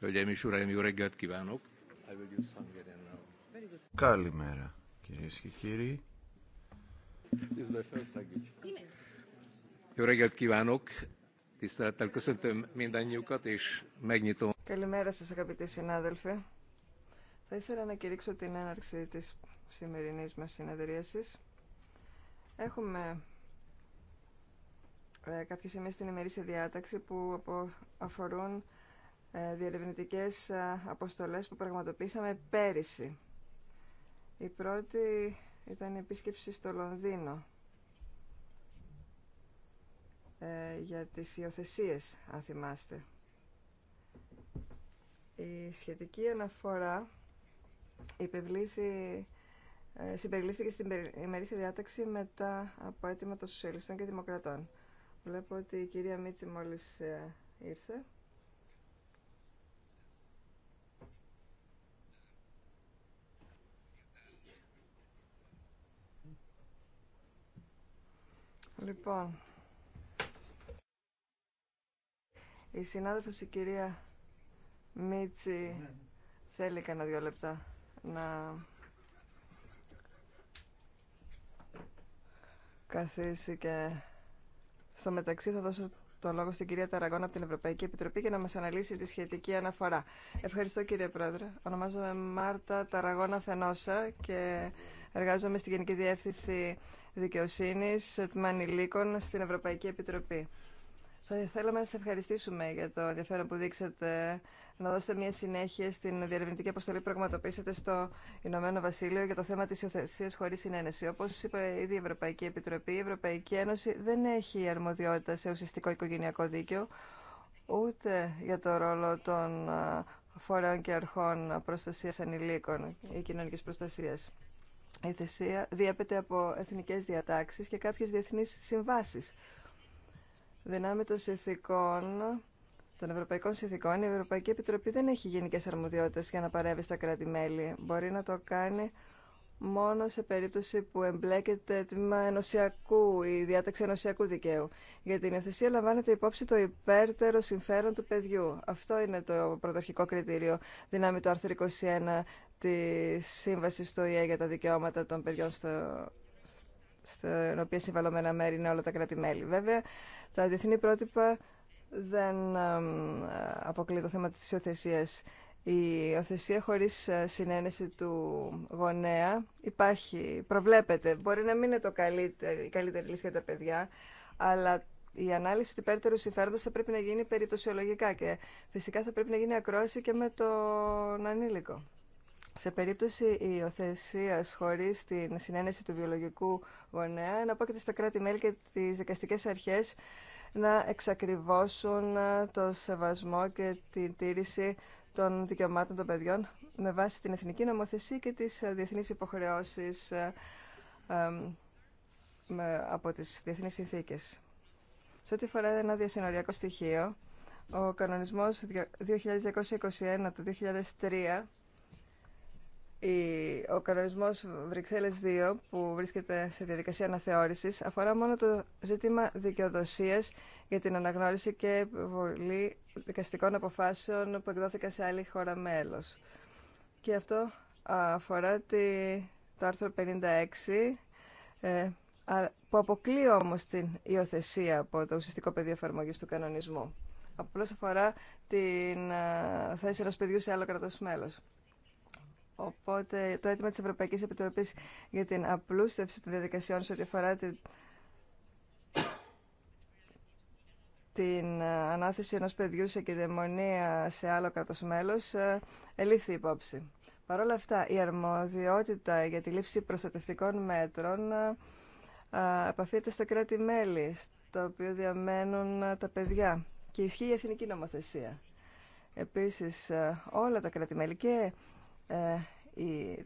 Hölgyeim és Uraim, jó reggelt kívánok! Kálimera, κυρίες ki, kéri. Jó reggelt kívánok! Tisztelettel köszöntöm mindannyiukat, és megnyitom. Καλημέρα σας, αγαπητοί συνάδελφοι. Θα ήθελα να κηρύξω την έναρξη της σημερινής μας συνεδρίασης. Έχουμε ε, κάποια σημεία στην ημερήσια διάταξη που αφορούν ε, διερευνητικές ε, αποστολές που πραγματοποίησαμε πέρυσι. Η πρώτη ήταν η επίσκεψη στο Λονδίνο ε, για τις υιοθεσίε, αν θυμάστε. Η σχετική αναφορά υπευλήθη, συμπεριλήφθηκε στην ημερήσια διάταξη μετά από αίτημα των Σοσιαλιστών και Δημοκρατών. Βλέπω ότι η κυρία Μίτση μόλις ήρθε. Λοιπόν, η συνάδελφος η κυρία Μίτσι θέλει κανένα δύο λεπτά να καθίσει και στο μεταξύ θα δώσω το λόγο στην κυρία Ταραγώνα από την Ευρωπαϊκή Επιτροπή και να μας αναλύσει τη σχετική αναφορά. Ευχαριστώ κύριε Πρόεδρε. Ονομάζομαι Μάρτα Ταραγώνα Φενόσα και Εργάζομαι στη Γενική Διεύθυνση Δικαιοσύνης Τμάνι Λίκων στην Ευρωπαϊκή Επιτροπή. Θα θέλαμε να σας ευχαριστήσουμε για το ενδιαφέρον που δείξατε να δώσετε μια συνέχεια στην διαρευνητική αποστολή που πραγματοποιήσατε στο Ηνωμένο Βασίλειο για το θέμα τη υιοθεσία χωρί συνένεση. Όπω είπε ήδη η Ευρωπαϊκή Επιτροπή, η Ευρωπαϊκή Ένωση δεν έχει αρμοδιότητα σε ουσιαστικό οικογενειακό δίκαιο, ούτε για το ρόλο των ε, φορέων και αρχών προστασία ανηλίκων ή κοινωνική προστασία. Η θεσία διέπεται από εθνικές διατάξεις και κάποιες διεθνείς συμβάσεις. Δυνάμει των συνθηκών, των ευρωπαϊκών συνθηκών, η Ευρωπαϊκή Επιτροπή δεν έχει γενικέ αρμοδιότητες για να παρέμβει στα κράτη-μέλη. Μπορεί να το κάνει μόνο σε περίπτωση που εμπλέκεται τμήμα ενωσιακού ή διάταξη ενωσιακού δικαίου. Για την εθεσία λαμβάνεται υπόψη το υπέρτερο συμφέρον του παιδιού. Αυτό είναι το πρωτορχικό κριτήριο δυνάμει του άρθρο 21 τη σύμβαση στο ΙΕ για τα δικαιώματα των παιδιών στο, στην οποία συμβαλωμένα μέρη είναι όλα τα κράτη-μέλη. Βέβαια, τα διεθνή πρότυπα δεν αποκλεί το θέμα της υιοθεσίας. Η υιοθεσία χωρίς ε, συνένεση του γονέα υπάρχει, προβλέπεται. Μπορεί να μην είναι το καλύτερη, η καλύτερη λύση για τα παιδιά, αλλά η ανάλυση του υπέρτερου συμφέροντος θα πρέπει να γίνει περιπτωσιολογικά και φυσικά θα πρέπει να γίνει ακρόαση και με τον ανήλικο σε περίπτωση υιοθεσία χωρί την συνένεση του βιολογικού γονέα, να πάκεται στα κράτη-μέλη και τι δικαστικέ αρχέ να εξακριβώσουν ε, το σεβασμό και την τήρηση των δικαιωμάτων των παιδιών με βάση την εθνική νομοθεσία και τις ε, διεθνείς υποχρεώσεις ε, από τις διεθνείς συνθήκες. Σε ό,τι φορά ένα διασυνοριακό στοιχείο, ο κανονισμός 2221 του 2003 ο κανονισμό Βρυξέλλες 2 που βρίσκεται σε διαδικασία αναθεώρηση, αφορά μόνο το ζήτημα δικαιοδοσία για την αναγνώριση και επιβολή δικαστικών αποφάσεων που εκδόθηκαν σε άλλη χώρα μέλος. Και αυτό αφορά το άρθρο 56 ε, που αποκλεί όμω την υιοθεσία από το ουσιαστικό πεδίο εφαρμογή του κανονισμού. Απλώ αφορά την ε, θέση ενό παιδιού σε άλλο κρατός μέλος. Οπότε το αίτημα της Ευρωπαϊκής Επιτροπής για την απλούστευση των διαδικασιών σε ό,τι αφορά την, ε, ανάθεση ενός παιδιού σε κυδαιμονία σε άλλο κράτος μέλος ε, ελήφθη υπόψη. Παρ' όλα αυτά, η αρμοδιότητα για τη λήψη προστατευτικών μέτρων ε, επαφείται στα κράτη-μέλη, στο οποίο διαμένουν τα παιδιά και ισχύει η εθνική νομοθεσία. Επίσης, όλα τα κρατη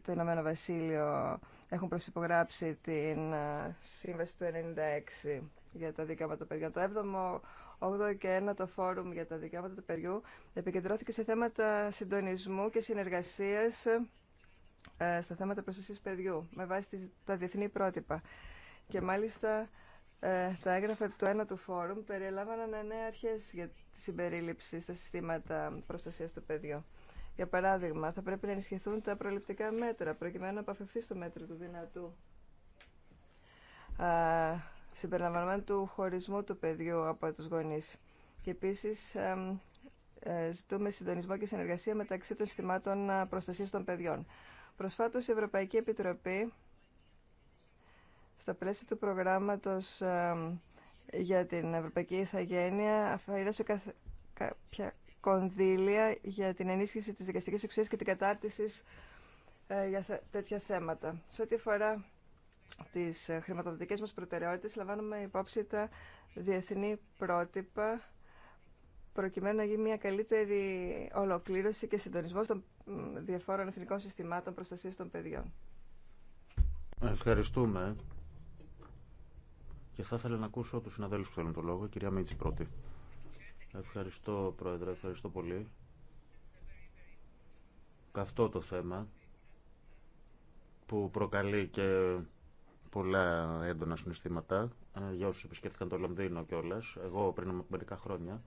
το Ηνωμένο Βασίλειο έχουν προσυπογράψει την ε, σύμβαση του 96 για τα δικαιώματα του παιδιού. Το 7ο, 8ο και 1 το φόρουμ για τα δικαιώματα του παιδιού επικεντρώθηκε σε θέματα συντονισμού και συνεργασίας ε, στα θέματα προστασίας παιδιού με βάση τα διεθνή πρότυπα. Και μάλιστα ε, τα έγγραφα του 1 του φόρουμ περιέλαβαν νέα αρχές για τη συμπερίληψη στα συστήματα προστασίας του παιδιού. Για παράδειγμα, θα πρέπει να ενισχυθούν τα προληπτικά μέτρα προκειμένου να απαφευθεί στο μέτρο του δυνατού. Συμπεριλαμβανομένου του χωρισμού του παιδιού από τους γονείς. Και επίσης ε, ζητούμε συντονισμό και συνεργασία μεταξύ των συστημάτων προστασίας των παιδιών. Προσφάτως η Ευρωπαϊκή Επιτροπή στα πλαίσια του προγράμματος για την Ευρωπαϊκή Ιθαγένεια αφαίρεσε κάποια κονδύλια για την ενίσχυση της δικαστικής εξουσίας και την κατάρτιση ε, για τέτοια θέματα. Σε ό,τι αφορά τις ε, χρηματοδοτικές μας προτεραιότητες, λαμβάνουμε υπόψη τα διεθνή πρότυπα προκειμένου να γίνει μια καλύτερη ολοκλήρωση και συντονισμό των διαφόρων εθνικών συστημάτων προστασία των παιδιών. Ευχαριστούμε. Και θα ήθελα να ακούσω του συναδέλφου που θέλουν το λόγο. Κυρία Μίτση, πρώτη. Ευχαριστώ, Πρόεδρε. Ευχαριστώ πολύ. Καυτό το θέμα που προκαλεί και πολλά έντονα συναισθήματα ε, για όσους επισκέφθηκαν το Λονδίνο κιόλα, εγώ πριν από μερικά χρόνια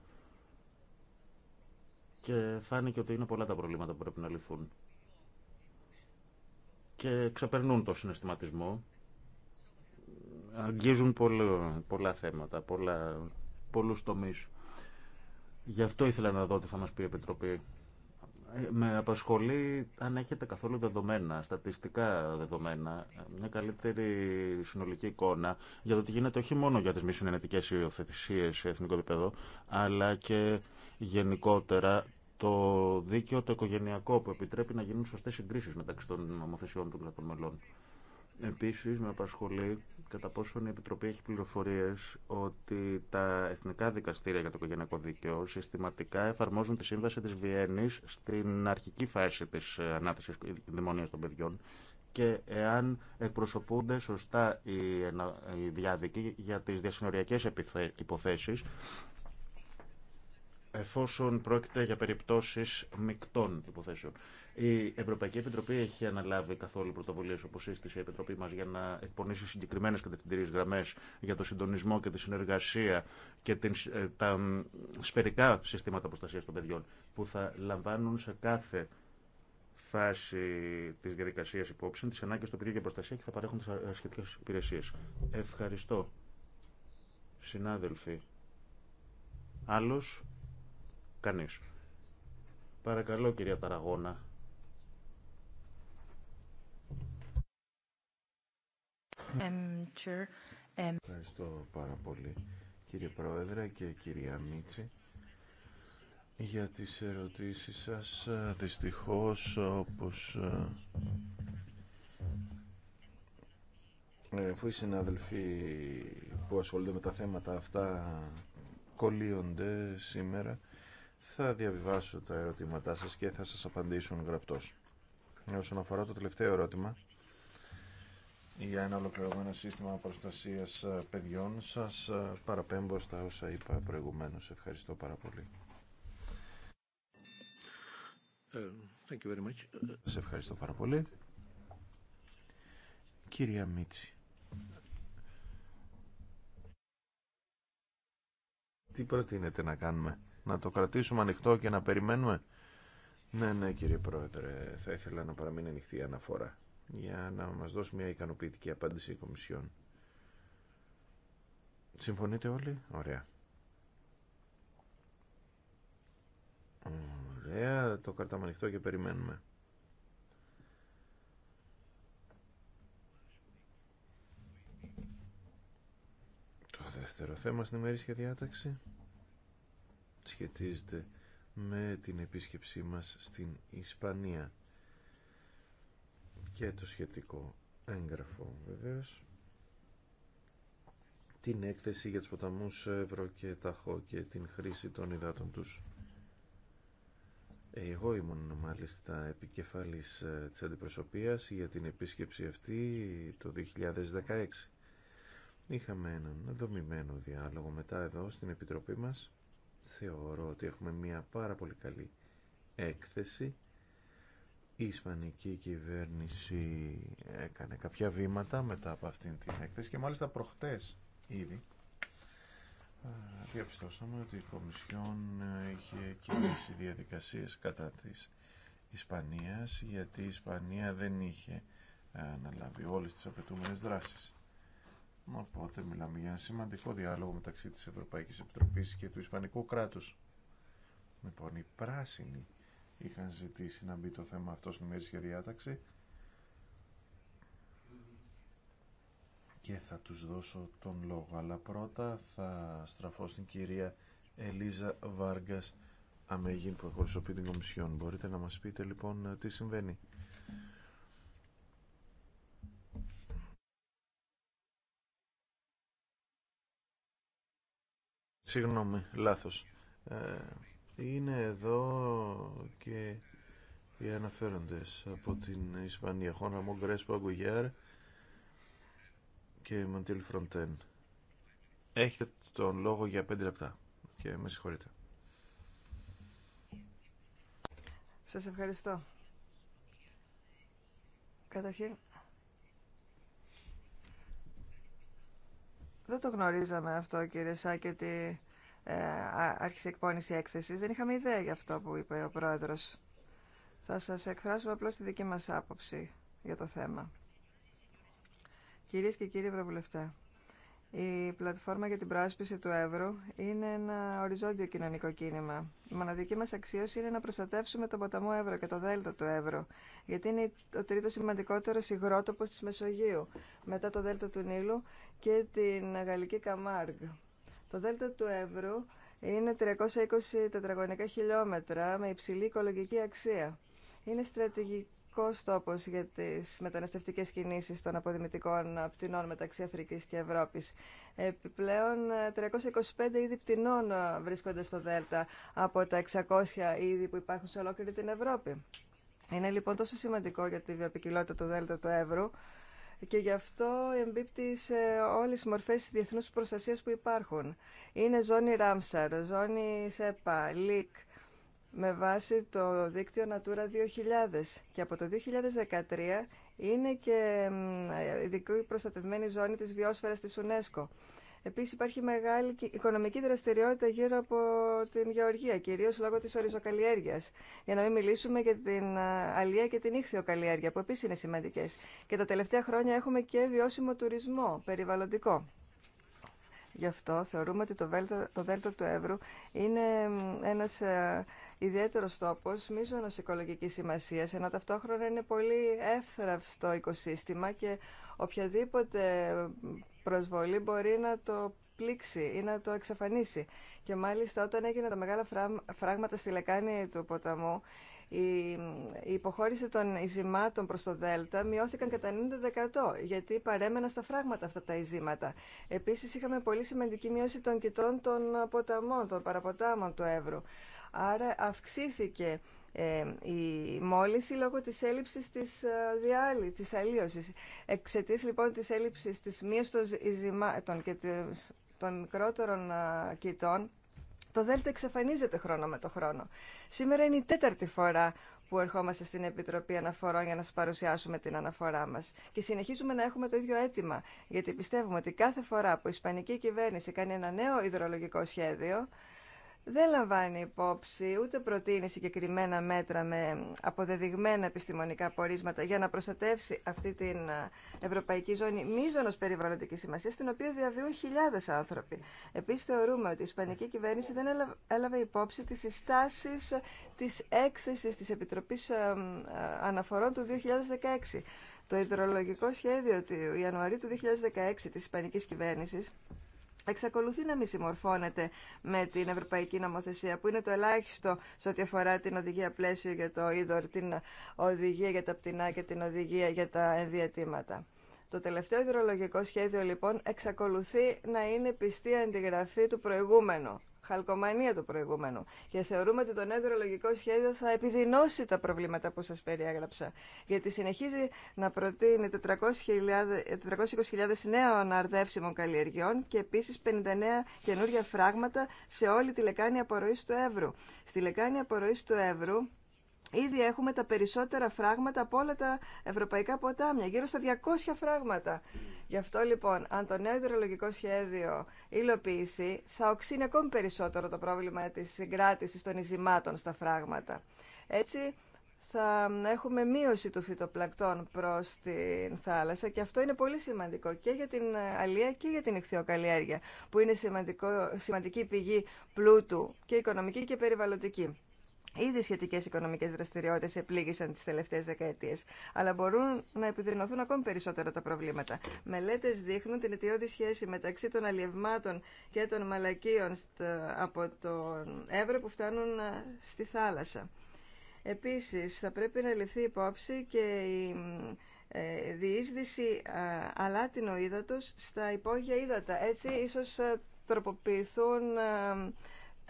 και φάνηκε ότι είναι πολλά τα προβλήματα που πρέπει να λυθούν και ξεπερνούν το συναισθηματισμό αγγίζουν πολλά, πολλά θέματα πολλά, πολλούς τομείς Γι' αυτό ήθελα να δω τι θα μας πει η Επιτροπή. Ε, με απασχολεί αν έχετε καθόλου δεδομένα, στατιστικά δεδομένα, μια καλύτερη συνολική εικόνα για το τι γίνεται όχι μόνο για τις μη συνενετικές υιοθετησίες σε εθνικό επίπεδο, αλλά και γενικότερα το δίκαιο το οικογενειακό που επιτρέπει να γίνουν σωστές συγκρίσεις μεταξύ των νομοθεσιών των κρατών μελών. Επίσης με απασχολεί κατά πόσον η Επιτροπή έχει πληροφορίες ότι τα εθνικά δικαστήρια για το οικογενειακό δίκαιο συστηματικά εφαρμόζουν τη σύμβαση της Βιέννης στην αρχική φάση της ε, ανάθεσης δημονίας των παιδιών και εάν εκπροσωπούνται σωστά οι διάδικοι για τις διασυνοριακές υποθέσεις εφόσον πρόκειται για περιπτώσεις μεικτών υποθέσεων. Η Ευρωπαϊκή Επιτροπή έχει αναλάβει καθόλου πρωτοβουλίε όπω σύστησε η Επιτροπή μα για να εκπονήσει συγκεκριμένε κατευθυντήριε γραμμέ για το συντονισμό και τη συνεργασία και την, ε, τα σφαιρικά συστήματα προστασία των παιδιών που θα λαμβάνουν σε κάθε φάση τη διαδικασία υπόψη τι ανάγκε του παιδιού για προστασία και θα παρέχουν τι σχετικέ υπηρεσίε. Ευχαριστώ. Συνάδελφοι. Άλλος, κανείς. Παρακαλώ κυρία Ταραγώνα Ευχαριστώ πάρα πολύ κύριε Πρόεδρε και κυρία Μίτση για τις ερωτήσεις σας. Δυστυχώς όπως ε, ε, αφού οι συναδελφοί που ασχολούνται με τα θέματα αυτά κολλείονται σήμερα θα διαβιβάσω τα ερωτήματά σας και θα σας απαντήσουν γραπτός. Όσον αφορά το τελευταίο ερώτημα για ένα ολοκληρωμένο σύστημα προστασίας ε, παιδιών. Σας ε, παραπέμπω στα όσα είπα προηγουμένως. Ευχαριστώ πάρα πολύ. Ε, thank ευχαριστώ πάρα πολύ. Κυρία Μίτση. Τι προτείνετε να κάνουμε, να το κρατήσουμε ανοιχτό και να περιμένουμε. Ναι, ναι κύριε Πρόεδρε, θα ήθελα να παραμείνει ανοιχτή η αναφορά για να μας δώσει μια ικανοποιητική απάντηση η Κομισιόν. Συμφωνείτε όλοι? Ωραία. Ωραία, το κρατάμε ανοιχτό και περιμένουμε. Το δεύτερο θέμα στην ημερήσια διάταξη σχετίζεται με την επίσκεψή μας στην Ισπανία και το σχετικό έγγραφο βεβαίως την έκθεση για τους ποταμούς Εύρω και Ταχώ και την χρήση των υδάτων τους. Ε, εγώ ήμουν μάλιστα επικεφαλής ε, της αντιπροσωπείας για την επίσκεψη αυτή το 2016. Είχαμε έναν δομημένο διάλογο μετά εδώ στην Επιτροπή μας. Θεωρώ ότι έχουμε μια πάρα πολύ καλή έκθεση η Ισπανική κυβέρνηση έκανε κάποια βήματα μετά από αυτήν την έκθεση και μάλιστα προχτές ήδη διαπιστώσαμε ότι η Κομισιόν είχε κινήσει διαδικασίες κατά της Ισπανίας γιατί η Ισπανία δεν είχε αναλάβει όλες τις απαιτούμενες δράσεις. Οπότε μιλάμε για ένα σημαντικό διάλογο μεταξύ της Ευρωπαϊκής Επιτροπής και του Ισπανικού κράτους. Λοιπόν, η πράσινη είχαν ζητήσει να μπει το θέμα αυτό στην ημερήσια διάταξη και θα τους δώσω τον λόγο. Αλλά πρώτα θα στραφώ στην κυρία Ελίζα Βάργκας Αμεγίν που εκπροσωπεί την Κομισιόν. Μπορείτε να μας πείτε λοιπόν τι συμβαίνει. Συγγνώμη, λάθος. Ε, είναι εδώ και οι αναφέροντες από την Ισπανία Χώνα Μογκρέσπο Αγκουγιάρ και Μαντήλ Φροντέν έχετε τον λόγο για 5 λεπτά και με συγχωρείτε Σας ευχαριστώ Καταρχήν δεν το γνωρίζαμε αυτό κύριε Σάκη ε, άρχισε η εκπόνηση έκθεση. Δεν είχαμε ιδέα για αυτό που είπε ο πρόεδρο. Θα σα εκφράσουμε απλώ τη δική μα άποψη για το θέμα. Κυρίε και κύριοι Ευρωβουλευτέ, η πλατφόρμα για την προάσπιση του εύρου είναι ένα οριζόντιο κοινωνικό κίνημα. Η μοναδική μα αξίωση είναι να προστατεύσουμε τον ποταμό Εύρο και το δέλτα του Εύρου, γιατί είναι ο τρίτο σημαντικότερο υγρότοπο τη Μεσογείου, μετά το δέλτα του Νείλου και την Γαλλική Καμάργ. Το δέλτα του Εύρου είναι 320 τετραγωνικά χιλιόμετρα με υψηλή οικολογική αξία. Είναι στρατηγικό τόπο για τι μεταναστευτικέ κινήσει των αποδημητικών πτηνών μεταξύ Αφρική και Ευρώπη. Επιπλέον, 325 είδη πτηνών βρίσκονται στο Δέλτα από τα 600 είδη που υπάρχουν σε ολόκληρη την Ευρώπη. Είναι λοιπόν τόσο σημαντικό για τη βιοπικιλότητα του Δέλτα του Εύρου, και γι' αυτό εμπίπτει σε όλες τις μορφές διεθνού προστασίας που υπάρχουν. Είναι ζώνη Ράμσαρ, ζώνη ΣΕΠΑ, ΛΙΚ, με βάση το δίκτυο Natura 2000 και από το 2013 είναι και ειδικού προστατευμένη ζώνη της βιόσφαιρας της UNESCO. Επίση υπάρχει μεγάλη οικονομική δραστηριότητα γύρω από την γεωργία, κυρίω λόγω τη οριζοκαλλιέργεια. Για να μην μιλήσουμε για την ε, αλία και την ήχθειοκαλλιέργεια, που επίση είναι σημαντικέ. Και τα τελευταία χρόνια έχουμε και βιώσιμο τουρισμό, περιβαλλοντικό. Γι' αυτό θεωρούμε ότι το, Δέλτα, το Δέλτα του Εύρου είναι ένας ε, ιδιαίτερος τόπος μίζωνος οικολογικής σημασίας, ενώ ταυτόχρονα είναι πολύ εύθραυστο οικοσύστημα και οποιαδήποτε προσβολή μπορεί να το πλήξει ή να το εξαφανίσει. Και μάλιστα όταν έγιναν τα μεγάλα φράγματα στη λεκάνη του ποταμού, η υποχώρηση των ειζημάτων προς το Δέλτα μειώθηκαν κατά 90% γιατί παρέμεναν στα φράγματα αυτά τα ειζήματα. Επίσης είχαμε πολύ σημαντική μείωση των κοιτών των ποταμών, των παραποτάμων του Εύρου. Άρα αυξήθηκε ε, η μόλυνση λόγω της έλλειψης της ε, διάλυσης, της αλλίωσης. Εξαιτής λοιπόν της έλλειψης της μείωσης των και των μικρότερων ε, κοιτών, το Δέλτα εξαφανίζεται χρόνο με το χρόνο. Σήμερα είναι η τέταρτη φορά που ερχόμαστε στην Επιτροπή Αναφορών για να σας παρουσιάσουμε την αναφορά μας. Και συνεχίζουμε να έχουμε το ίδιο αίτημα, γιατί πιστεύουμε ότι κάθε φορά που η Ισπανική κυβέρνηση κάνει ένα νέο υδρολογικό σχέδιο, δεν λαμβάνει υπόψη ούτε προτείνει συγκεκριμένα μέτρα με αποδεδειγμένα επιστημονικά πορίσματα για να προστατεύσει αυτή την ε, ευρωπαϊκή ζώνη μείζωνος περιβαλλοντικής σημασίας, στην οποία διαβιούν χιλιάδες άνθρωποι. Επίσης θεωρούμε ότι η Ισπανική κυβέρνηση δεν έλαβε υπόψη τις συστάσεις της έκθεσης της Επιτροπής ε, ε, Αναφορών του 2016. Το υδρολογικό σχέδιο του Ιανουαρίου του 2016 της Ισπανικής κυβέρνησης εξακολουθεί να μη συμμορφώνεται με την Ευρωπαϊκή Νομοθεσία, που είναι το ελάχιστο σε ό,τι αφορά την οδηγία πλαίσιο για το είδωρ, την οδηγία για τα πτηνά και την οδηγία για τα ενδιατήματα. Το τελευταίο υδρολογικό σχέδιο λοιπόν εξακολουθεί να είναι πιστή αντιγραφή του προηγούμενου χαλκομανία του προηγούμενου. Και θεωρούμε ότι το νέο υδρολογικό σχέδιο θα επιδεινώσει τα προβλήματα που σας περιέγραψα. Γιατί συνεχίζει να προτείνει 420.000 νέων αρδεύσιμων καλλιεργειών και επίσης 59 καινούργια φράγματα σε όλη τη λεκάνη απορροής του Εύρου. Στη λεκάνη απορροής του Εύρου Ήδη έχουμε τα περισσότερα φράγματα από όλα τα ευρωπαϊκά ποτάμια, γύρω στα 200 φράγματα. Γι' αυτό λοιπόν, αν το νέο υδρολογικό σχέδιο υλοποιηθεί, θα οξύνει ακόμη περισσότερο το πρόβλημα της συγκράτησης των ειζημάτων στα φράγματα. Έτσι, θα έχουμε μείωση του φυτοπλακτών προς την θάλασσα και αυτό είναι πολύ σημαντικό και για την αλία και για την ηχθειοκαλλιέργεια που είναι σημαντικό, σημαντική πηγή πλούτου και οικονομική και περιβαλλοντική. Ήδη σχετικέ οικονομικέ δραστηριότητε επλήγησαν τι τελευταίε δεκαετίε, αλλά μπορούν να επιδεινωθούν ακόμη περισσότερο τα προβλήματα. Μελέτε δείχνουν την αιτιώδη σχέση μεταξύ των αλλιευμάτων και των μαλακίων από τον Εύρο που φτάνουν ε, στη θάλασσα. Επίση, θα πρέπει να ληφθεί υπόψη και η ε, διείσδυση ε, αλάτινο ύδατο στα υπόγεια ύδατα. Έτσι, ίσω τροποποιηθούν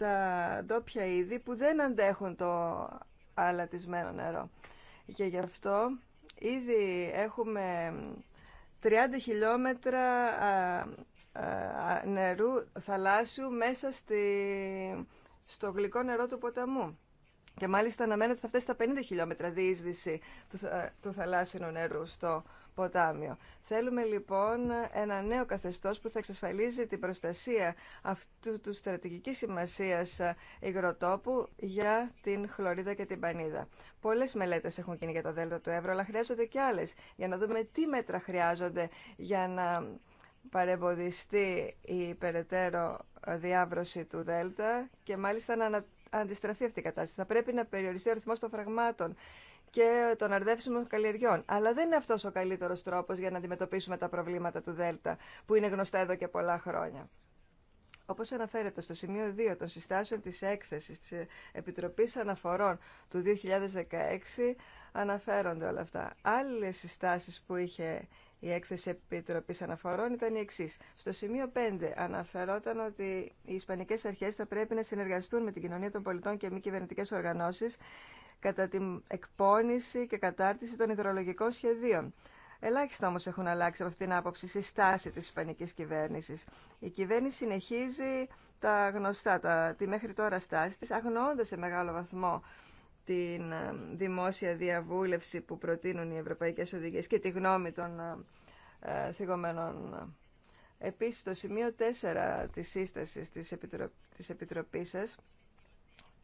τα ντόπια είδη που δεν αντέχουν το αλατισμένο νερό. Και γι' αυτό ήδη έχουμε 30 χιλιόμετρα νερού θαλάσσιου μέσα στη, στο γλυκό νερό του ποταμού. Και μάλιστα αναμένω ότι θα φτάσει στα 50 χιλιόμετρα διείσδυση του, του θαλάσσινου νερού στο ποτάμιο. Θέλουμε λοιπόν ένα νέο καθεστώς που θα εξασφαλίζει την προστασία αυτού του στρατηγικής σημασίας ε, υγροτόπου για την χλωρίδα και την πανίδα. Πολλές μελέτες έχουν γίνει για το Δέλτα του Εύρω, αλλά χρειάζονται και άλλες για να δούμε τι μέτρα χρειάζονται για να παρεμποδιστεί η περαιτέρω ε, διάβρωση του Δέλτα και μάλιστα να αντιστραφεί αυτή η κατάσταση. Θα πρέπει να περιοριστεί ο αριθμό των φραγμάτων και των αρδεύσιμων καλλιεργιών. Αλλά δεν είναι αυτό ο καλύτερο τρόπο για να αντιμετωπίσουμε τα προβλήματα του ΔΕΛΤΑ, που είναι γνωστά εδώ και πολλά χρόνια. Όπω αναφέρεται στο σημείο 2 των συστάσεων τη έκθεση τη επιτροπή Αναφορών του 2016, αναφέρονται όλα αυτά. Άλλε συστάσει που είχε η έκθεση επιτροπή Αναφορών ήταν η εξή. Στο σημείο 5 αναφερόταν ότι οι Ισπανικέ αρχέ θα πρέπει να συνεργαστούν με την κοινωνία των πολιτών και μη κυβερνητικέ οργανώσει κατά την εκπόνηση και κατάρτιση των υδρολογικών σχεδίων. Ελάχιστα όμως έχουν αλλάξει από αυτήν την άποψη στη στάση της ισπανικής κυβέρνησης. Η κυβέρνηση συνεχίζει τα γνωστά, τα, τη μέχρι τώρα στάση της, αγνοώντας σε μεγάλο βαθμό την ε, δημόσια διαβούλευση που προτείνουν οι ευρωπαϊκές οδηγίες και τη γνώμη των ε, ε θυγωμένων. Επίσης, το σημείο 4 της σύστασης τη επιτροπή της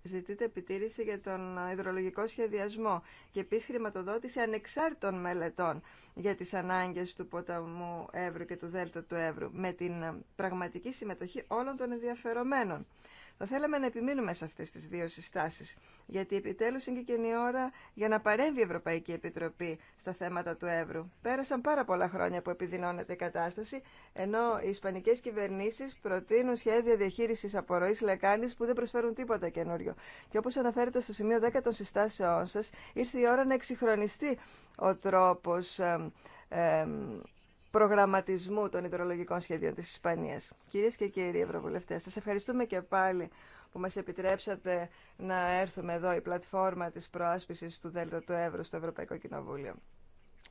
ζητείται επιτήρηση για τον υδρολογικό σχεδιασμό και επίση χρηματοδότηση ανεξάρτητων μελετών για τις ανάγκες του ποταμού Εύρου και του Δέλτα του Εύρου με την πραγματική συμμετοχή όλων των ενδιαφερομένων. Θα θέλαμε να επιμείνουμε σε αυτές τις δύο συστάσεις, γιατί επιτέλους είναι και η ώρα για να παρέμβει η Ευρωπαϊκή Επιτροπή στα θέματα του εύρου. Πέρασαν πάρα πολλά χρόνια που επιδεινώνεται η κατάσταση, ενώ οι ισπανικές κυβερνήσεις προτείνουν σχέδια διαχείρισης απορροής λεκάνης που δεν προσφέρουν τίποτα καινούριο. Και όπως αναφέρεται στο σημείο 10 των συστάσεών σας, ήρθε η ώρα να εξυγχρονιστεί ο τρόπος προγραμματισμού των υδρολογικών σχεδίων της Ισπανίας. Κυρίες και κύριοι Ευρωβουλευτές, σας ευχαριστούμε και πάλι που μας επιτρέψατε να έρθουμε εδώ η πλατφόρμα της προάσπισης του Δέλτα του Εύρου στο Ευρωπαϊκό Κοινοβούλιο.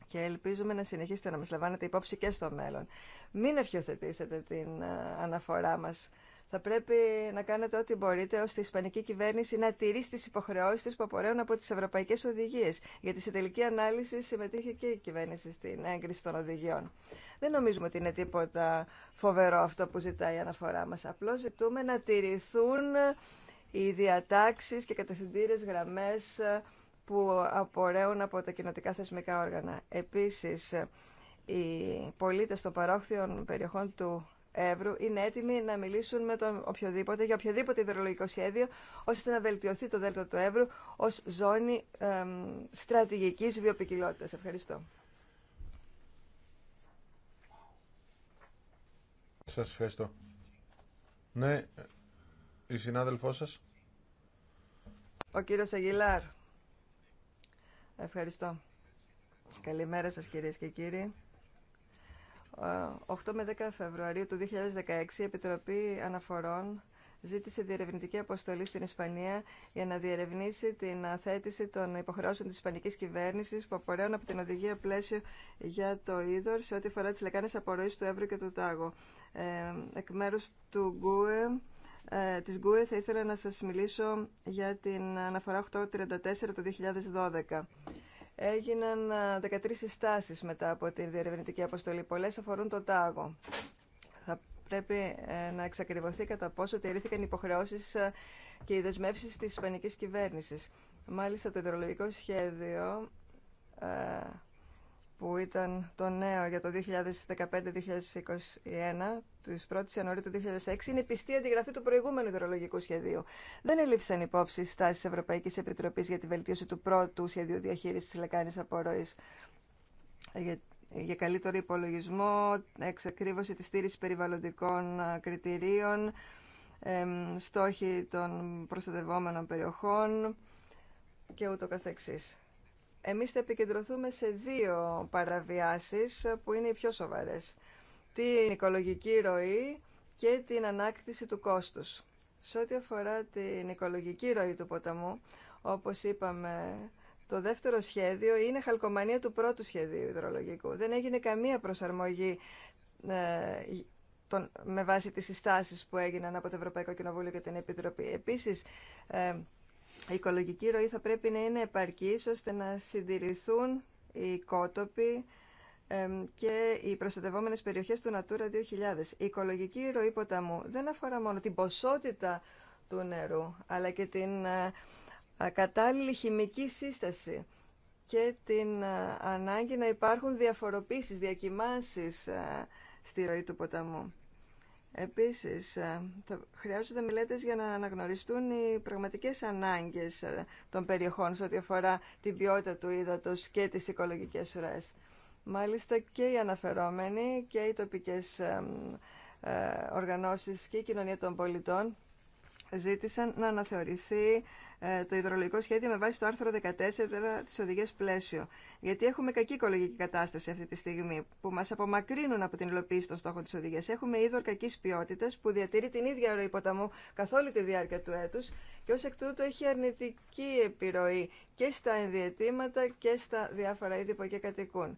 Και ελπίζουμε να συνεχίσετε να μας λαμβάνετε υπόψη και στο μέλλον. Μην αρχιοθετήσετε την ε, αναφορά μας θα πρέπει να κάνετε ό,τι μπορείτε ώστε η Ισπανική κυβέρνηση να τηρήσει τι υποχρεώσει τη που απορρέουν από τι ευρωπαϊκέ οδηγίε. Γιατί σε τελική ανάλυση συμμετείχε και η κυβέρνηση στην έγκριση των οδηγιών. Δεν νομίζουμε ότι είναι τίποτα φοβερό αυτό που ζητάει η αναφορά μα. Απλώ ζητούμε να τηρηθούν οι διατάξει και κατευθυντήρε γραμμέ που απορρέουν από τα κοινοτικά θεσμικά όργανα. Επίση, οι πολίτες των παρόχθιων περιοχών του εύρου είναι έτοιμοι να μιλήσουν με τον οποιοδήποτε για οποιοδήποτε υδρολογικό σχέδιο, ώστε να βελτιωθεί το Δέλτα του Εύρου ω ζώνη ε, στρατηγική βιοπικιλότητα. Ευχαριστώ. Σα ευχαριστώ. Ναι, η συνάδελφό σα. Ο κύριος Αγγιλάρ. Ευχαριστώ. Καλημέρα σας κυρίες και κύριοι. 8 ε, με 10 Φεβρουαρίου του 2016 η Επιτροπή Αναφορών ζήτησε διερευνητική αποστολή στην Ισπανία για να διερευνήσει την αθέτηση των υποχρεώσεων της Ισπανικής κυβέρνησης που απορρέουν από την οδηγία πλαίσιο για το είδωρ σε ό,τι αφορά τις λεκάνες απορροής του Εύρου και του Τάγου. Ε, εκ μέρους του ΓΚΟΕ, ε, της ΓΚΟΕ θα ήθελα να σας μιλήσω για την αναφορά 834 του 2012 έγιναν 13 συστάσεις μετά από την διερευνητική αποστολή. Πολλές αφορούν τον τάγο. Θα πρέπει ε, να εξακριβωθεί κατά πόσο τηρήθηκαν οι υποχρεώσεις και οι δεσμεύσεις της ισπανικής κυβέρνησης. Μάλιστα το υδρολογικό σχέδιο που ήταν το νέο για το 2015-2021, τη 1 η Ιανουαρίου του 2006, είναι πιστή αντιγραφή του προηγούμενου υδρολογικού σχεδίου. Δεν ελήφθησαν υπόψη οι τη Ευρωπαϊκή Επιτροπή για τη βελτίωση του πρώτου σχεδίου διαχείρισης τη λεκάνης απορροής για, για καλύτερο υπολογισμό, εξακρίβωση της στήριξης περιβαλλοντικών ε, κριτηρίων, στόχοι των προστατευόμενων περιοχών και ούτω καθεξής. Εμείς θα επικεντρωθούμε σε δύο παραβιάσεις που είναι οι πιο σοβαρές. Την οικολογική ροή και την ανάκτηση του κόστους. Σε ό,τι αφορά την οικολογική ροή του ποταμού, όπως είπαμε, το δεύτερο σχέδιο είναι χαλκομανία του πρώτου σχεδίου υδρολογικού. Δεν έγινε καμία προσαρμογή ε, με βάση τις συστάσεις που έγιναν από το Ευρωπαϊκό Κοινοβούλιο και την Επιτροπή. Επίσης, ε, η οικολογική ροή θα πρέπει να είναι επαρκής ώστε να συντηρηθούν οι κότοποι και οι προστατευόμενες περιοχές του Natura 2000. Η οικολογική ροή ποταμού δεν αφορά μόνο την ποσότητα του νερού, αλλά και την ε, κατάλληλη χημική σύσταση και την ε, ανάγκη να υπάρχουν διαφοροποίησεις, διακοιμάνσεις ε, στη ροή του ποταμού. Επίσης, ε, θα χρειάζονται μελέτες για να αναγνωριστούν οι πραγματικές ανάγκες ε, των περιοχών σε ό,τι αφορά την ποιότητα του ύδατος και τις οικολογικές ουρές. Μάλιστα και οι αναφερόμενοι και οι τοπικές ε, οργανώσεις και η κοινωνία των πολιτών ζήτησαν να αναθεωρηθεί ε, το υδρολογικό σχέδιο με βάση το άρθρο 14 της Οδηγίας Πλαίσιο. Γιατί έχουμε κακή οικολογική κατάσταση αυτή τη στιγμή που μας απομακρύνουν από την υλοποίηση των στόχων της Οδηγίας. Έχουμε είδωρ κακής ποιότητας που διατηρεί την ίδια ροή ποταμού καθ' όλη τη διάρκεια του έτους και ως εκ τούτου έχει αρνητική επιρροή και στα ενδιατήματα και στα διάφορα είδη που εκεί κατοικούν.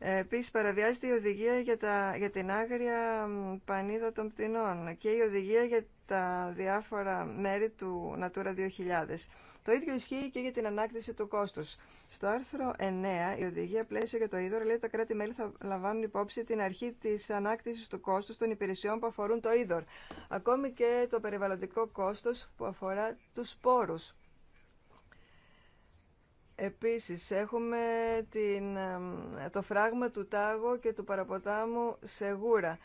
Επίση, παραβιάζεται η οδηγία για, τα, για την άγρια πανίδα των πτηνών και η οδηγία για τα διάφορα μέρη του Natura 2000. Το ίδιο ισχύει και για την ανάκτηση του κόστου. Στο άρθρο 9, η οδηγία πλαίσιο για το είδωρο λέει ότι τα κράτη-μέλη θα λαμβάνουν υπόψη την αρχή τη ανάκτηση του κόστου των υπηρεσιών που αφορούν το είδωρο, Ακόμη και το περιβαλλοντικό κόστο που αφορά του σπόρου. Επίσης έχουμε την, το φράγμα του Τάγο και του παραποτάμου Σεγούρα.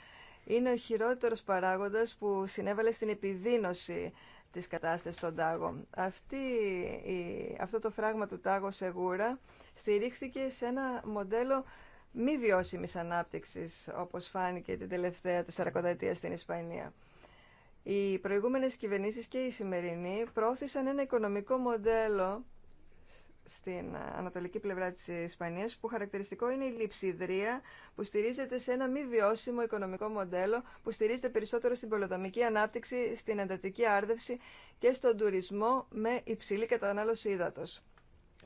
Είναι ο χειρότερος παράγοντας που συνέβαλε στην επιδίνωση της κατάστασης στον Τάγο. Αυτή, αυτό το φράγμα του Τάγο Σεγούρα στηρίχθηκε σε ένα μοντέλο μη βιώσιμη ανάπτυξη, όπως φάνηκε την τελευταία τεσσαρακονταετία στην Ισπανία. Οι προηγούμενε κυβερνήσει και οι σημερινοί πρόθεσαν ένα οικονομικό μοντέλο στην ανατολική πλευρά της Ισπανίας που χαρακτηριστικό είναι η λειψιδρία που στηρίζεται σε ένα μη βιώσιμο οικονομικό μοντέλο που στηρίζεται περισσότερο στην πολεοδομική ανάπτυξη, στην εντατική άρδευση και στον τουρισμό με υψηλή κατανάλωση ύδατος.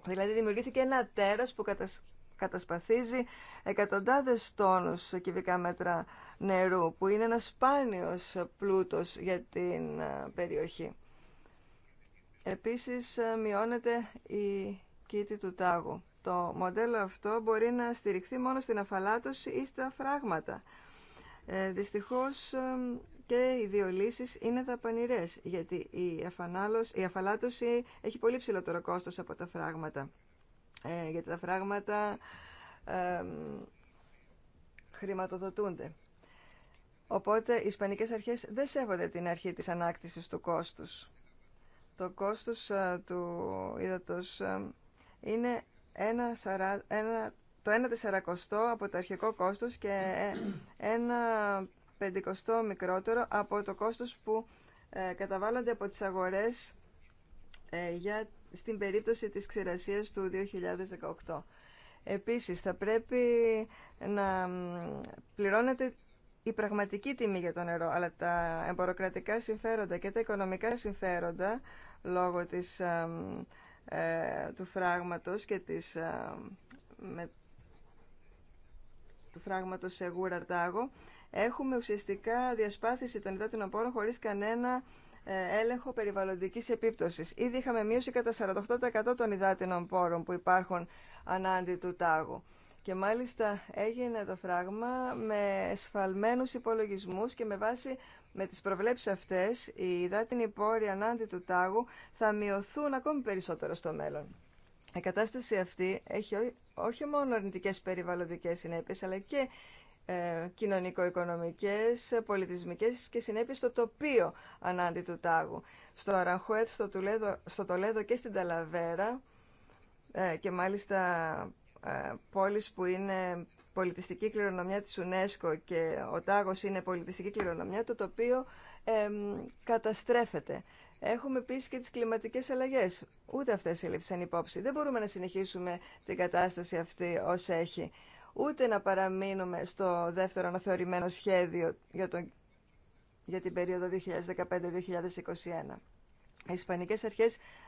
Δηλαδή δημιουργήθηκε ένα τέρας που κατασ... κατασπαθίζει εκατοντάδες τόνους κυβικά μέτρα νερού που είναι ένα σπάνιος πλούτος για την ε, περιοχή. Επίσης ε, μειώνεται η του τάγου. Το μοντέλο αυτό μπορεί να στηριχθεί μόνο στην αφαλάτωση ή στα φράγματα. Ε, δυστυχώς ε, και οι δύο λύσεις είναι δαπανηρές, γιατί η, η αφαλάτωση έχει πολύ ψηλότερο κόστος από τα φράγματα. Ε, γιατί τα φράγματα ε, χρηματοδοτούνται. Οπότε οι Ισπανικές αρχές δεν σέβονται την αρχή της ανάκτησης του κόστους. Το κόστος ε, του ύδατος ε, είναι ένα, το 1 τεσσαρακοστό από το αρχικό κόστος και ένα πεντηκοστό μικρότερο από το κόστος που ε, καταβάλλονται από τις αγορές ε, για, στην περίπτωση της ξηρασίας του 2018. Επίσης, θα πρέπει να πληρώνεται η πραγματική τιμή για το νερό, αλλά τα εμποροκρατικά συμφέροντα και τα οικονομικά συμφέροντα λόγω της ε, ε, του φράγματος και της, ε, με, του φράγματος σε Σεγούρα-Τάγο έχουμε ουσιαστικά διασπάθηση των υδάτινων πόρων χωρίς κανένα ε, έλεγχο περιβαλλοντικής επίπτωσης. Ήδη είχαμε μείωση κατά 48% των υδάτινων πόρων που υπάρχουν ανάντι του τάγου. Και μάλιστα έγινε το φράγμα με σφαλμένους υπολογισμούς και με βάση με τις προβλέψεις αυτές, οι υδάτινοι πόροι ανάντι του τάγου θα μειωθούν ακόμη περισσότερο στο μέλλον. Η κατάσταση αυτή έχει όχι μόνο αρνητικέ περιβαλλοντικές συνέπειες, αλλά και ε, κοινωνικο-οικονομικές, πολιτισμικές και συνέπειες στο τοπίο ανάντι του τάγου. Στο Αραχουέτ, στο, Τουλέδο, στο Τολέδο και στην Ταλαβέρα ε, και μάλιστα ε, πόλεις που είναι πολιτιστική κληρονομιά της UNESCO και ο τάγος είναι πολιτιστική κληρονομιά, το τοπίο ε, καταστρέφεται. Έχουμε επίση και τι κλιματικέ αλλαγέ. Ούτε αυτέ ελήφθησαν υπόψη. Δεν μπορούμε να συνεχίσουμε την κατάσταση αυτή ω έχει. Ούτε να παραμείνουμε στο δεύτερο αναθεωρημένο σχέδιο για, τον, για την περίοδο 2015-2021 οι Ισπανικέ αρχέ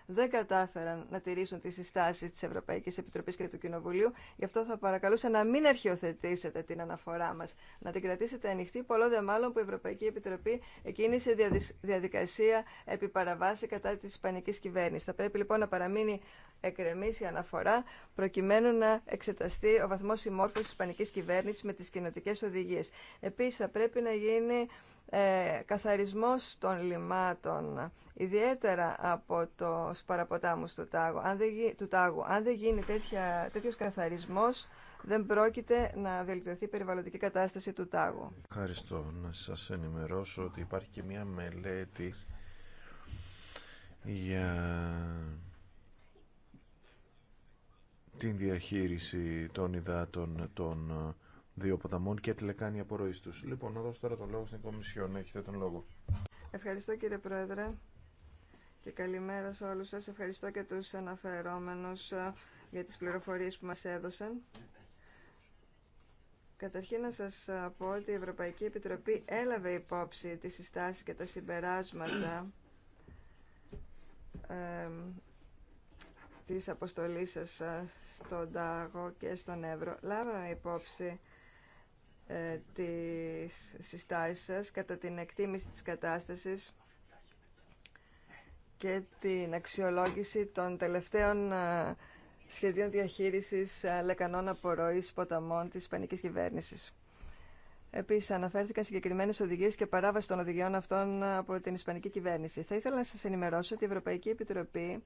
δεν κατάφεραν να τηρήσουν τι συστάσει τη Ευρωπαϊκή Επιτροπή και του Κοινοβουλίου. Γι' αυτό θα παρακαλούσα να μην αρχιοθετήσετε την αναφορά μα να την κρατήσετε ανοιχτή, πολλό δε μάλλον που η Ευρωπαϊκή Επιτροπή εκκίνησε διαδικασία επί παραβάση κατά τη ισπανική κυβέρνηση. Θα πρέπει λοιπόν να παραμείνει εκρεμή η αναφορά, προκειμένου να εξεταστεί ο βαθμό συμμόρφωση τη ισπανική κυβέρνηση με τι κοινοτικέ οδηγίε. Επίση θα πρέπει να γίνει ε, καθαρισμός των λιμάτων, ιδιαίτερα από το παραποτάμους του τάγου. Αν δεν, του τάγου. Αν δεν γίνει τέτοια, τέτοιος καθαρισμός, δεν πρόκειται να βελτιωθεί η περιβαλλοντική κατάσταση του τάγου. Ευχαριστώ. Να σας ενημερώσω ότι υπάρχει και μια μελέτη για την διαχείριση των υδάτων των δύο ποταμών και τη λεκάνη απορροή του. Λοιπόν, να δώσω τώρα τον λόγο στην Κομισιόν. Έχετε τον λόγο. Ευχαριστώ κύριε Πρόεδρε και καλημέρα σε όλους σας. Ευχαριστώ και τους αναφερόμενους ε, για τις πληροφορίες που μας έδωσαν. Καταρχήν να σας ε, πω ότι η Ευρωπαϊκή Επιτροπή έλαβε υπόψη τις συστάσεις και τα συμπεράσματα ε, της αποστολής σας ε, στον Τάγο και στον Εύρο. Λάβαμε υπόψη ε, τις συστάσεις σας κατά την εκτίμηση της κατάστασης και την αξιολόγηση των τελευταίων ε, σχεδίων διαχείρισης ε, λεκανών απορροής ποταμών της Ισπανικής Κυβέρνησης. Επίσης, αναφέρθηκαν συγκεκριμένες οδηγίες και παράβαση των οδηγιών αυτών από την Ισπανική Κυβέρνηση. Θα ήθελα να σας ενημερώσω ότι η Ευρωπαϊκή Επιτροπή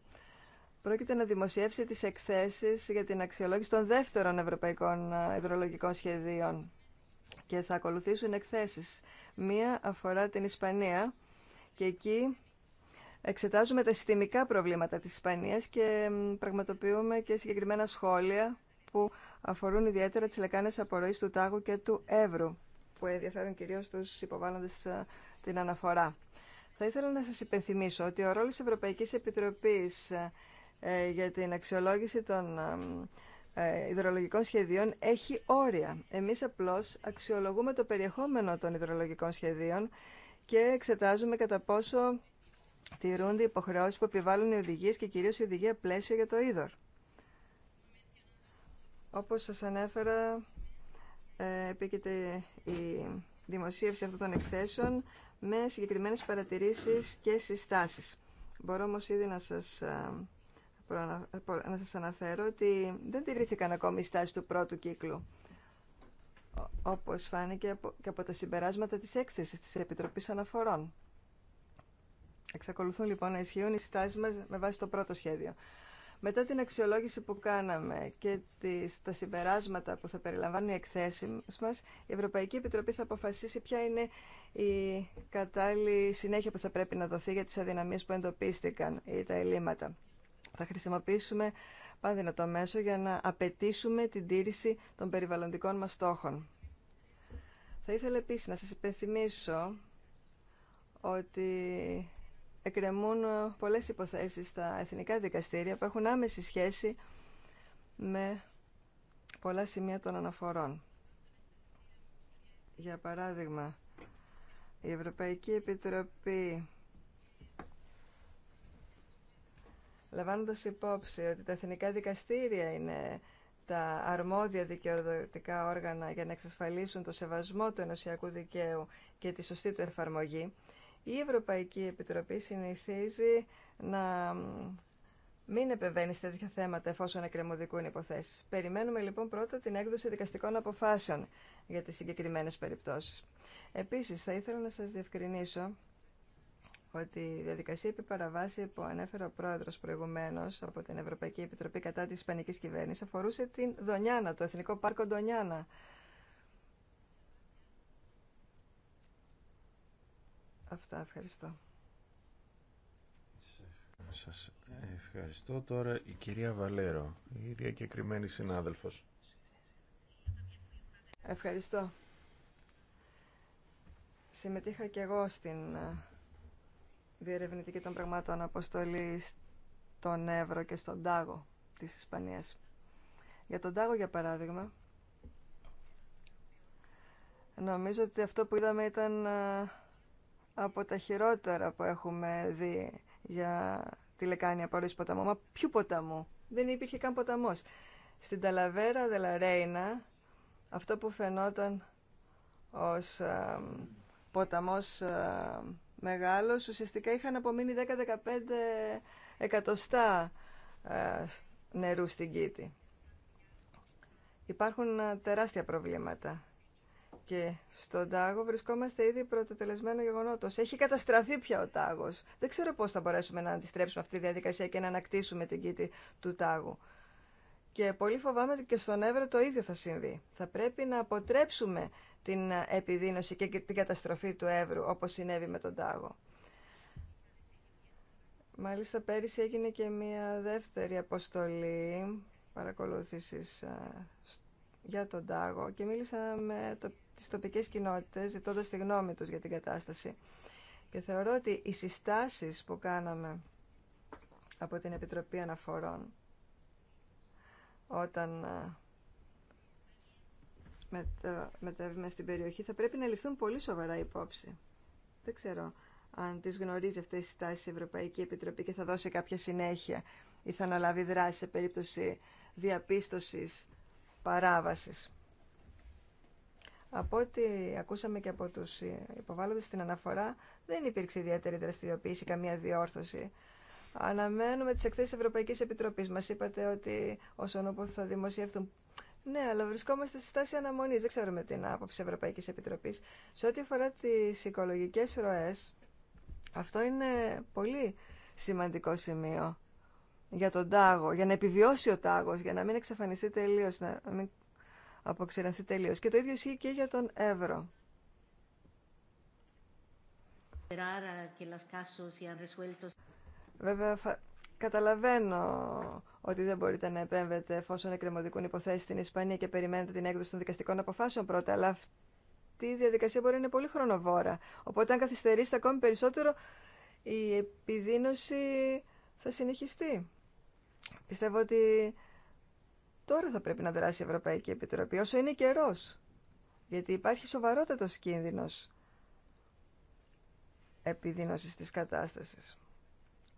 πρόκειται να δημοσιεύσει τις εκθέσεις για την αξιολόγηση των δεύτερων ευρωπαϊκών υδρολογικών σχεδίων και θα ακολουθήσουν εκθέσεις. Μία αφορά την Ισπανία και εκεί εξετάζουμε τα συστημικά προβλήματα της Ισπανίας και πραγματοποιούμε και συγκεκριμένα σχόλια που αφορούν ιδιαίτερα τις λεκάνες απορροής του Τάγου και του Εύρου που ενδιαφέρουν κυρίως τους υποβάλλοντες ε, την αναφορά. Θα ήθελα να σας υπενθυμίσω ότι ο ρόλος Ευρωπαϊκής Επιτροπής ε, ε, για την αξιολόγηση των ε, υδρολογικών σχεδίων έχει όρια. Εμείς απλώς αξιολογούμε το περιεχόμενο των υδρολογικών σχεδίων και εξετάζουμε κατά πόσο τηρούνται οι υποχρεώσεις που επιβάλλουν οι οδηγίες και κυρίως η οδηγία πλαίσιο για το είδωρ. Όπως σας ανέφερα, ε, επίκειται η δημοσίευση αυτών των εκθέσεων με συγκεκριμένες παρατηρήσεις και συστάσεις. Μπορώ όμως ήδη να σας ε, να σας αναφέρω ότι δεν τηρήθηκαν ακόμη οι στάσεις του πρώτου κύκλου, όπως φάνηκε και από τα συμπεράσματα της έκθεσης της Επιτροπής Αναφορών. Εξακολουθούν λοιπόν να ισχύουν οι στάσεις μας με βάση το πρώτο σχέδιο. Μετά την αξιολόγηση που κάναμε και τις, τα συμπεράσματα που θα περιλαμβάνουν οι εκθέσεις μας, η Ευρωπαϊκή Επιτροπή θα αποφασίσει ποια είναι η κατάλληλη συνέχεια που θα πρέπει να δοθεί για τις αδυναμίες που εντοπίστηκαν ή τα ελλείμματα. Θα χρησιμοποιήσουμε πάντα το μέσο για να απαιτήσουμε την τήρηση των περιβαλλοντικών μας στόχων. Θα ήθελα επίσης να σας υπενθυμίσω ότι εκκρεμούν πολλές υποθέσεις στα εθνικά δικαστήρια που έχουν άμεση σχέση με πολλά σημεία των αναφορών. Για παράδειγμα, η Ευρωπαϊκή Επιτροπή λαμβάνοντας υπόψη ότι τα εθνικά δικαστήρια είναι τα αρμόδια δικαιοδοτικά όργανα για να εξασφαλίσουν το σεβασμό του ενωσιακού δικαίου και τη σωστή του εφαρμογή, η Ευρωπαϊκή Επιτροπή συνηθίζει να μην επεμβαίνει σε τέτοια θέματα εφόσον εκκρεμωδικούν υποθέσεις. Περιμένουμε λοιπόν πρώτα την έκδοση δικαστικών αποφάσεων για τις συγκεκριμένες περιπτώσεις. Επίσης, θα ήθελα να σας διευκρινίσω ότι η διαδικασία επί παραβάση που ανέφερε ο πρόεδρο προηγουμένω από την Ευρωπαϊκή Επιτροπή κατά τη Ισπανική κυβέρνηση αφορούσε την Δονιάνα, το Εθνικό Πάρκο Δονιάνα. Αυτά, ευχαριστώ. ευχαριστώ. Τώρα η κυρία Βαλέρο, η διακεκριμένη συνάδελφος. Ευχαριστώ. Συμμετείχα και εγώ στην ε, διερευνητική των πραγμάτων αποστολή στον Εύρο και στον Τάγο της Ισπανίας. Για τον Τάγο, για παράδειγμα, νομίζω ότι αυτό που είδαμε ήταν ε, από τα χειρότερα που έχουμε δει για τη λεκάνη απορρόφηση ποταμού. Μα ποιο ποταμό! Δεν υπήρχε καν ποταμός. Στην Ταλαβέρα Δελαρέινα, αυτό που φαινόταν ως ποταμό ε, ποταμός ε, μεγάλος, ουσιαστικά είχαν απομείνει 10-15 εκατοστά ε, νερού στην Κίτη. Υπάρχουν ε, τεράστια προβλήματα. Και στον Τάγο βρισκόμαστε ήδη πρωτοτελεσμένο γεγονότο. Έχει καταστραφεί πια ο Τάγο. Δεν ξέρω πώ θα μπορέσουμε να αντιστρέψουμε αυτή τη διαδικασία και να ανακτήσουμε την κήτη του Τάγου. Και πολύ φοβάμαι ότι και στον Εύρο το ίδιο θα συμβεί. Θα πρέπει να αποτρέψουμε την ε, επιδείνωση και την καταστροφή του Εύρου, όπως συνέβη με τον Τάγο. Μάλιστα, πέρυσι έγινε και μία δεύτερη αποστολή παρακολούθησης ε, για τον Τάγο και μίλησα με το, τις τοπικές κοινότητες, ζητώντας τη γνώμη τους για την κατάσταση. Και θεωρώ ότι οι συστάσεις που κάναμε από την Επιτροπή Αναφορών όταν ε, μετέβουμε στην περιοχή θα πρέπει να ληφθούν πολύ σοβαρά υπόψη. Δεν ξέρω αν τις γνωρίζει αυτές τις στάσεις η Ευρωπαϊκή Επιτροπή και θα δώσει κάποια συνέχεια ή θα αναλάβει δράση σε περίπτωση διαπίστωσης παράβασης. Από ό,τι ακούσαμε και από τους υποβάλλοντες στην αναφορά, δεν υπήρξε ιδιαίτερη δραστηριοποίηση, καμία διόρθωση. Αναμένουμε τις εκθέσεις Ευρωπαϊκής Επιτροπής. Μας είπατε ότι όσον όπου θα δημοσιεύθουν. Ναι, αλλά βρισκόμαστε σε στάση αναμονής. Δεν ξέρουμε την άποψη Ευρωπαϊκής Επιτροπής. Σε ό,τι αφορά τις οικολογικές ροές, αυτό είναι πολύ σημαντικό σημείο για τον τάγο, για να επιβιώσει ο τάγος, για να μην εξαφανιστεί τελείως, να μην αποξηρανθεί τελείως. Και το ίδιο ισχύει και για τον Εύρο. Βέβαια, καταλαβαίνω ότι δεν μπορείτε να επέμβετε εφόσον εκκρεμωδικούν υποθέσει στην Ισπανία και περιμένετε την έκδοση των δικαστικών αποφάσεων πρώτα, αλλά αυτή η διαδικασία μπορεί να είναι πολύ χρονοβόρα. Οπότε, αν καθυστερήσετε ακόμη περισσότερο, η επιδείνωση θα συνεχιστεί. Πιστεύω ότι τώρα θα πρέπει να δράσει η Ευρωπαϊκή Επιτροπή, όσο είναι καιρό. Γιατί υπάρχει σοβαρότατος κίνδυνος επιδείνωσης της κατάστασης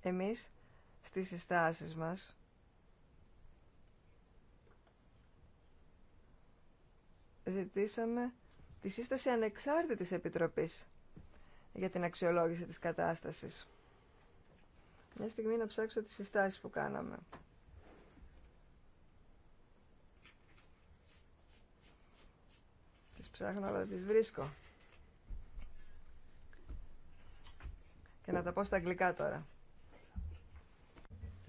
εμείς στις συστάσεις μας ζητήσαμε τη σύσταση ανεξάρτητης επιτροπής για την αξιολόγηση της κατάστασης. Μια στιγμή να ψάξω τις συστάσεις που κάναμε. Τις ψάχνω αλλά τις βρίσκω. Και να τα πω στα αγγλικά τώρα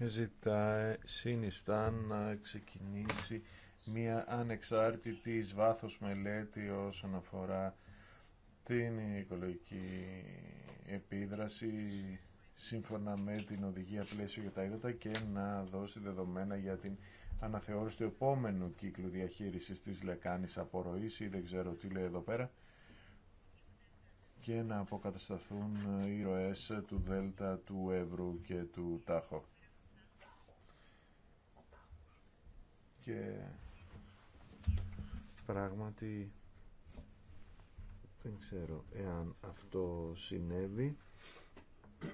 ζητάει, συνιστά να ξεκινήσει μια ανεξάρτητη εις βάθος μελέτη όσον αφορά την οικολογική επίδραση σύμφωνα με την οδηγία πλαίσιο για τα ύδατα και να δώσει δεδομένα για την αναθεώρηση του επόμενου κύκλου διαχείρισης της λεκάνης απορροής ή δεν ξέρω τι λέει εδώ πέρα και να αποκατασταθούν οι ροές του Δέλτα, του Εύρου και του Τάχο. και πράγματι δεν ξέρω εάν αυτό συνέβη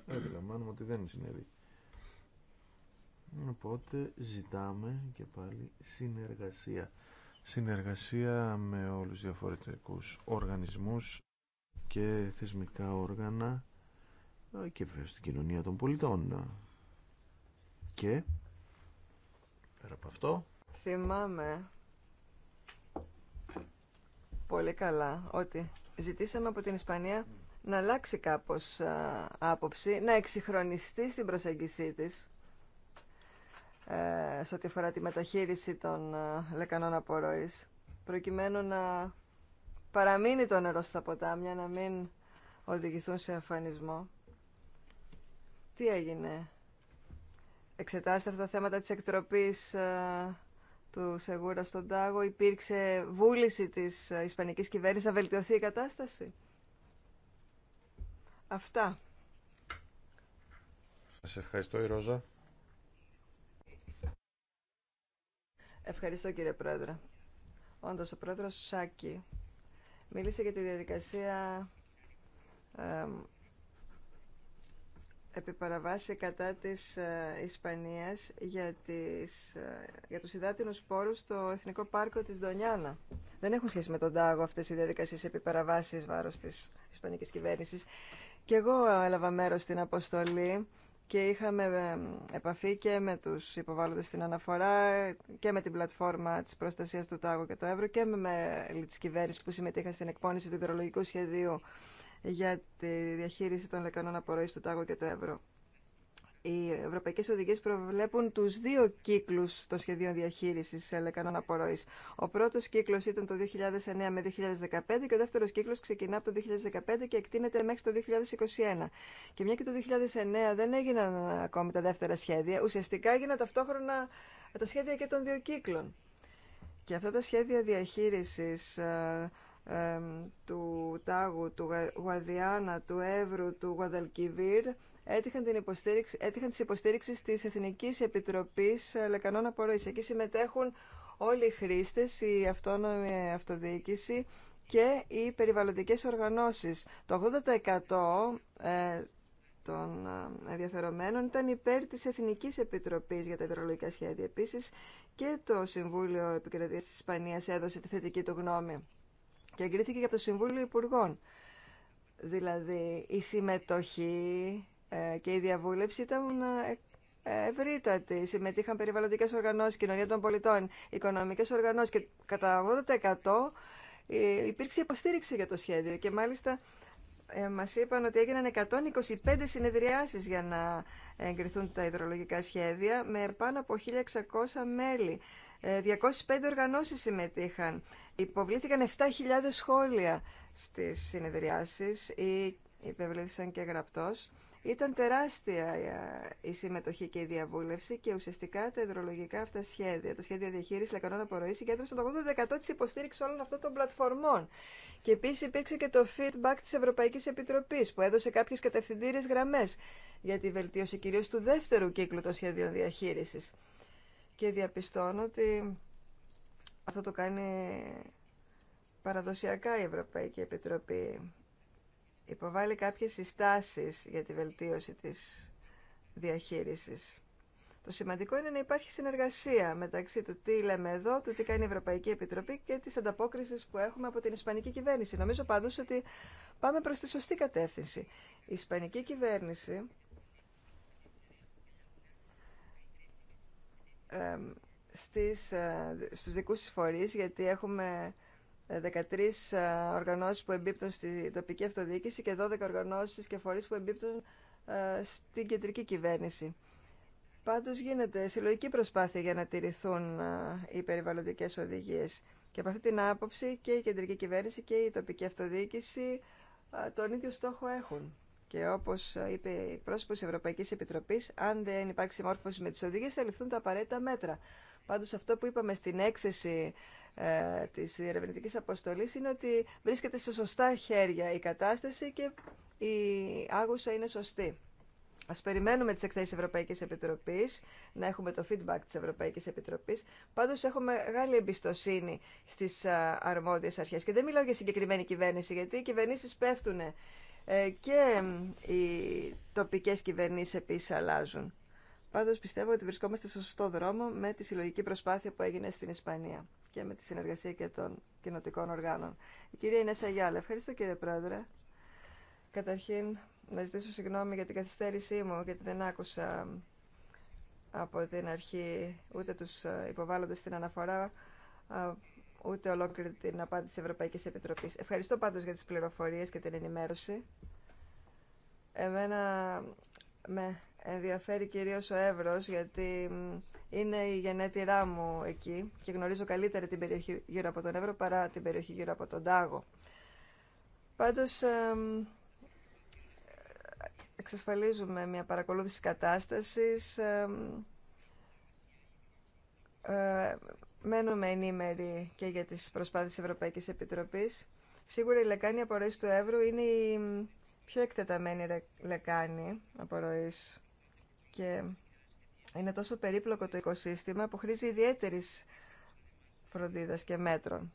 αντιλαμβάνομαι ότι δεν συνέβη οπότε ζητάμε και πάλι συνεργασία συνεργασία με όλους τους διαφορετικούς οργανισμούς και θεσμικά όργανα και βέβαια στην κοινωνία των πολιτών και πέρα από αυτό θυμάμαι πολύ καλά ότι ζητήσαμε από την Ισπανία να αλλάξει κάπως άποψη, να εξυγχρονιστεί στην προσέγγισή της ε, σε ό,τι αφορά τη μεταχείριση των λεκανών απορροής προκειμένου να παραμείνει το νερό στα ποτάμια, να μην οδηγηθούν σε αφανισμό. Τι έγινε. Εξετάσετε αυτά τα θέματα της εκτροπής του Σεγούρα στον Τάγο υπήρξε βούληση της Ισπανικής κυβέρνησης να βελτιωθεί η κατάσταση. Αυτά. Σας ευχαριστώ η Ρόζα. Ευχαριστώ κύριε Πρόεδρε. Όντως ο Πρόεδρος Σάκη μίλησε για τη διαδικασία επιπαραβάσει κατά της ε, Ισπανίας για, τις, ε, για τους υδάτινους σπόρους στο Εθνικό Πάρκο της Δονιάνα. Δεν έχουν σχέση με τον Τάγο αυτές οι διαδικασίες επιπαραβάσεις βάρος της Ισπανικής κυβέρνησης. Και εγώ έλαβα μέρος στην αποστολή και είχαμε ε, επαφή και με τους υποβάλλοντες στην αναφορά και με την πλατφόρμα της προστασίας του Τάγου και του Εύρου και με μέλη κυβέρνησης που συμμετείχαν στην εκπόνηση του υδρολογικού σχεδίου για τη διαχείριση των λεκανών απορροής του Τάγου και του Εύρω. Οι ευρωπαϊκές οδηγίες προβλέπουν τους δύο κύκλους των σχεδίων διαχείρισης λεκανών απορροής. Ο πρώτος κύκλος ήταν το 2009 με 2015 και ο δεύτερος κύκλος ξεκινά από το 2015 και εκτείνεται μέχρι το 2021. Και μια και το 2009 δεν έγιναν ακόμη τα δεύτερα σχέδια, ουσιαστικά έγιναν ταυτόχρονα τα σχέδια και των δύο κύκλων. Και αυτά τα σχέδια διαχείρισης ε, του Τάγου, του Γουαδιάνα, του Εύρου, του Γουαδαλκιβίρ έτυχαν, την υποστήριξη, έτυχαν της υποστήριξης της Εθνικής Επιτροπής ε, Λεκανών Απορροής. Εκεί συμμετέχουν όλοι οι χρήστες, η αυτόνομη αυτοδιοίκηση και οι περιβαλλοντικές οργανώσεις. Το 80% ε, των ε, ενδιαφερομένων ήταν υπέρ της Εθνικής Επιτροπής για τα Υδρολογικά Σχέδια. Επίσης και το Συμβούλιο Επικρατείας της Ισπανίας έδωσε τη θετική του γνώμη και εγκρίθηκε και από το Συμβούλιο Υπουργών. Δηλαδή η συμμετοχή ε, και η διαβούλευση ήταν ε, ευρύτατη. Συμμετείχαν περιβαλλοντικές οργανώσεις, κοινωνία των πολιτών, οικονομικές οργανώσεις και κατά 80% ε, υπήρξε υποστήριξη για το σχέδιο και μάλιστα ε, μας είπαν ότι έγιναν 125 συνεδριάσεις για να εγκριθούν τα υδρολογικά σχέδια με πάνω από 1.600 μέλη. 205 οργανώσεις συμμετείχαν. Υποβλήθηκαν 7.000 σχόλια στις συνεδριάσεις ή υπευλήθησαν και γραπτός. Ήταν τεράστια ε, η συμμετοχή και η διαβούλευση και ουσιαστικά τα υδρολογικά αυτά σχέδια, τα σχέδια διαχείριση λεκανών απορροή συγκέντρωσαν το 80% τη υποστήριξη όλων αυτών των πλατφορμών. Και επίση υπήρξε και το feedback τη Ευρωπαϊκή Επιτροπή που έδωσε κάποιε κατευθυντήριε γραμμέ για τη βελτίωση κυρίω του δεύτερου κύκλου των σχεδίων διαχείριση και διαπιστώνω ότι αυτό το κάνει παραδοσιακά η Ευρωπαϊκή Επιτροπή. Υποβάλλει κάποιες συστάσεις για τη βελτίωση της διαχείρισης. Το σημαντικό είναι να υπάρχει συνεργασία μεταξύ του τι λέμε εδώ, του τι κάνει η Ευρωπαϊκή Επιτροπή και της ανταπόκρισης που έχουμε από την Ισπανική κυβέρνηση. Νομίζω πάντως ότι πάμε προς τη σωστή κατεύθυνση. Η Ισπανική κυβέρνηση στις, ε, στους δικούς της φορείς, γιατί έχουμε 13 ε, ε, οργανώσεις που εμπίπτουν στη τοπική αυτοδιοίκηση και 12 οργανώσεις και φορείς που εμπίπτουν στην κεντρική κυβέρνηση. Πάντως γίνεται συλλογική προσπάθεια για να τηρηθούν οι περιβαλλοντικές οδηγίες. Και από αυτή την άποψη και η κεντρική κυβέρνηση και η τοπική αυτοδιοίκηση τον ίδιο στόχο έχουν. Και όπω είπε η πρόσωπο τη Ευρωπαϊκή Επιτροπή, αν δεν υπάρξει μόρφωση με τι οδηγίε, θα ληφθούν τα απαραίτητα μέτρα. Πάντω, αυτό που είπαμε στην έκθεση ε, τη διερευνητική αποστολή είναι ότι βρίσκεται σε σωστά χέρια η κατάσταση και η άγουσα είναι σωστή. Α περιμένουμε τις εκθέσεις Ευρωπαϊκή Επιτροπή, να έχουμε το feedback τη Ευρωπαϊκή Επιτροπή, Πάντως έχω μεγάλη εμπιστοσύνη στι ε, αρμόδιες αρχέ Και δεν μιλάω για συγκεκριμένη κυβέρνηση, γιατί οι κυβερνήσει πέφτουν ε, και οι τοπικές κυβερνήσεις επίσης αλλάζουν. Πάντως πιστεύω ότι βρισκόμαστε στο σωστό δρόμο με τη συλλογική προσπάθεια που έγινε στην Ισπανία και με τη συνεργασία και των κοινοτικών οργάνων. Η κυρία Ινέσα Γιάλα, ευχαριστώ κύριε Πρόεδρε. Καταρχήν, να ζητήσω συγγνώμη για την καθυστέρησή μου, γιατί δεν άκουσα από την αρχή ούτε τους ε, υποβάλλοντες την αναφορά ούτε ολόκληρη την απάντηση της Ευρωπαϊκής Επιτροπής. Ευχαριστώ πάντως για τις πληροφορίες και την ενημέρωση. Εμένα με ενδιαφέρει κυρίως ο Εύρος γιατί είναι η γενέτειρά μου εκεί και γνωρίζω καλύτερα την περιοχή γύρω από τον Εύρο παρά την περιοχή γύρω από τον Τάγο. Πάντως εξασφαλίζουμε μια παρακολούθηση κατάστασης ε, μένουμε ενήμεροι και για τις προσπάθειες Ευρωπαϊκής Επιτροπής. Σίγουρα η λεκάνη απορροής του Εύρου είναι η πιο εκτεταμένη λεκάνη απορροής και είναι τόσο περίπλοκο το οικοσύστημα που χρήζει ιδιαίτερης φροντίδα και μέτρων.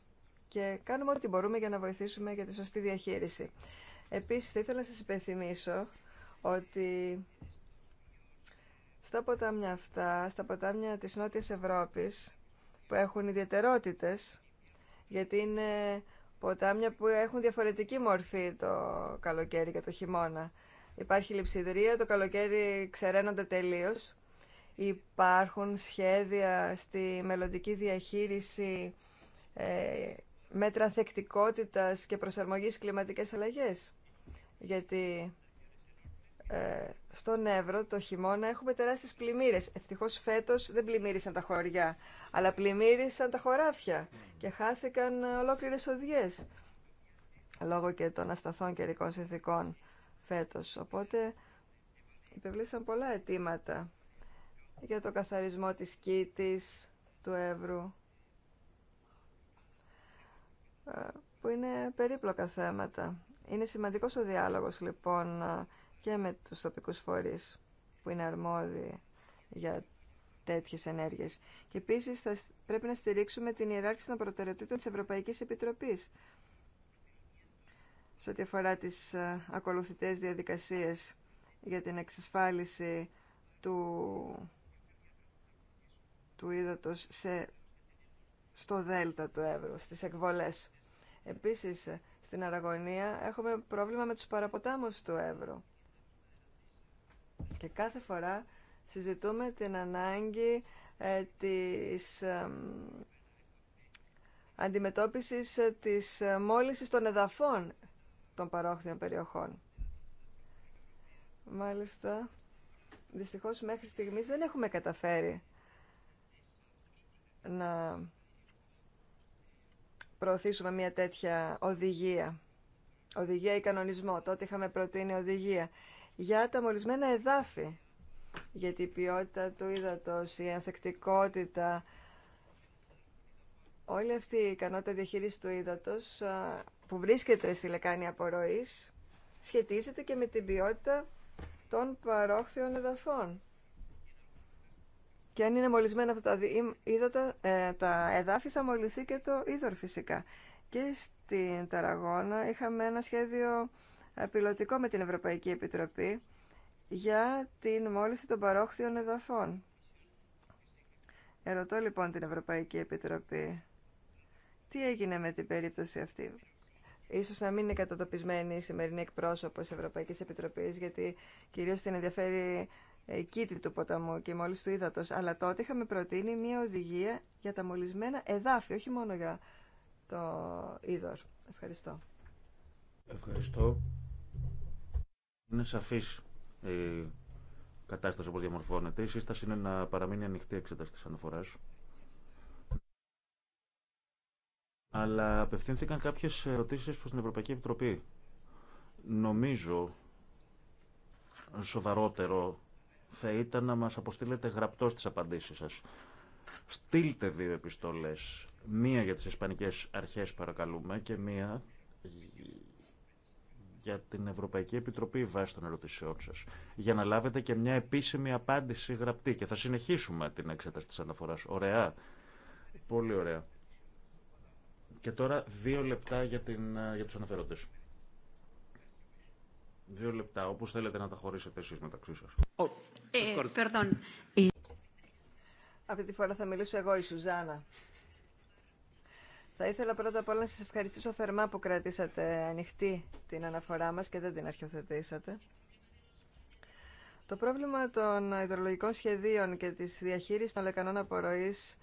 Και κάνουμε ό,τι μπορούμε για να βοηθήσουμε για τη σωστή διαχείριση. Επίσης, θα ήθελα να σας υπενθυμίσω ότι στα ποτάμια αυτά, στα ποτάμια της Νότιας Ευρώπης, που έχουν ιδιαιτερότητες, γιατί είναι ποτάμια που έχουν διαφορετική μορφή το καλοκαίρι και το χειμώνα. Υπάρχει λειψιδρία, το καλοκαίρι ξεραίνονται τελείως. Υπάρχουν σχέδια στη μελλοντική διαχείριση ε, μέτρα θεκτικότητας και προσαρμογής κλιματικές αλλαγές. Γιατί ε, στον Εύρο το χειμώνα έχουμε τεράστιες πλημμύρες. Ευτυχώς φέτος δεν πλημμύρισαν τα χωριά, αλλά πλημμύρισαν τα χωράφια και χάθηκαν ολόκληρες οδιές λόγω και των ασταθών καιρικών συνθήκων φέτος. Οπότε υπευλήσαν πολλά αιτήματα για το καθαρισμό της Κίτης, του Εύρου, ε, που είναι περίπλοκα θέματα. Είναι σημαντικός ο διάλογος λοιπόν και με τους τοπικούς φορείς που είναι αρμόδιοι για τέτοιες ενέργειες. Και επίσης θα πρέπει να στηρίξουμε την ιεράρχηση των προτεραιοτήτων της Ευρωπαϊκής Επιτροπής σε ό,τι αφορά τις ε, ακολουθητές διαδικασίες για την εξασφάλιση του, του ύδατος σε, στο δέλτα του Εύρου, στις εκβολές. Επίσης, στην Αραγωνία έχουμε πρόβλημα με τους παραποτάμους του Εύρου. Και κάθε φορά συζητούμε την ανάγκη ε, της αντιμετώπισης ε, της ε, μόλυσης των εδαφών των παρόχθιων περιοχών. Μάλιστα, δυστυχώς μέχρι στιγμής δεν έχουμε καταφέρει να προωθήσουμε μια τέτοια οδηγία. Οδηγία ή κανονισμό. Τότε είχαμε προτείνει οδηγία για τα μολυσμένα εδάφη. Γιατί η ποιότητα του ύδατος, η ανθεκτικότητα, όλη αυτή η ικανότητα διαχείρισης του ύδατος που βρίσκεται στη λεκάνη απορροής σχετίζεται και με την ποιότητα των παρόχθιων εδαφών. Και αν είναι μολυσμένα αυτά τα ύδατα, ε, τα εδάφη θα μολυθεί και το είδωρ φυσικά. Και στην Ταραγώνα είχαμε ένα σχέδιο πιλωτικό με την Ευρωπαϊκή Επιτροπή για την μόλιση των παρόχθιων εδαφών. Ερωτώ λοιπόν την Ευρωπαϊκή Επιτροπή. Τι έγινε με την περίπτωση αυτή. Ίσως να μην είναι κατατοπισμένη η σημερινή της Ευρωπαϊκής Επιτροπής, γιατί κυρίως την ενδιαφέρει ε, η του ποταμού και μόλιση του ύδατος. Αλλά τότε είχαμε προτείνει μια οδηγία για τα μολυσμένα εδάφη, όχι μόνο για το είδωρ. Ευχαριστώ. Ευχαριστώ. Είναι σαφή η κατάσταση όπω διαμορφώνεται. Η σύσταση είναι να παραμείνει ανοιχτή εξέταση της αναφορά. Αλλά απευθύνθηκαν κάποιες ερωτήσεις προ την Ευρωπαϊκή Επιτροπή. Νομίζω σοβαρότερο θα ήταν να μας αποστείλετε γραπτό τι απαντήσεις σας. Στείλτε δύο επιστολές. Μία για τις Ισπανικές Αρχές παρακαλούμε και μία για την Ευρωπαϊκή Επιτροπή βάσει των ερωτήσεών σα, για να λάβετε και μια επίσημη απάντηση γραπτή και θα συνεχίσουμε την εξέταση τη αναφορά. Ωραία. Πολύ ωραία. Και τώρα δύο λεπτά για, την, για τους αναφέροντες. Δύο λεπτά, όπως θέλετε να τα χωρίσετε εσείς μεταξύ σας. Oh, Αυτή τη φορά θα μιλήσω εγώ η Σουζάνα. Θα ήθελα πρώτα απ' όλα να σας ευχαριστήσω θερμά που κρατήσατε ανοιχτή την αναφορά μας και δεν την αρχιοθετήσατε. Το πρόβλημα των υδρολογικών σχεδίων και της διαχείρισης των λεκανών απορροής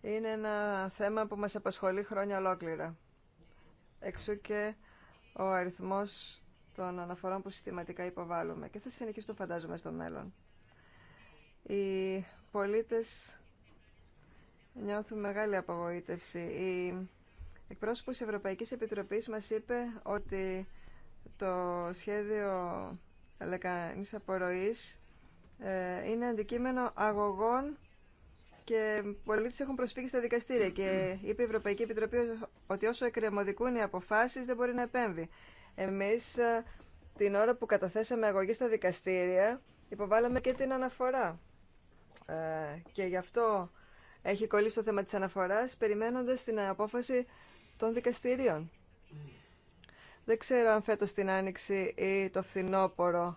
είναι ένα θέμα που μας απασχολεί χρόνια ολόκληρα. Εξού και ο αριθμός των αναφορών που συστηματικά υποβάλλουμε και θα συνεχίσουμε, το φαντάζομαι στο μέλλον. Οι πολίτες νιώθουν μεγάλη απογοήτευση εκπρόσωπος της Ευρωπαϊκής Επιτροπής μας είπε ότι το σχέδιο λεκανής απορροής ε, είναι αντικείμενο αγωγών και πολίτε έχουν προσφύγει στα δικαστήρια και είπε η Ευρωπαϊκή Επιτροπή ότι όσο εκκρεμωδικούν οι αποφάσεις δεν μπορεί να επέμβει. Εμείς ε, την ώρα που καταθέσαμε αγωγή στα δικαστήρια υποβάλαμε και την αναφορά ε, και γι' αυτό έχει κολλήσει το θέμα της αναφοράς περιμένοντας την απόφαση των δικαστηρίων. Δεν ξέρω αν φέτος την Άνοιξη ή το φθινόπωρο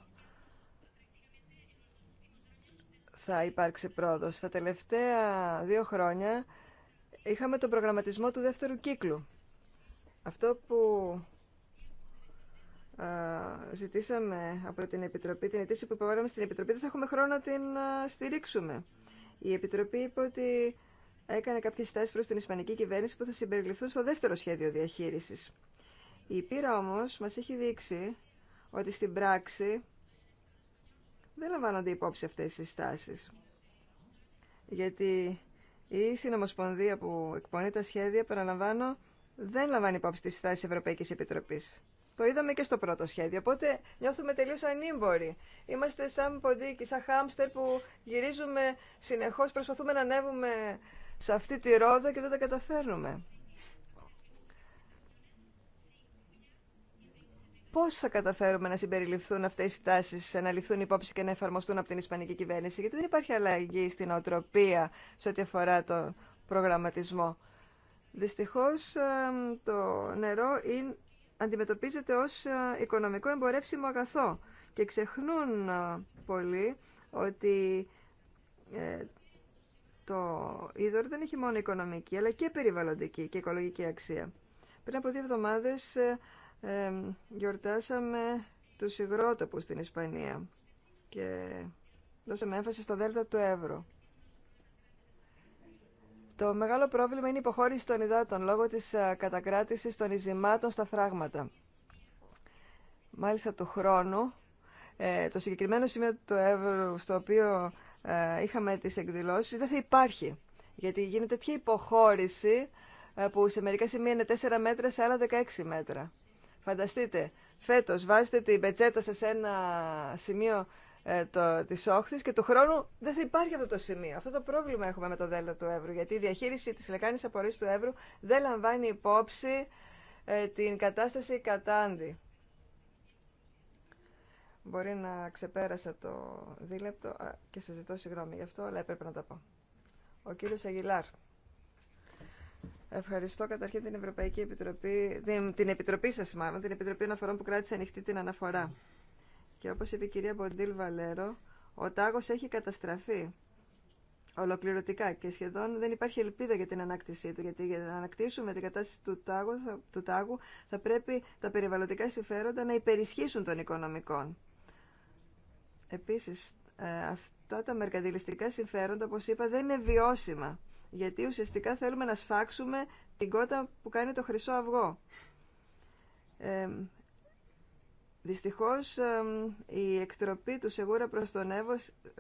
θα υπάρξει πρόοδος. Τα τελευταία δύο χρόνια είχαμε τον προγραμματισμό του δεύτερου κύκλου. Αυτό που ζητήσαμε από την Επιτροπή, την αιτήση που υποβάλαμε στην Επιτροπή, δεν θα έχουμε χρόνο να την στηρίξουμε. Η Επιτροπή είπε ότι έκανε κάποιε στάσεις προ την Ισπανική κυβέρνηση που θα συμπεριληφθούν στο δεύτερο σχέδιο διαχείριση. Η πείρα όμω μα έχει δείξει ότι στην πράξη δεν λαμβάνονται υπόψη αυτέ οι στάσεις. Γιατί η συνομοσπονδία που εκπονεί τα σχέδια, παραλαμβάνω, δεν λαμβάνει υπόψη τις στάσεις Ευρωπαϊκή Επιτροπής. Το είδαμε και στο πρώτο σχέδιο, οπότε νιώθουμε τελείως ανήμποροι. Είμαστε σαν ποντίκι, σαν χάμστερ που γυρίζουμε συνεχώ, προσπαθούμε να ανέβουμε σε αυτή τη ρόδα και δεν τα καταφέρνουμε. Πώς θα καταφέρουμε να συμπεριληφθούν αυτές οι τάσεις, να ληφθούν υπόψη και να εφαρμοστούν από την Ισπανική κυβέρνηση, γιατί δεν υπάρχει αλλαγή στην οτροπία σε ό,τι αφορά τον προγραμματισμό. Δυστυχώς ε, το νερό αντιμετωπίζεται ως ε, οικονομικό εμπορεύσιμο αγαθό και ξεχνούν ε, πολλοί ότι το είδωρο δεν έχει μόνο οικονομική, αλλά και περιβαλλοντική και οικολογική αξία. Πριν από δύο εβδομάδες ε, ε, γιορτάσαμε τους υγρότοπους στην Ισπανία και δώσαμε έμφαση στο δέλτα του Εύρου. Το μεγάλο πρόβλημα είναι η υποχώρηση των υδάτων λόγω της ε, κατακράτησης των ειζημάτων στα φράγματα. Μάλιστα του χρόνου, το συγκεκριμένο σημείο του Εύρου στο οποίο ε, είχαμε τις εκδηλώσεις δεν θα υπάρχει. Γιατί γίνεται τέτοια υποχώρηση ε, που σε μερικά σημεία είναι 4 μέτρα, σε άλλα 16 μέτρα. Φανταστείτε, φέτος βάζετε την πετσέτα σε ένα σημείο ε, το, της όχθης και του χρόνου δεν θα υπάρχει αυτό το σημείο. Αυτό το πρόβλημα έχουμε με το Δέλτα του Εύρου, γιατί η διαχείριση της λεκάνης απορρίσης του Εύρου δεν λαμβάνει υπόψη ε, την κατάσταση κατάντη. Μπορεί να ξεπέρασα το δίλεπτο και σας ζητώ συγγνώμη γι' αυτό, αλλά έπρεπε να τα πω. Ο κύριος Αγγιλάρ. Ευχαριστώ καταρχήν την Ευρωπαϊκή Επιτροπή, την, την Επιτροπή σας μάλλον, την Επιτροπή Αναφορών που κράτησε ανοιχτή την αναφορά. Και όπως είπε η κυρία Μποντήλ Βαλέρο, ο τάγος έχει καταστραφεί ολοκληρωτικά και σχεδόν δεν υπάρχει ελπίδα για την ανάκτησή του, γιατί για να ανακτήσουμε την κατάσταση του τάγου, του τάγου θα πρέπει τα περιβαλλοντικά συμφέροντα να υπερισχύσουν των οικονομικών. Επίσης, ε, αυτά τα μερκαντιλιστικά συμφέροντα, όπως είπα, δεν είναι βιώσιμα, γιατί ουσιαστικά θέλουμε να σφάξουμε την κότα που κάνει το χρυσό αυγό. Ε, δυστυχώς, ε, η εκτροπή του σεγούρα προς τον,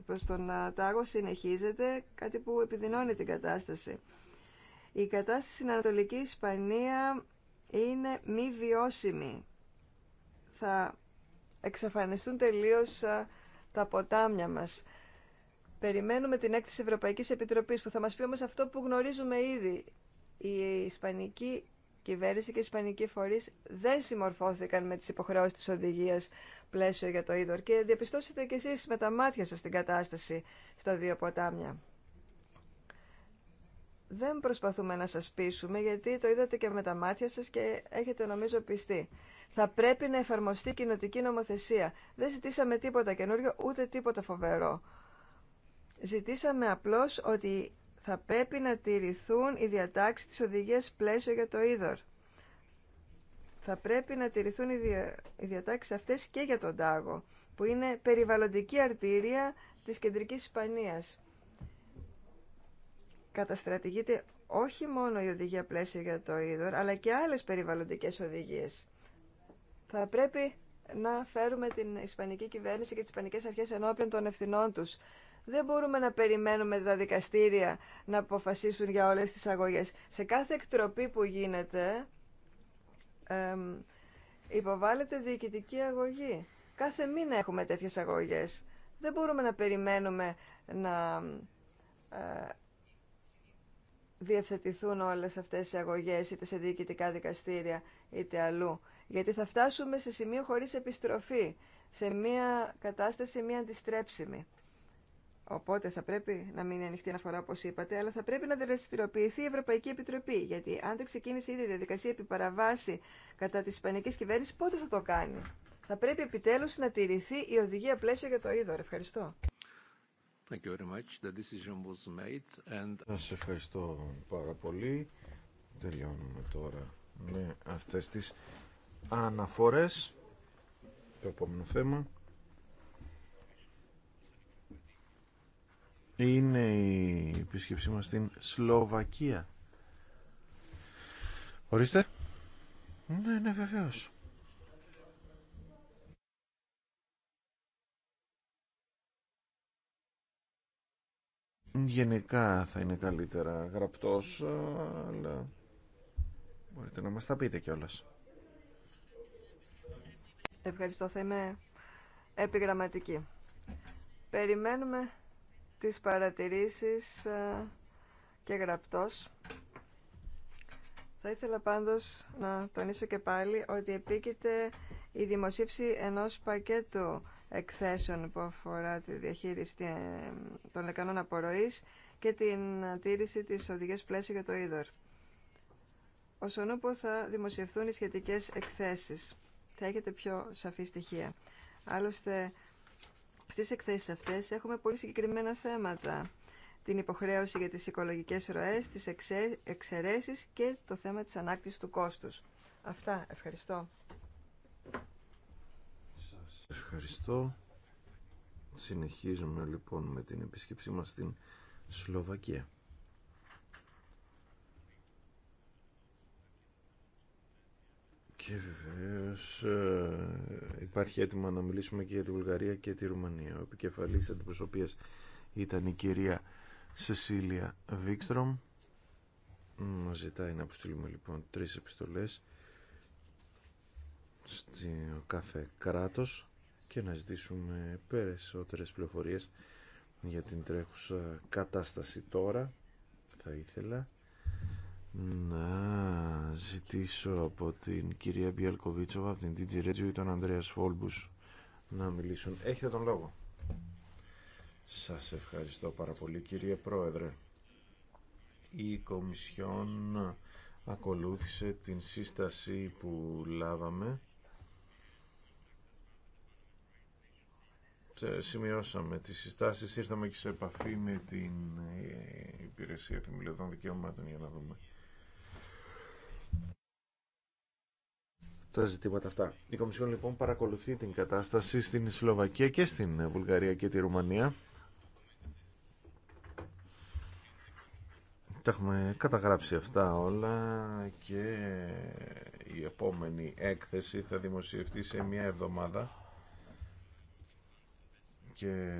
προς τον ε, τάγο συνεχίζεται, κάτι που επιδεινώνει την κατάσταση. Η κατάσταση στην Ανατολική Ισπανία είναι μη βιώσιμη. Θα εξαφανιστούν τελείως τα ποτάμια μας. Περιμένουμε την έκθεση Ευρωπαϊκής Επιτροπής που θα μας πει όμως αυτό που γνωρίζουμε ήδη. Η Ισπανική κυβέρνηση και οι Ισπανικοί φορεί δεν συμμορφώθηκαν με τις υποχρεώσεις της οδηγίας πλαίσιο για το είδωρ και διαπιστώσετε κι εσείς με τα μάτια σας την κατάσταση στα δύο ποτάμια. Δεν προσπαθούμε να σας πείσουμε γιατί το είδατε και με τα μάτια σας και έχετε νομίζω πιστεί θα πρέπει να εφαρμοστεί κοινοτική νομοθεσία. Δεν ζητήσαμε τίποτα καινούριο, ούτε τίποτα φοβερό. Ζητήσαμε απλώς ότι θα πρέπει να τηρηθούν οι διατάξεις της οδηγίας πλαίσιο για το είδωρ. Θα πρέπει να τηρηθούν οι, δια... διατάξεις αυτές και για τον τάγο, που είναι περιβαλλοντική αρτήρια της κεντρικής Ισπανίας. Καταστρατηγείται όχι μόνο η οδηγία πλαίσιο για το είδωρ, αλλά και άλλες περιβαλλοντικές οδηγίες. Θα πρέπει να φέρουμε την Ισπανική κυβέρνηση και τις Ισπανικές αρχές ενώπιον των ευθυνών τους. Δεν μπορούμε να περιμένουμε τα δικαστήρια να αποφασίσουν για όλες τις αγωγές. Σε κάθε εκτροπή που γίνεται υποβάλλεται διοικητική αγωγή. Κάθε μήνα έχουμε τέτοιες αγωγές. Δεν μπορούμε να περιμένουμε να ε, διευθετηθούν όλες αυτές οι αγωγές είτε σε διοικητικά δικαστήρια είτε αλλού γιατί θα φτάσουμε σε σημείο χωρίς επιστροφή, σε μια κατάσταση μια αντιστρέψιμη. Οπότε θα πρέπει να μην μείνει ανοιχτή αναφορά όπως είπατε, αλλά θα πρέπει να δραστηριοποιηθεί η Ευρωπαϊκή Επιτροπή. Γιατί αν δεν ξεκίνησε ήδη η διαδικασία επιπαραβάση κατά τη Ισπανική κυβέρνηση, πότε θα το κάνει. Θα πρέπει επιτέλους να τηρηθεί η οδηγία πλαίσια για το είδωρο. Ευχαριστώ. Thank Σας ευχαριστώ πάρα πολύ. Τελειώνουμε τώρα με αυτές τις αναφορές το επόμενο θέμα είναι η επίσκεψή μας στην Σλοβακία ορίστε ναι ναι βεβαίως Γενικά θα είναι καλύτερα γραπτός, αλλά μπορείτε να μας τα πείτε κιόλας. Ευχαριστώ, θα είμαι επιγραμματική. Περιμένουμε τις παρατηρήσεις ε, και γραπτός. Θα ήθελα πάντως να τονίσω και πάλι ότι επίκειται η δημοσίευση ενός πακέτου εκθέσεων που αφορά τη διαχείριση ε, των λεκανών απορροής και την τήρηση της οδηγίας πλαίσια για το είδωρ. ονούπο θα δημοσιευθούν οι σχετικές εκθέσεις θα έχετε πιο σαφή στοιχεία. Άλλωστε, στις εκθέσεις αυτές έχουμε πολύ συγκεκριμένα θέματα. Την υποχρέωση για τις οικολογικές ροές, τις εξε, εξαιρέσεις και το θέμα της ανάκτησης του κόστους. Αυτά. Ευχαριστώ. Σας ευχαριστώ. Συνεχίζουμε λοιπόν με την επίσκεψή μας στην Σλοβακία. Και βεβαίω ε, υπάρχει έτοιμο να μιλήσουμε και για τη Βουλγαρία και τη Ρουμανία. Ο επικεφαλή αντιπροσωπεία ήταν η κυρία Σεσίλια Βίξτρομ. Μα ζητάει να αποστείλουμε λοιπόν τρει επιστολέ στο κάθε κράτος και να ζητήσουμε περισσότερε πληροφορίε για την τρέχουσα κατάσταση τώρα θα ήθελα να ζητήσω από την κυρία Μπιαλκοβίτσοβα, από την DJ Η Κομισιόν ακολούθησε την σύσταση που λάβαμε. Σημειώσαμε τις συστάσεις, ήρθαμε και σε επαφή με την ε, Υπηρεσία Θεμελιωδών Δικαιωμάτων για να δούμε τα ζητήματα αυτά. Η Κομισιόν λοιπόν παρακολουθεί την κατάσταση στην Σλοβακία και στην Βουλγαρία και τη Ρουμανία. Τα έχουμε καταγράψει αυτά όλα και η επόμενη έκθεση θα δημοσιευτεί σε μία εβδομάδα και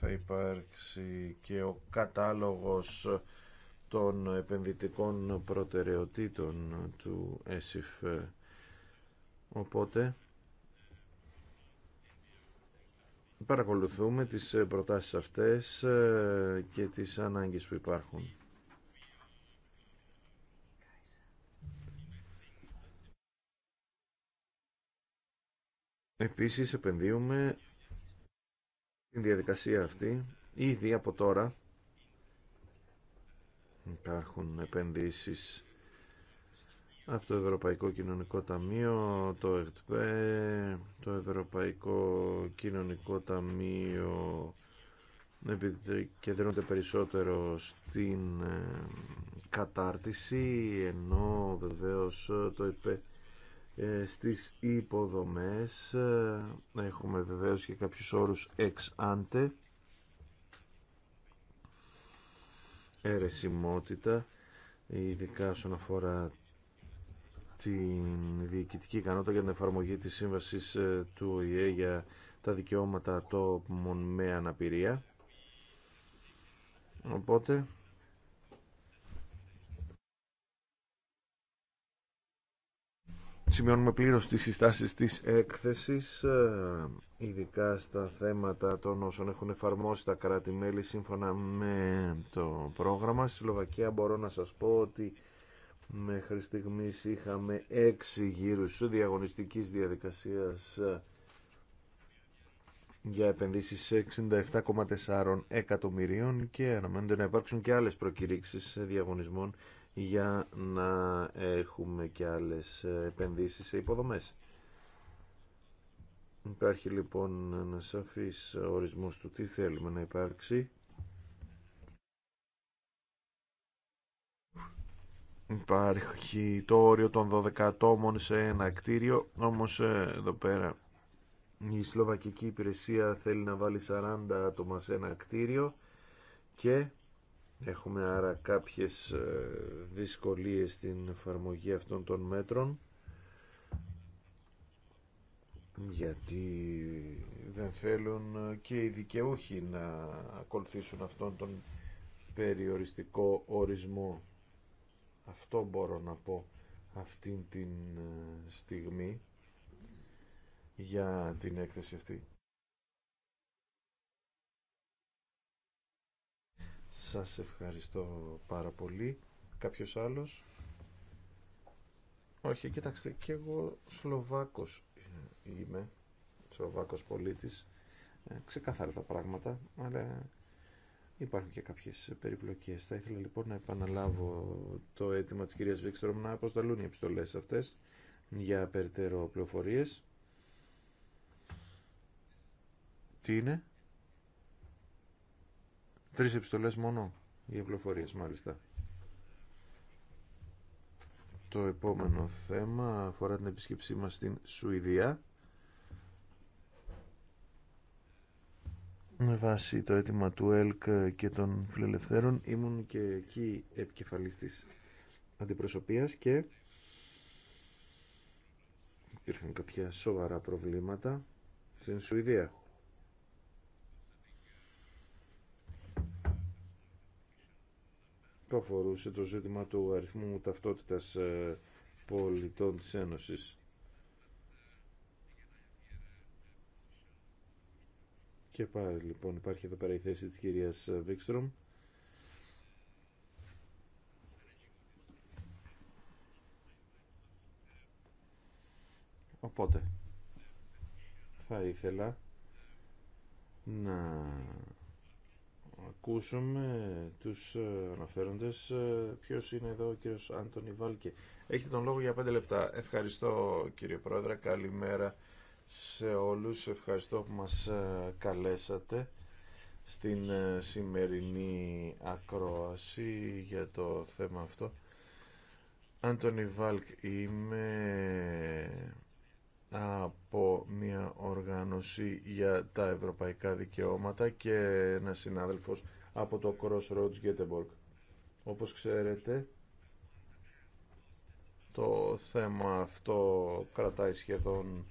θα υπάρξει και ο κατάλογος των επενδυτικών προτεραιοτήτων του ΕΣΥΦ Οπότε παρακολουθούμε τις προτάσεις αυτές ε, και τις ανάγκες που υπάρχουν. Επίσης επενδύουμε την διαδικασία αυτή ήδη από τώρα υπάρχουν επενδύσεις από το Ευρωπαϊκό Κοινωνικό Ταμείο, το ΕΚΤΠΕ, το Ευρωπαϊκό Κοινωνικό Ταμείο επικεντρώνεται περισσότερο στην ε, κατάρτιση ενώ βεβαίως το ΕΚΤΠΕ ε, στις υποδομές ε, έχουμε βεβαίως και κάποιους όρους εξάντε άντε αιρεσιμότητα ειδικά όσον αφορά την διοικητική ικανότητα για την εφαρμογή της σύμβασης ε, του ΟΗΕ για τα δικαιώματα ατόμων με αναπηρία. Οπότε... Σημειώνουμε πλήρως τις συστάσεις της έκθεσης, ε, ειδικά στα θέματα των όσων έχουν εφαρμόσει τα κράτη-μέλη σύμφωνα με το πρόγραμμα. Στη Σλοβακία μπορώ να σας πω ότι Μέχρι στιγμής είχαμε έξι γύρους διαγωνιστικής διαδικασίας ε, για επενδύσεις 67,4 εκατομμυρίων και αναμένονται να υπάρξουν και άλλες προκηρύξεις διαγωνισμών για να έχουμε και άλλες ε, επενδύσεις σε υποδομές. Υπάρχει λοιπόν ένα σαφής ορισμός του τι θέλουμε να υπάρξει Υπάρχει το όριο των 12 ατόμων σε ένα κτίριο, όμως ε, εδώ πέρα η Σλοβακική Υπηρεσία θέλει να βάλει 40 άτομα σε ένα κτίριο και έχουμε άρα κάποιες ε, δυσκολίες στην εφαρμογή αυτών των μέτρων γιατί δεν θέλουν ε, και οι δικαιούχοι να ακολουθήσουν αυτόν τον περιοριστικό ορισμό αυτό μπορώ να πω αυτήν την ε, στιγμή για την έκθεση αυτή. Σας ευχαριστώ πάρα πολύ. Κάποιος άλλος. Όχι, κοιτάξτε, και εγώ Σλοβάκος ε, είμαι, Σλοβάκος πολίτης. Ε, ξεκάθαρα τα πράγματα, αλλά Υπάρχουν και κάποιες περιπλοκέ. Θα ήθελα λοιπόν να επαναλάβω το αίτημα τη κυρία Βίξτρομ να αποσταλούν οι επιστολέ αυτές για περαιτέρω πληροφορίε. Τι είναι? Τρεις επιστολέ μόνο για πληροφορίε, μάλιστα. Το επόμενο θέμα αφορά την επίσκεψή μας στην Σουηδία. με βάση το αίτημα του ΕΛΚ και των φιλελευθέρων ήμουν και εκεί επικεφαλής της αντιπροσωπείας και υπήρχαν κάποια σοβαρά προβλήματα στην Σουηδία. που αφορούσε το ζήτημα του αριθμού ταυτότητας ε, πολιτών της Ένωσης. Και πάλι λοιπόν υπάρχει εδώ πέρα η θέση της κυρίας Βίξτρομ. Οπότε θα ήθελα να ακούσουμε τους ε, αναφέροντες ε, ποιος είναι εδώ ο κύριος Άντωνη Βάλκε. Έχετε τον λόγο για 5 λεπτά. Ευχαριστώ κύριε Πρόεδρε. Καλημέρα σε όλους. Ευχαριστώ που μας ε, καλέσατε στην ε, σημερινή ακρόαση για το θέμα αυτό. Άντωνι Βάλκ είμαι από μια οργάνωση για τα ευρωπαϊκά δικαιώματα και ένα συνάδελφος από το Crossroads Göteborg. Όπως ξέρετε, το θέμα αυτό κρατάει σχεδόν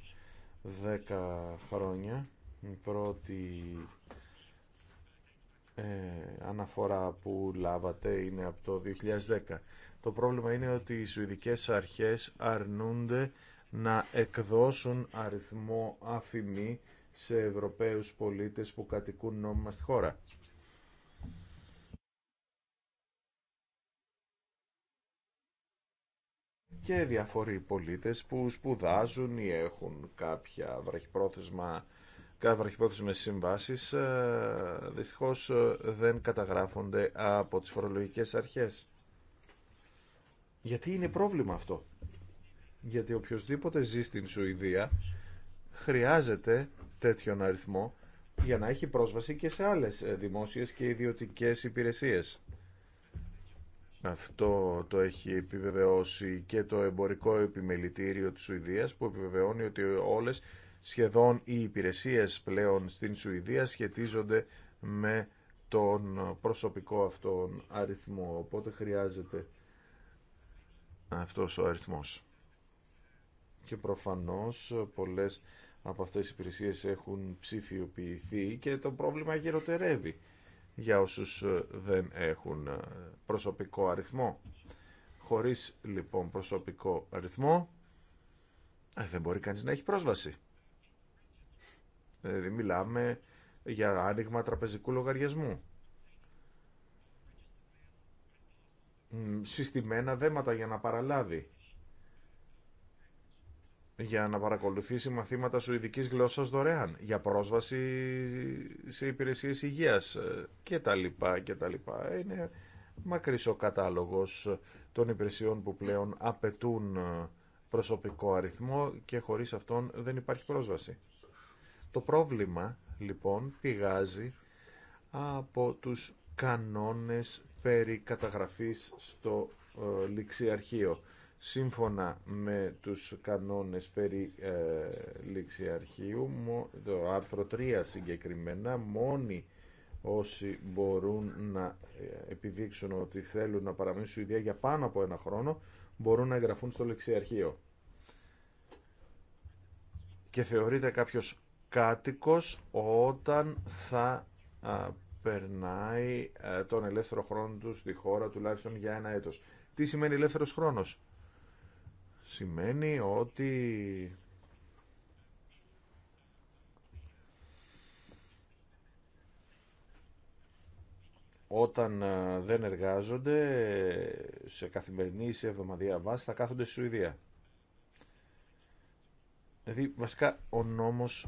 10 χρόνια. Η πρώτη ε, αναφορά που λάβατε είναι από το 2010. Το πρόβλημα είναι ότι οι Σουηδικές αρχές αρνούνται να εκδώσουν αριθμό αφημί σε Ευρωπαίους πολίτες που κατοικούν νόμιμα στη χώρα. και διάφοροι πολίτες που σπουδάζουν ή έχουν κάποια βραχυπρόθεσμα Κάθε βραχυπρόθεσμες συμβάσεις ε, δυστυχώς ε, δεν καταγράφονται από τις φορολογικές αρχές. Γιατί είναι πρόβλημα αυτό. Γιατί οποιοδήποτε ζει στην Σουηδία χρειάζεται τέτοιον αριθμό για να έχει πρόσβαση και σε άλλες ε, δημόσιες και ιδιωτικές υπηρεσίες. Αυτό το έχει επιβεβαιώσει και το εμπορικό επιμελητήριο της Σουηδίας που επιβεβαιώνει ότι όλες σχεδόν οι υπηρεσίες πλέον στην Σουηδία σχετίζονται με τον προσωπικό αυτόν αριθμό. Οπότε χρειάζεται αυτός ο αριθμός. Και προφανώς πολλές από αυτές οι υπηρεσίες έχουν ψηφιοποιηθεί και το πρόβλημα γεροτερεύει για όσους ε, δεν έχουν ε, προσωπικό αριθμό. Χωρίς λοιπόν προσωπικό αριθμό ε, δεν μπορεί κανείς να έχει πρόσβαση. Δηλαδή μιλάμε για άνοιγμα τραπεζικού λογαριασμού. Συστημένα δέματα για να παραλάβει για να παρακολουθήσει μαθήματα σου ειδικής γλώσσας δωρεάν, για πρόσβαση σε υπηρεσίες υγείας ε, και τα λοιπά και τα λοιπά. Είναι μακρύς ο κατάλογος των υπηρεσιών που πλέον απαιτούν ε, προσωπικό αριθμό και χωρίς αυτόν δεν υπάρχει πρόσβαση. Το πρόβλημα λοιπόν πηγάζει από τους κανόνες περί καταγραφής στο ε, ληξιαρχείο σύμφωνα με τους κανόνες περί ε, λήξη αρχείου, το άρθρο 3 συγκεκριμένα, μόνοι όσοι μπορούν να ε, επιδείξουν ότι θέλουν να παραμείνουν στη Σουηδία για πάνω από ένα χρόνο, μπορούν να εγγραφούν στο λεξιαρχείο. Και θεωρείται κάποιος κάτοικος όταν θα περνάει ε, τον ελεύθερο χρόνο του στη χώρα τουλάχιστον για ένα έτος. Τι σημαίνει ελεύθερος χρόνος? σημαίνει ότι όταν ε, δεν εργάζονται σε καθημερινή ή σε εβδομαδιαία βάση θα κάθονται στη Σουηδία. Δηλαδή βασικά ο νόμος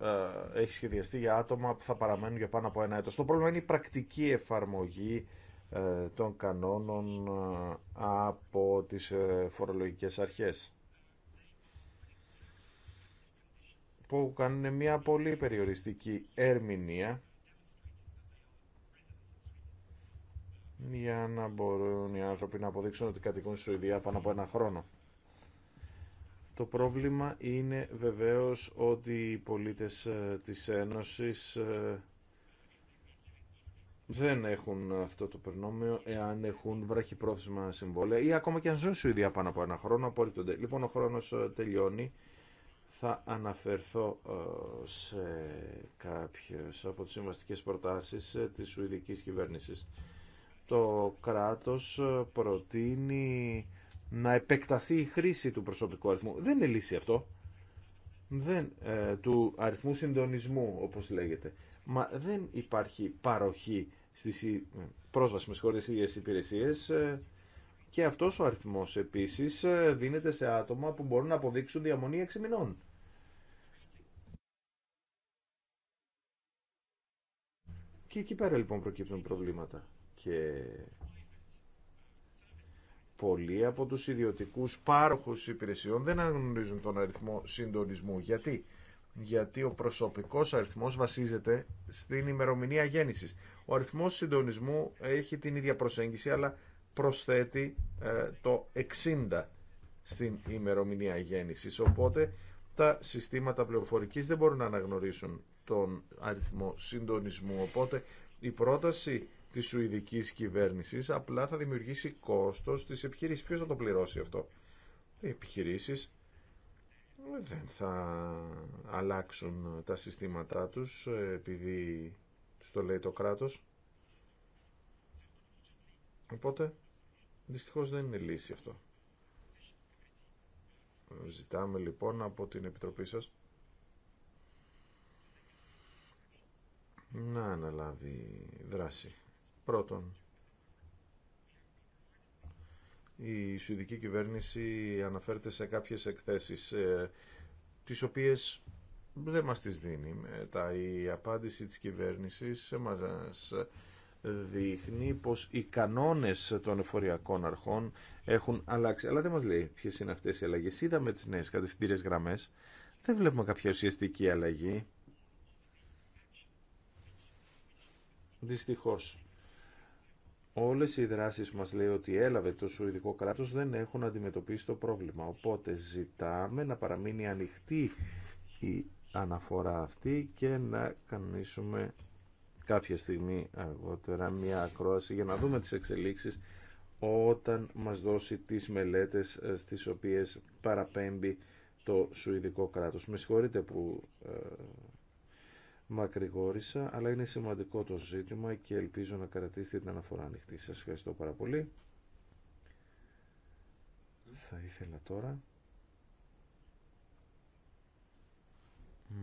ε, έχει σχεδιαστεί για άτομα που θα παραμένουν για πάνω από ένα έτος. Το πρόβλημα είναι η πρακτική εφαρμογή ε, των κανόνων ε, από τις ε, φορολογικές αρχές που κάνουν μια πολύ περιοριστική ερμηνεία για να μπορούν οι άνθρωποι να αποδείξουν ότι κατοικούν στη Σουηδία πάνω από ένα χρόνο. Το πρόβλημα είναι βεβαίως ότι οι πολίτες της Ένωσης δεν έχουν αυτό το προνόμιο εάν έχουν βραχυπρόθεσμα συμβόλαια ή ακόμα και αν ζουν σου ίδια πάνω από ένα χρόνο απορρίπτονται. Λοιπόν, ο χρόνος ε, τελειώνει. Θα αναφερθώ ε, σε κάποιες από τις συμβαστικές προτάσεις ε, της Σουηδικής κυβέρνησης. Το κράτος προτείνει να επεκταθεί η χρήση του προσωπικού αριθμού. Δεν είναι λύση αυτό. Δεν, του αριθμού συντονισμού, όπως λέγεται. Μα δεν υπάρχει παροχή στις πρόσβαση με συγχωρείτε στις υπηρεσίες ε, και αυτός ο αριθμός επίσης ε, δίνεται σε άτομα που μπορούν να αποδείξουν διαμονή 6 μηνών. Και εκεί πέρα λοιπόν προκύπτουν προβλήματα. Και πολλοί από τους ιδιωτικούς πάροχους υπηρεσιών δεν αναγνωρίζουν τον αριθμό συντονισμού. Γιατί? γιατί ο προσωπικός αριθμός βασίζεται στην ημερομηνία γέννησης. Ο αριθμός συντονισμού έχει την ίδια προσέγγιση, αλλά προσθέτει ε, το 60 στην ημερομηνία γέννησης. Οπότε τα συστήματα πληροφορικής δεν μπορούν να αναγνωρίσουν τον αριθμό συντονισμού. Οπότε η πρόταση της Σουηδικής κυβέρνησης απλά θα δημιουργήσει κόστος στις επιχειρήσεις. Ποιος θα το πληρώσει αυτό. Οι επιχειρήσεις δεν θα αλλάξουν τα συστήματά τους ε, επειδή τους το λέει το κράτος. Οπότε, δυστυχώς δεν είναι λύση αυτό. Ζητάμε λοιπόν από την Επιτροπή σας να αναλάβει δράση. Πρώτον, η Σουηδική κυβέρνηση αναφέρεται σε κάποιες εκθέσεις ε, τις οποίες δεν μας τις δίνει. Μετά η απάντηση της κυβέρνησης μας δείχνει πως οι κανόνες των εφοριακών αρχών έχουν αλλάξει. Αλλά δεν μας λέει ποιες είναι αυτές οι αλλαγές. Είδαμε τις νέες κατευθυντήριες γραμμές. Δεν βλέπουμε κάποια ουσιαστική αλλαγή. Δυστυχώς. Όλες οι δράσεις μας λέει ότι έλαβε το Σουηδικό κράτος δεν έχουν αντιμετωπίσει το πρόβλημα. Οπότε ζητάμε να παραμείνει ανοιχτή η αναφορά αυτή και να κανονίσουμε κάποια στιγμή αργότερα μια ακρόαση για να δούμε τις εξελίξεις όταν μας δώσει τις μελέτες ε, στις οποίες παραπέμπει το Σουηδικό κράτος. Με συγχωρείτε που ε, μακρηγόρησα, αλλά είναι σημαντικό το ζήτημα και ελπίζω να κρατήσετε την αναφορά ανοιχτή. Σας ευχαριστώ πάρα πολύ. Θα ήθελα τώρα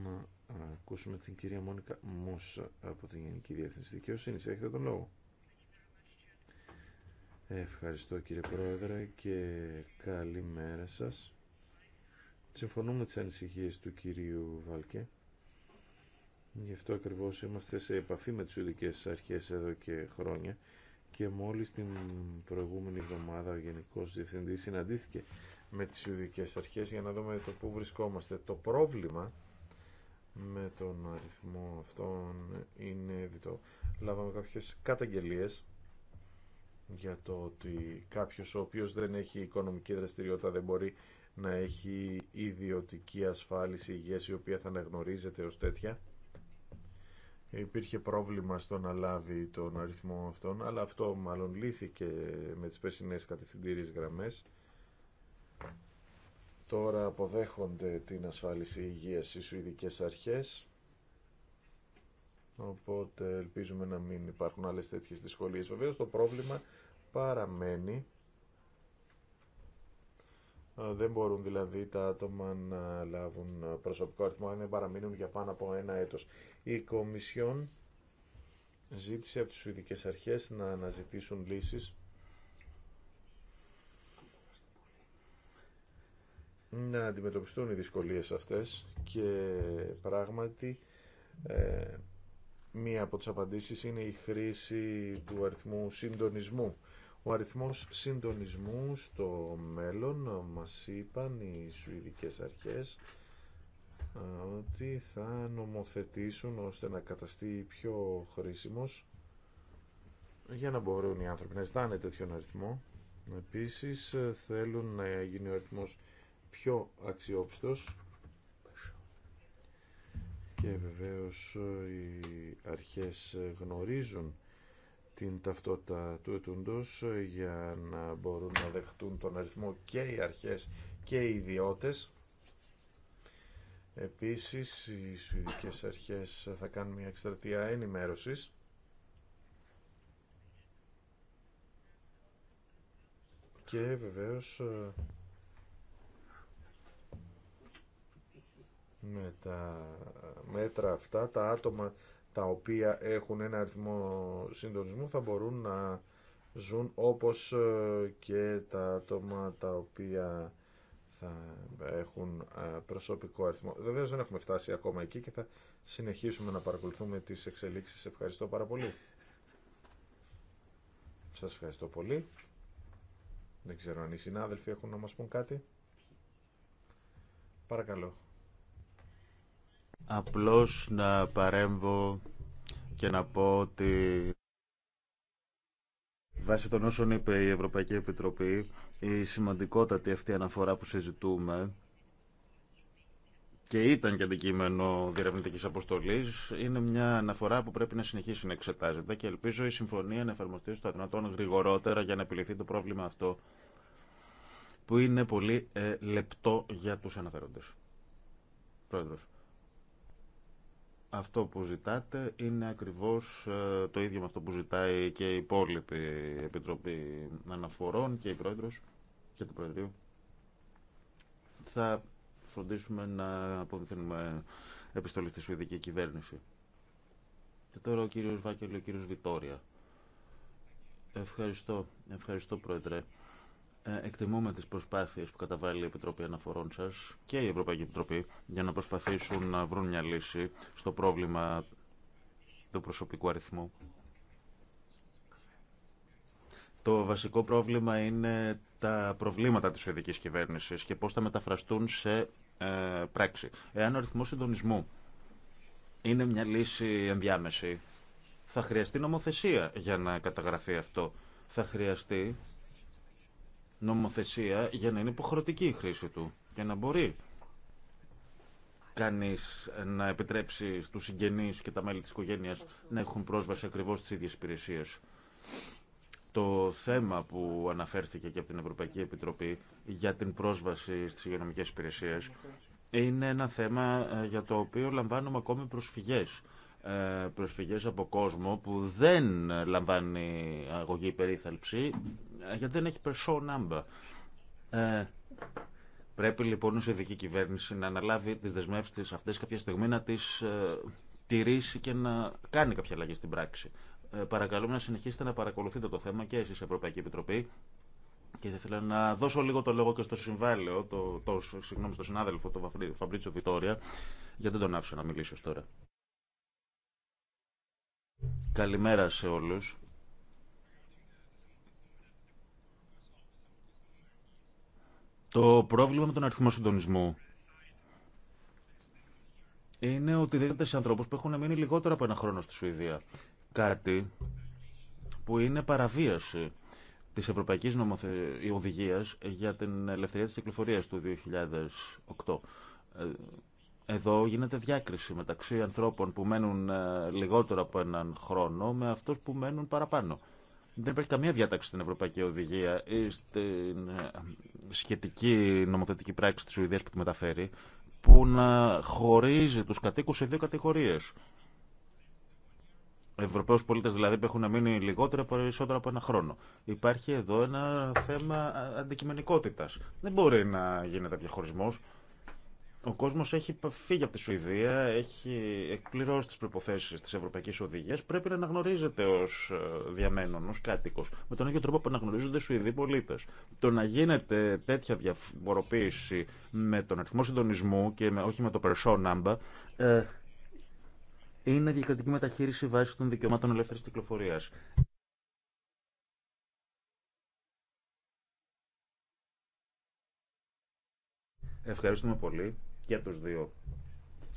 να ακούσουμε την κυρία Μόνικα Μούσα από την Γενική Διεύθυνση Δικαιοσύνης. Έχετε τον λόγο. Ευχαριστώ κύριε Πρόεδρε και καλή μέρα σας. Συμφωνούμε τις ανησυχίες του κυρίου Βάλκε Γι' αυτό ακριβώς είμαστε σε επαφή με τις Ιουδικές Αρχές εδώ και χρόνια και μόλις την προηγούμενη εβδομάδα ο Γενικός Διευθυντής συναντήθηκε με τις ειδικέ Αρχές για να δούμε το πού βρισκόμαστε. Το πρόβλημα με τον αριθμό αυτών είναι διτό. Λάβαμε κάποιες καταγγελίες για το ότι κάποιος ο οποίος δεν έχει οικονομική δραστηριότητα δεν μπορεί να έχει ιδιωτική ασφάλιση υγείας η οποία θα αναγνωρίζεται ως τέτοια υπήρχε πρόβλημα στο να λάβει τον αριθμό αυτόν, αλλά αυτό μάλλον λύθηκε με τις περσινές κατευθυντήριες γραμμές. Τώρα αποδέχονται την ασφάλιση υγείας στις Σουηδικές Αρχές, οπότε ελπίζουμε να μην υπάρχουν άλλες τέτοιες δυσκολίες. Βεβαίως το πρόβλημα παραμένει ε, δεν μπορούν δηλαδή τα άτομα να λάβουν ε, προσωπικό αριθμό αν δεν παραμείνουν για πάνω από ένα έτος. Η Κομισιόν ζήτησε από τις Σουηδικές Αρχές να αναζητήσουν λύσεις να αντιμετωπιστούν οι δυσκολίες αυτές και πράγματι ε, μία από τις απαντήσεις είναι η χρήση του αριθμού συντονισμού ο αριθμός συντονισμού στο μέλλον ε, μας είπαν οι Σουηδικές Αρχές ε, ότι θα νομοθετήσουν ώστε να καταστεί πιο χρήσιμος για να μπορούν οι άνθρωποι να ζητάνε τέτοιον αριθμό. Επίσης ε, θέλουν να γίνει ο αριθμός πιο αξιόπιστος και βεβαίως οι αρχές γνωρίζουν την ταυτότητα του ετούντος για να μπορούν να δεχτούν τον αριθμό και οι αρχές και οι ιδιώτες. Επίσης, οι Σουηδικές Αρχές θα κάνουν μια εκστρατεία ενημέρωσης και βεβαίως με τα μέτρα αυτά τα άτομα τα οποία έχουν ένα αριθμό συντονισμού θα μπορούν να ζουν όπως ε, και τα άτομα τα οποία θα έχουν ε, προσωπικό αριθμό. Βεβαίω δεν έχουμε φτάσει ακόμα εκεί και θα συνεχίσουμε να παρακολουθούμε τις εξελίξεις. Ευχαριστώ πάρα πολύ. Σας ευχαριστώ πολύ. Δεν ξέρω αν οι συνάδελφοι έχουν να μας πούν κάτι. Παρακαλώ. Απλώς να παρέμβω και να πω ότι βάσει των όσων είπε η Ευρωπαϊκή Επιτροπή η σημαντικότατη αυτή αναφορά που συζητούμε και ήταν και αντικείμενο διερευνητική αποστολή. Είναι μια αναφορά που πρέπει να συνεχίσει να εξετάζεται και ελπίζω η συμφωνία να εφαρμοστεί στο δυνατόν γρηγορότερα για να επιληθεί το πρόβλημα αυτό που είναι πολύ ε, λεπτό για τους αναφέροντες. Πρόεδρος αυτό που ζητάτε είναι ακριβώς ε, το ίδιο με αυτό που ζητάει και η υπόλοιπη Επιτροπή Αναφορών και η Πρόεδρος και του Προεδρείου. Θα φροντίσουμε να αποδεθύνουμε επιστολή στη Σουηδική Κυβέρνηση. Και τώρα ο κύριος Βάκελ, ο κύριος Βιτόρια. Ευχαριστώ, ευχαριστώ Πρόεδρε. Ε, εκτιμούμε τις προσπάθειες που καταβάλει η Επιτροπή Αναφορών σας και η Ευρωπαϊκή Επιτροπή για να προσπαθήσουν να βρουν μια λύση στο πρόβλημα του προσωπικού αριθμού. Το βασικό πρόβλημα είναι τα προβλήματα της Σουηδικής κυβέρνησης και πώς θα μεταφραστούν σε ε, πράξη. Εάν ο αριθμός συντονισμού είναι μια λύση ενδιάμεση, θα χρειαστεί νομοθεσία για να καταγραφεί αυτό. Θα χρειαστεί νομοθεσία για να είναι υποχρεωτική η χρήση του και να μπορεί κανείς να επιτρέψει στους συγγενείς και τα μέλη της οικογένειας να έχουν πρόσβαση ακριβώς στις ίδιες υπηρεσίες. Το θέμα που αναφέρθηκε και από την Ευρωπαϊκή Επιτροπή για την πρόσβαση στις υγειονομικές υπηρεσίες είναι ένα θέμα ε, για το οποίο λαμβάνουμε ακόμη προσφυγές ε, προσφυγές από κόσμο που δεν λαμβάνει αγωγή υπερήθαλψη ε, γιατί δεν έχει περσό number. Ε, πρέπει λοιπόν η ειδική κυβέρνηση να αναλάβει τις δεσμεύσεις αυτές κάποια στιγμή να τις ε, τηρήσει και να κάνει κάποια αλλαγή στην πράξη. Ε, παρακαλούμε να συνεχίσετε να παρακολουθείτε το θέμα και εσείς Ευρωπαϊκή Επιτροπή και θα ήθελα να δώσω λίγο το λόγο και στο συμβάλιο, το, το, συγγνώμη, στο συνάδελφο, τον Φαμπρίτσο Βιτόρια, γιατί δεν τον άφησα να μιλήσω τώρα. Καλημέρα σε όλους. Το πρόβλημα με τον αριθμό συντονισμού είναι ότι δίνεται σε ανθρώπους που έχουν μείνει λιγότερο από ένα χρόνο στη Σουηδία. Κάτι που είναι παραβίαση της Ευρωπαϊκής νομοθεσίας για την Ελευθερία της Κυκλοφορίας του 2008 εδώ γίνεται διάκριση μεταξύ ανθρώπων που μένουν ε, λιγότερο από έναν χρόνο με αυτούς που μένουν παραπάνω. Δεν υπάρχει καμία διάταξη στην Ευρωπαϊκή Οδηγία ή στην ε, σχετική νομοθετική πράξη τη Σουηδία που τη μεταφέρει που να χωρίζει τους κατοίκου σε δύο κατηγορίες. Ευρωπαίου πολίτε δηλαδή που έχουν μείνει λιγότερο από περισσότερο από ένα χρόνο. Υπάρχει εδώ ένα θέμα ε, αντικειμενικότητας. Δεν μπορεί να γίνεται διαχωρισμό. Ο κόσμο έχει φύγει από τη Σουηδία, έχει εκπληρώσει τι προποθέσει τη Ευρωπαϊκή Οδηγία. Πρέπει να αναγνωρίζεται ω ε, διαμένον, ω κάτοικο, με τον ίδιο τρόπο που αναγνωρίζονται οι Σουηδοί πολίτε. Το να γίνεται τέτοια διαφοροποίηση με τον αριθμό συντονισμού και όχι με το περσό number, ε, είναι διακριτική μεταχείριση βάσει των δικαιωμάτων ελεύθερη κυκλοφορία. Ευχαριστούμε πολύ για τους δύο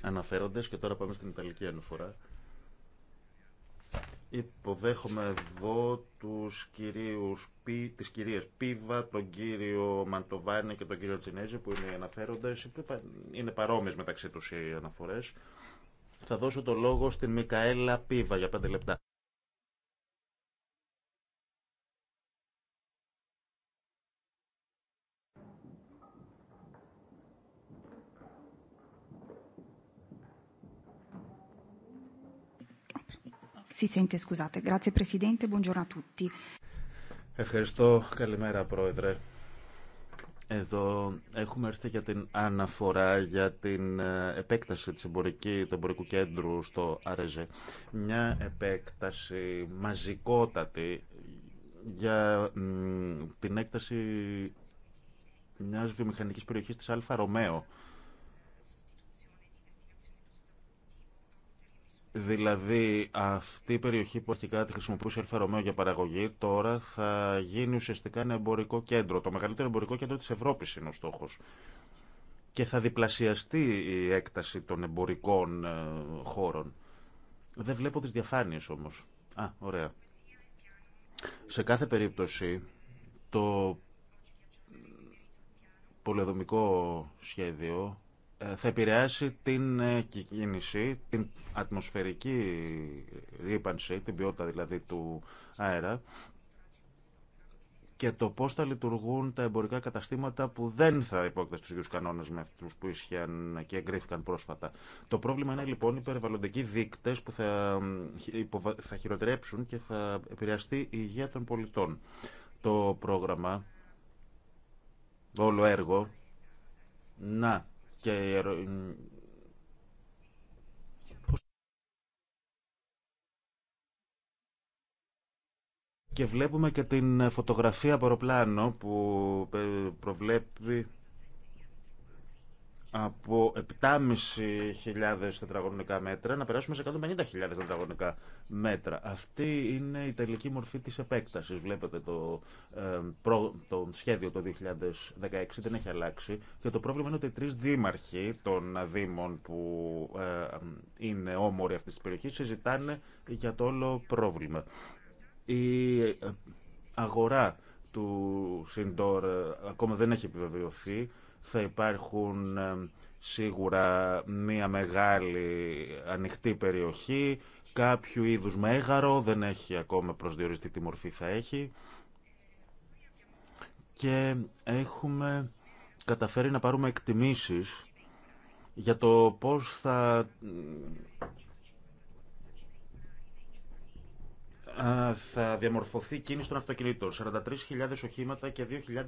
αναφέροντες και τώρα πάμε στην Ιταλική αναφορά. Υποδέχομαι εδώ τους κυρίους, τις κυρίες Πίβα, τον κύριο Μαντοβάνη και τον κύριο Τσινέζη που είναι οι αναφέροντες, είναι παρόμοιες μεταξύ τους οι αναφορές. Θα δώσω το λόγο στην Μικαέλα Πίβα για πέντε λεπτά. Ευχαριστώ. Καλημέρα, Πρόεδρε. Εδώ έχουμε έρθει για την αναφορά για την ε, επέκταση της εμπορική, του εμπορικού κέντρου στο Αρέζε. Μια επέκταση μαζικότατη για την έκταση μιας βιομηχανικής περιοχής της Αλφα Δηλαδή αυτή η περιοχή που αρχικά τη χρησιμοποιούσε η για παραγωγή τώρα θα γίνει ουσιαστικά ένα εμπορικό κέντρο. Το μεγαλύτερο εμπορικό κέντρο τη Ευρώπης είναι ο στόχος. Και θα διπλασιαστεί η έκταση των εμπορικών ε, χώρων. Δεν βλέπω τις διαφάνειες όμως. Α, ωραία. Σε κάθε περίπτωση το πολεοδομικό σχέδιο θα επηρεάσει την ε, κίνηση, την ατμοσφαιρική ρήπανση, την ποιότητα δηλαδή του αέρα και το πώς θα λειτουργούν τα εμπορικά καταστήματα που δεν θα υπόκειται στους ίδιους κανόνες με αυτούς που ίσχυαν και εγκρίθηκαν πρόσφατα. Το πρόβλημα είναι λοιπόν οι περιβαλλοντικοί δείκτες που θα, θα χειροτερέψουν και θα επηρεαστεί η υγεία των πολιτών. Το πρόγραμμα, όλο έργο, να και Και βλέπουμε και την φωτογραφία αεροπλάνο που ε, προβλέπει από 7.500 τετραγωνικά μέτρα να περάσουμε σε 150.000 τετραγωνικά μέτρα. Αυτή είναι η τελική μορφή της επέκτασης. Βλέπετε το, ε, το σχέδιο το 2016 δεν έχει αλλάξει και το πρόβλημα είναι ότι οι τρεις δήμαρχοι των δήμων που ε, είναι όμοροι αυτής της περιοχής συζητάνε για το όλο πρόβλημα. Η ε, αγορά του Σιντόρ ακόμα δεν έχει επιβεβαιωθεί θα υπάρχουν ε, σίγουρα μια μεγάλη ανοιχτή περιοχή, κάποιο είδους μέγαρο, δεν έχει ακόμα προσδιοριστεί τι μορφή θα έχει. Και έχουμε καταφέρει να πάρουμε εκτιμήσεις για το πώς θα θα διαμορφωθεί κίνηση των αυτοκινήτων. 43.000 οχήματα και 2.300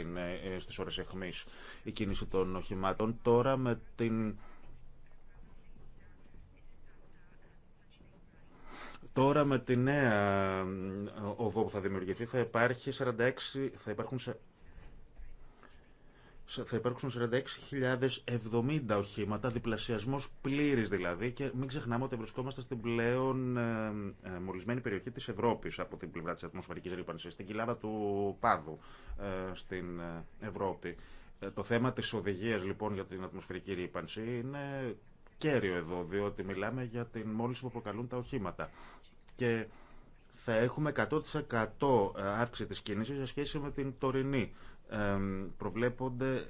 είναι ε, στις ώρες εχμής η κίνηση των οχημάτων. Τώρα με την... Τώρα με τη νέα ε, οδό που θα δημιουργηθεί θα, υπάρχει 46, θα υπάρχουν θα υπάρξουν 46.070 οχήματα, διπλασιασμός πλήρης δηλαδή και μην ξεχνάμε ότι βρισκόμαστε στην πλέον ε, μολυσμένη περιοχή της Ευρώπης από την πλευρά της ατμοσφαιρικής ρήπανσης, στην κοιλάδα του Πάδου ε, στην ε, Ευρώπη. Ε, το θέμα της οδηγίας λοιπόν για την ατμοσφαιρική ρήπανση είναι κέριο εδώ, διότι μιλάμε για την μόλυνση που προκαλούν τα οχήματα. Και θα έχουμε 100% αύξηση της κίνησης σε σχέση με την τωρινή προβλέπονται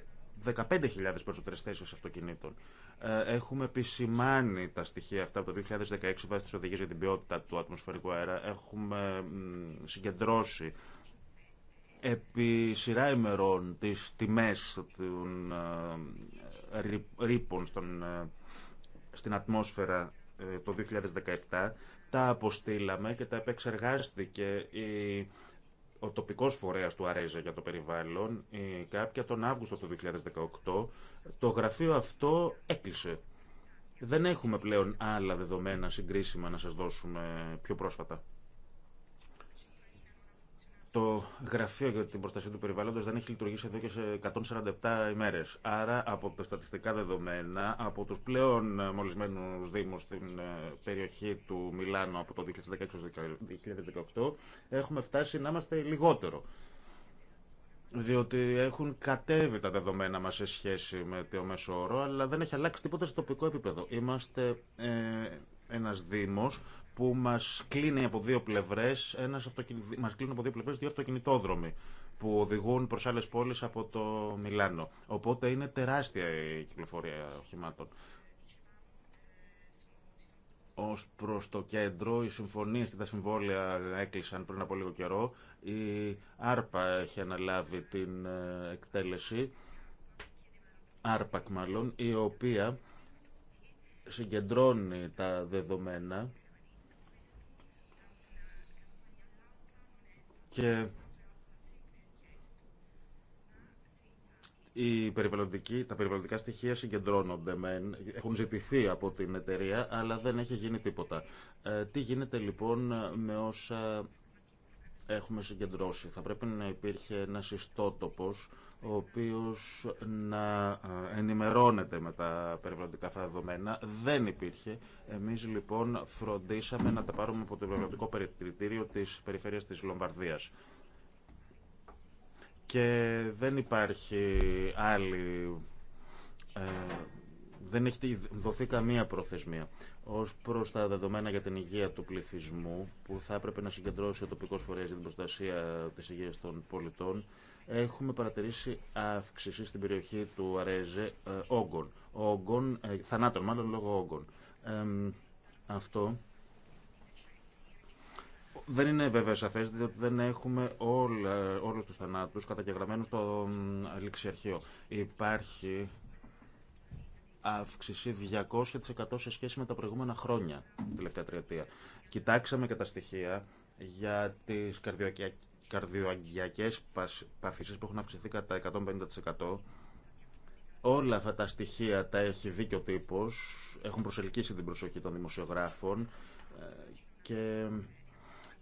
15.000 περισσότερε θέσει αυτοκινήτων. Ε, έχουμε επισημάνει τα στοιχεία αυτά από το 2016 βάσει τις οδηγίες για την ποιότητα του ατμοσφαιρικού αέρα. Έχουμε συγκεντρώσει επί σειρά ημερών τις τιμές των ε, ρήπων στον, ε, στην ατμόσφαιρα το 2017. Τα αποστήλαμε και τα επεξεργάστηκε η ο τοπικός φορέα του Αρέζα για το περιβάλλον, η ε, κάποια τον Αύγουστο του 2018, το γραφείο αυτό έκλεισε. Δεν έχουμε πλέον άλλα δεδομένα συγκρίσιμα να σας δώσουμε πιο πρόσφατα το γραφείο για την προστασία του περιβάλλοντος δεν έχει λειτουργήσει εδώ και σε 147 ημέρες. Άρα από τα στατιστικά δεδομένα, από τους πλέον μολυσμένους δήμους στην ε, περιοχή του Μιλάνου από το 2016-2018, έχουμε φτάσει να είμαστε λιγότερο. Διότι έχουν κατέβει τα δεδομένα μας σε σχέση με το μέσο όρο, αλλά δεν έχει αλλάξει τίποτα σε τοπικό επίπεδο. Είμαστε ε, ένας δήμος που μα κλείνει από δύο πλευρές, κλείνουν από δύο πλευρέ δύο αυτοκινητόδρομοι που οδηγούν προ άλλε πόλει από το Μιλάνο. Οπότε είναι τεράστια η κυκλοφορία οχημάτων. Ω προ το κέντρο, οι συμφωνίε και τα συμβόλαια έκλεισαν πριν από λίγο καιρό. Η ΑΡΠΑ έχει αναλάβει την ε, εκτέλεση, ΑΡΠΑΚ μάλλον, η οποία συγκεντρώνει τα δεδομένα και οι τα περιβαλλοντικά στοιχεία συγκεντρώνονται, με, έχουν ζητηθεί από την εταιρεία, αλλά δεν έχει γίνει τίποτα. Ε, τι γίνεται λοιπόν με όσα έχουμε συγκεντρώσει. Θα πρέπει να υπήρχε ένας ιστότοπος ο οποίος να ε, ενημερώνεται με τα περιβαλλοντικά δεδομένα. Δεν υπήρχε. Εμείς λοιπόν φροντίσαμε να τα πάρουμε από το περιβαλλοντικό περιτηρητήριο της περιφέρειας της Λομβαρδίας. Και δεν υπάρχει άλλη... Ε, δεν έχει δοθεί καμία προθεσμία ως προς τα δεδομένα για την υγεία του πληθυσμού που θα έπρεπε να συγκεντρώσει ο τοπικό φορέας για την προστασία τη υγείας των πολιτών έχουμε παρατηρήσει αύξηση στην περιοχή του Αρέζε ε, όγκων, όγκων ε, θανάτων μάλλον λόγω όγκων. αυτό δεν είναι βέβαια σαφέ, διότι δεν έχουμε όλου του θανάτου καταγεγραμμένου στο ληξιαρχείο. Υπάρχει αύξηση 200% σε σχέση με τα προηγούμενα χρόνια, τελευταία τριετία. Κοιτάξαμε και τα στοιχεία για τι καρδιοαγγειακές παθήσεις που έχουν αυξηθεί κατά 150%. Όλα αυτά τα στοιχεία τα έχει δει και ο τύπος, έχουν προσελκύσει την προσοχή των δημοσιογράφων ε, και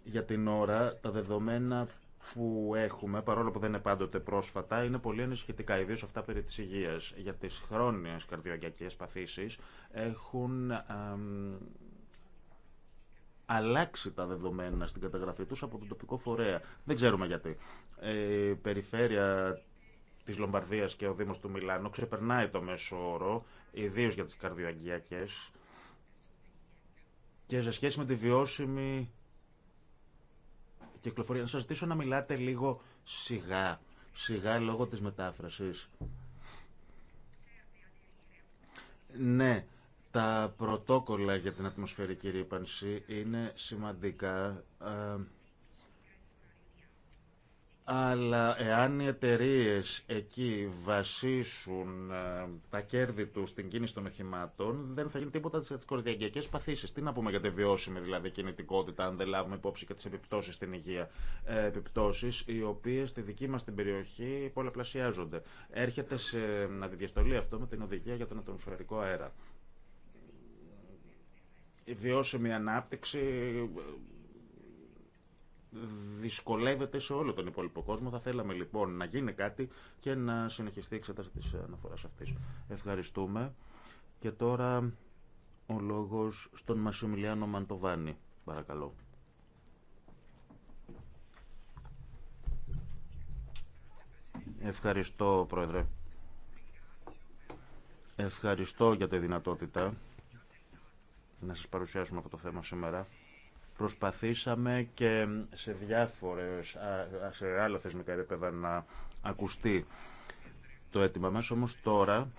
για την ώρα τα δεδομένα που έχουμε, παρόλο που δεν είναι πάντοτε πρόσφατα, είναι πολύ ανησυχητικά, ιδίω αυτά περί της υγείας. Για τις χρόνιες καρδιοαγκιακέ παθήσεις έχουν αλλάξει τα δεδομένα στην καταγραφή τους από τον τοπικό φορέα. Δεν ξέρουμε γιατί. Ε, η περιφέρεια τη Λομπαρδία και ο Δήμο του Μιλάνου ξεπερνάει το μέσο όρο, ιδίω για τι καρδιοαγγειακές Και σε σχέση με τη βιώσιμη κυκλοφορία, να σα ζητήσω να μιλάτε λίγο σιγά. Σιγά λόγω της μετάφρασης. Ναι, τα πρωτόκολλα για την ατμοσφαιρική ρήπανση είναι σημαντικά, ε, αλλά εάν οι εταιρείε εκεί βασίσουν ε, τα κέρδη τους στην κίνηση των οχημάτων, δεν θα γίνει τίποτα για τις παθήσεις. Τι να πούμε για τη βιώσιμη δηλαδή κινητικότητα, αν δεν λάβουμε υπόψη και τις επιπτώσεις στην υγεία. Ε, επιπτώσεις οι οποίες στη δική μας την περιοχή πολλαπλασιάζονται. Έρχεται σε αντιδιαστολή αυτό με την οδηγία για τον ατμοσφαιρικό αέρα η βιώσιμη ανάπτυξη δυσκολεύεται σε όλο τον υπόλοιπο κόσμο. Θα θέλαμε λοιπόν να γίνει κάτι και να συνεχιστεί η εξέταση της αναφοράς αυτής. Ευχαριστούμε. Και τώρα ο λόγος στον Μασιμιλιάνο Μαντοβάνη. Παρακαλώ. Ευχαριστώ, Πρόεδρε. Ευχαριστώ για τη δυνατότητα να σας παρουσιάσουμε αυτό το θέμα σήμερα. Προσπαθήσαμε και σε διάφορες, σε άλλα θεσμικά επίπεδα να ακουστεί το αίτημα μας, όμως τώρα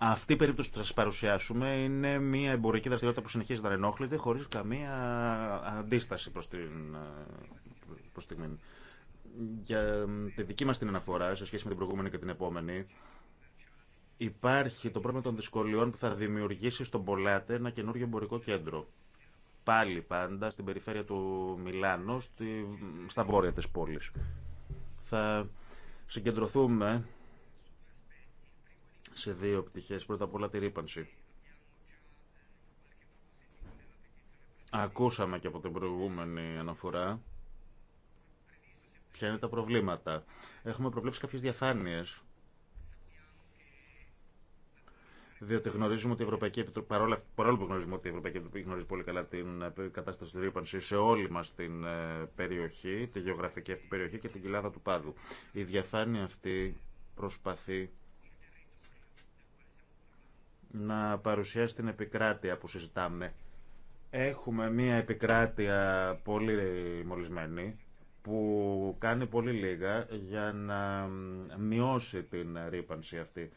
Αυτή η περίπτωση που θα σα παρουσιάσουμε είναι μια εμπορική δραστηριότητα που συνεχίζει να ενόχληται χωρί καμία αντίσταση προ την προς τη Για τη δική μα την αναφορά σε σχέση με την προηγούμενη και την επόμενη, Υπάρχει το πρόβλημα των δυσκολιών που θα δημιουργήσει στον Πολάτε ένα καινούριο εμπορικό κέντρο. Πάλι πάντα στην περιφέρεια του Μιλάνου, στη, στα βόρεια της πόλης. Θα συγκεντρωθούμε σε δύο πτυχές. Πρώτα απ' όλα τη ρήπανση. Ακούσαμε και από την προηγούμενη αναφορά ποια είναι τα προβλήματα. Έχουμε προβλέψει κάποιες διαφάνειες Διότι γνωρίζουμε ότι η Ευρωπαϊκή Επιτροπή, παρόλα, παρόλο που γνωρίζουμε ότι η Ευρωπαϊκή Επιτροπή γνωρίζει πολύ καλά την ε, κατάσταση τη ρήπανση σε όλη μα την ε, περιοχή, τη γεωγραφική αυτή περιοχή και την κοιλάδα του Πάδου. Η διαφάνεια αυτή προσπαθεί να παρουσιάσει την επικράτεια που συζητάμε. Έχουμε μία επικράτεια πολύ μολυσμένη που κάνει πολύ λίγα για να μειώσει την ρήπανση αυτή.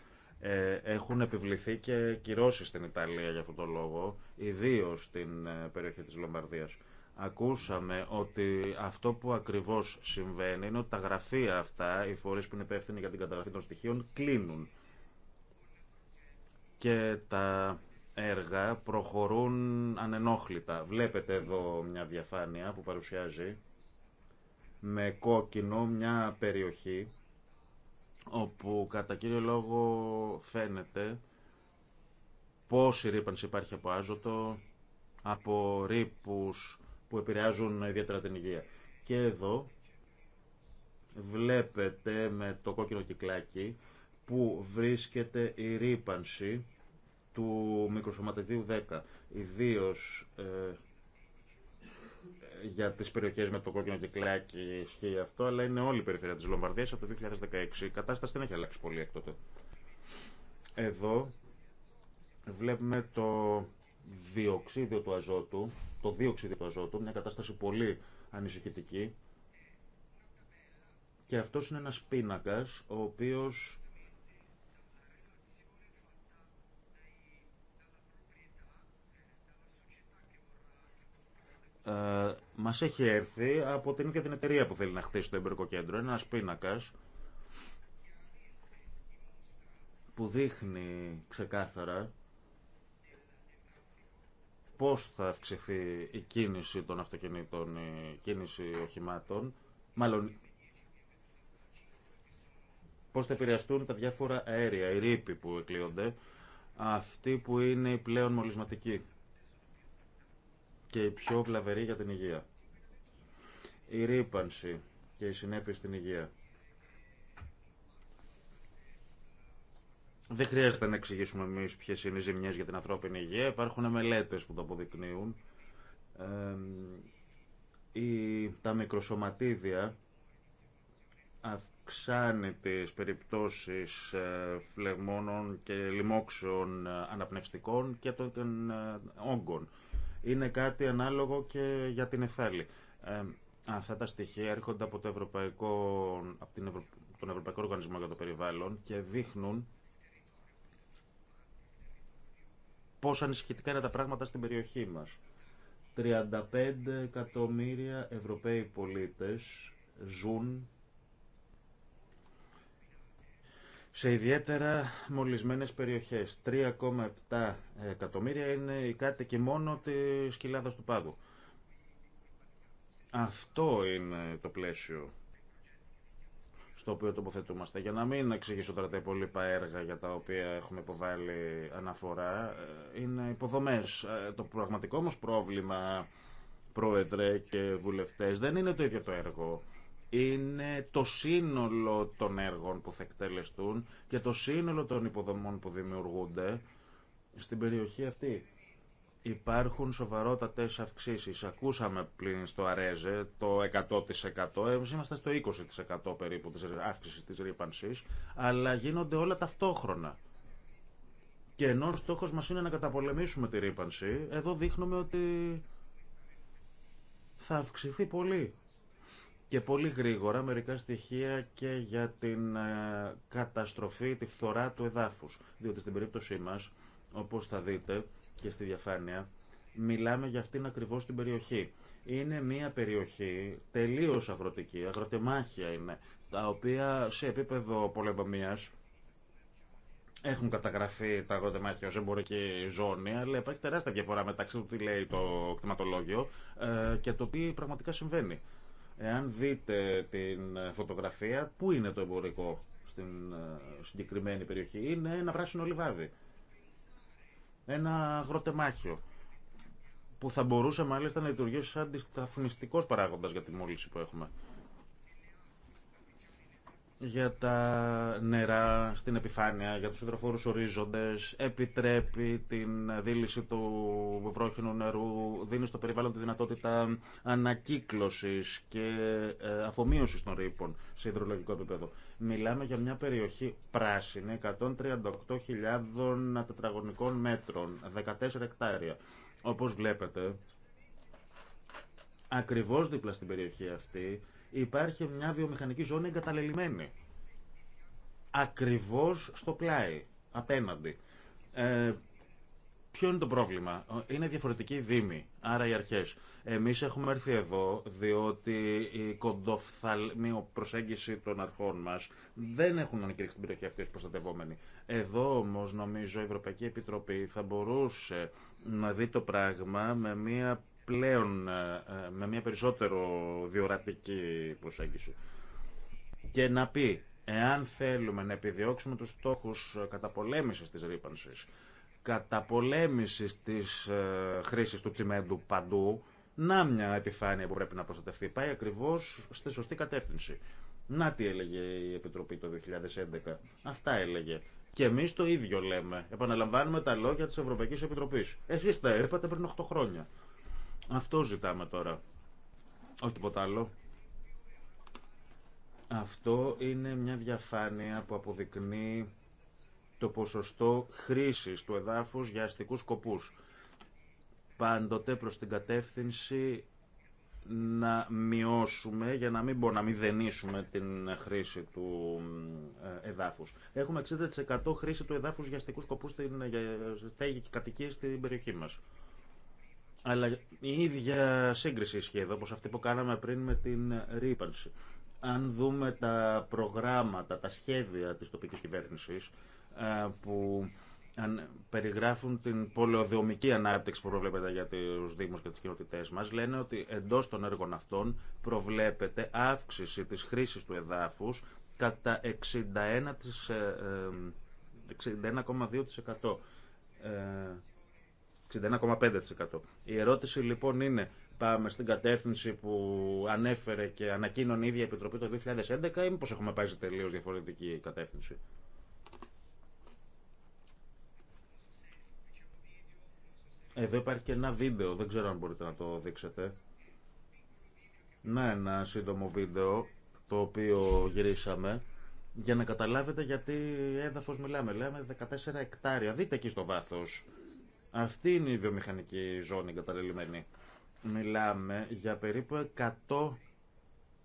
Ε, έχουν επιβληθεί και κυρώσεις στην Ιταλία για αυτόν τον λόγο, ιδίως στην ε, περιοχή της Λομπαρδίας. Ακούσαμε ότι αυτό που ακριβώς συμβαίνει είναι ότι τα γραφεία αυτά, οι φορείς που είναι υπεύθυνοι για την καταγραφή των στοιχείων, κλείνουν. Και τα έργα προχωρούν ανενόχλητα. Βλέπετε εδώ μια διαφάνεια που παρουσιάζει με κόκκινο μια περιοχή όπου κατά κύριο λόγο φαίνεται πόση ρήπανση υπάρχει από άζωτο, από ρήπους που επηρεάζουν ιδιαίτερα την υγεία. Και εδώ βλέπετε με το κόκκινο κυκλάκι που βρίσκεται η ρήπανση του μικροσωματιδίου 10, ιδίως ε, για τις περιοχέ με το κόκκινο κυκλάκι ισχύει αυτό, αλλά είναι όλη η περιφέρεια της Λομβαρδία από το 2016. Η κατάσταση δεν έχει αλλάξει πολύ εκ τότε. Εδώ βλέπουμε το διοξίδιο του αζότου, το διοξίδιο του αζότου, μια κατάσταση πολύ ανησυχητική. Και αυτός είναι ένας πίνακας, ο οποίος Μα ε, μας έχει έρθει από την ίδια την εταιρεία που θέλει να χτίσει το εμπειρικό κέντρο. ένα πίνακα που δείχνει ξεκάθαρα πώς θα αυξηθεί η κίνηση των αυτοκινήτων, η κίνηση οχημάτων, μάλλον πώς θα επηρεαστούν τα διάφορα αέρια, οι ρήποι που εκλείονται, αυτοί που είναι πλέον μολυσματικοί και η πιο βλαβερή για την υγεία. Η ρήπανση και οι συνέπειες στην υγεία. Δεν χρειάζεται να εξηγήσουμε εμεί ποιε είναι οι ζημιέ για την ανθρώπινη υγεία. Υπάρχουν μελέτε που το αποδεικνύουν. Ε, τα μικροσωματίδια αυξάνει τι περιπτώσεις ε, φλεγμόνων και λοιμόξεων ε, αναπνευστικών και των ε, όγκων. Είναι κάτι ανάλογο και για την Εθάλη. Ε, αυτά τα στοιχεία έρχονται από, το Ευρωπαϊκό, από την τον Ευρωπαϊκό Οργανισμό για το Περιβάλλον και δείχνουν πόσο ανησυχητικά είναι τα πράγματα στην περιοχή μας. 35 εκατομμύρια Ευρωπαίοι πολίτες ζουν σε ιδιαίτερα μολυσμένες περιοχές. 3,7 εκατομμύρια είναι οι και μόνο της κοιλάδας του Πάδου. Αυτό είναι το πλαίσιο στο οποίο τοποθετούμαστε. Για να μην εξηγήσω τώρα τα υπόλοιπα έργα για τα οποία έχουμε υποβάλει αναφορά, ε, είναι υποδομές. Ε, το πραγματικό όμως πρόβλημα, πρόεδρε και βουλευτές, δεν είναι το ίδιο το έργο είναι το σύνολο των έργων που θα εκτελεστούν και το σύνολο των υποδομών που δημιουργούνται στην περιοχή αυτή. Υπάρχουν σοβαρότατες αυξήσει. Ακούσαμε πλήν στο Αρέζε το 100%, εμείς είμαστε στο 20% περίπου της αύξησης της ρήπανση. αλλά γίνονται όλα ταυτόχρονα. Και ενώ ο στόχος μας είναι να καταπολεμήσουμε τη ρήπανση, εδώ δείχνουμε ότι θα αυξηθεί πολύ και πολύ γρήγορα μερικά στοιχεία και για την ε, καταστροφή, τη φθορά του εδάφους. Διότι στην περίπτωσή μας, όπως θα δείτε και στη διαφάνεια, μιλάμε για αυτήν ακριβώς την περιοχή. Είναι μια περιοχή τελείως αγροτική, αγροτεμάχια είναι, τα οποία σε επίπεδο πολεμπομίας έχουν καταγραφεί τα αγροτεμάχια ως εμπορική ζώνη, αλλά υπάρχει τεράστια διαφορά μεταξύ του τι λέει το κτηματολόγιο ε, και το τι πραγματικά συμβαίνει. Εάν δείτε την φωτογραφία, πού είναι το εμπορικό στην ε, συγκεκριμένη περιοχή. Είναι ένα πράσινο λιβάδι. Ένα αγροτεμάχιο που θα μπορούσε μάλιστα να λειτουργήσει σαν αντισταθμιστικός παράγοντας για τη μόλυνση που έχουμε για τα νερά στην επιφάνεια, για τους υδροφόρους ορίζοντες, επιτρέπει την δίληση του βρόχινου νερού, δίνει στο περιβάλλον τη δυνατότητα ανακύκλωσης και ε, αφομοίωσης των ρήπων σε υδρολογικό επίπεδο. Μιλάμε για μια περιοχή πράσινη, 138.000 τετραγωνικών μέτρων, 14 εκτάρια. Όπως βλέπετε, ακριβώς δίπλα στην περιοχή αυτή, Υπάρχει μια βιομηχανική ζώνη εγκαταλελειμμένη. Ακριβώς στο πλάι, απέναντι. Ε, Ποιο είναι το πρόβλημα. Είναι διαφορετική η Δήμη, άρα οι αρχέ. Εμεί έχουμε έρθει εδώ διότι η κοντοφθαλμιοπροσέγγιση προσέγγιση των αρχών μα δεν έχουν ανακηρύξει την περιοχή αυτή ω προστατευόμενη. Εδώ όμω νομίζω η Ευρωπαϊκή Επιτροπή θα μπορούσε να δει το πράγμα με μια πλέον ε, ε, με μια περισσότερο διορατική προσέγγιση και να πει εάν θέλουμε να επιδιώξουμε τους στόχους ε, καταπολέμησης της ρήπανσης, καταπολέμησης της χρήσης του τσιμέντου παντού, να μια επιφάνεια που πρέπει να προστατευτεί. Πάει ακριβώς στη σωστή κατεύθυνση. Να τι έλεγε η Επιτροπή το 2011. Αυτά έλεγε. Και εμεί το ίδιο λέμε. Επαναλαμβάνουμε τα λόγια τη Ευρωπαϊκή Επιτροπή. Εσεί τα είπατε πριν 8 χρόνια. Αυτό ζητάμε τώρα. Όχι τίποτα άλλο. Αυτό είναι μια διαφάνεια που αποδεικνύει το ποσοστό χρήσης του εδάφους για αστικούς σκοπούς. Πάντοτε προς την κατεύθυνση να μειώσουμε για να μην μπορούμε να μηδενίσουμε την χρήση του εδάφους. Έχουμε 60% χρήση του εδάφους για αστικούς σκοπούς στην στέγη και κατοικία στην περιοχή μας. Αλλά η ίδια σύγκριση ισχύει εδώ, όπως αυτή που κάναμε πριν με την ρήπανση. Αν δούμε τα προγράμματα, τα σχέδια της τοπικής κυβέρνησης που περιγράφουν την πολεοδομική ανάπτυξη που προβλέπεται για τους Δήμους και τις κοινότητέ μας, λένε ότι εντό των έργων αυτών προβλέπεται αύξηση της χρήσης του εδάφους κατά 61,2%. Ε, ε 61,5%. Η ερώτηση λοιπόν είναι, πάμε στην κατεύθυνση που ανέφερε και ανακοίνωνε η ίδια Επιτροπή το 2011 ή μήπως έχουμε πάει σε τελείως διαφορετική κατεύθυνση. Εδώ υπάρχει και ένα βίντεο, δεν ξέρω αν μπορείτε να το δείξετε. Να ένα σύντομο βίντεο το οποίο γυρίσαμε για να καταλάβετε γιατί έδαφος μιλάμε. Λέμε 14 εκτάρια. Δείτε εκεί στο βάθος αυτή είναι η βιομηχανική ζώνη εγκαταλελειμμένη. Μιλάμε για περίπου 100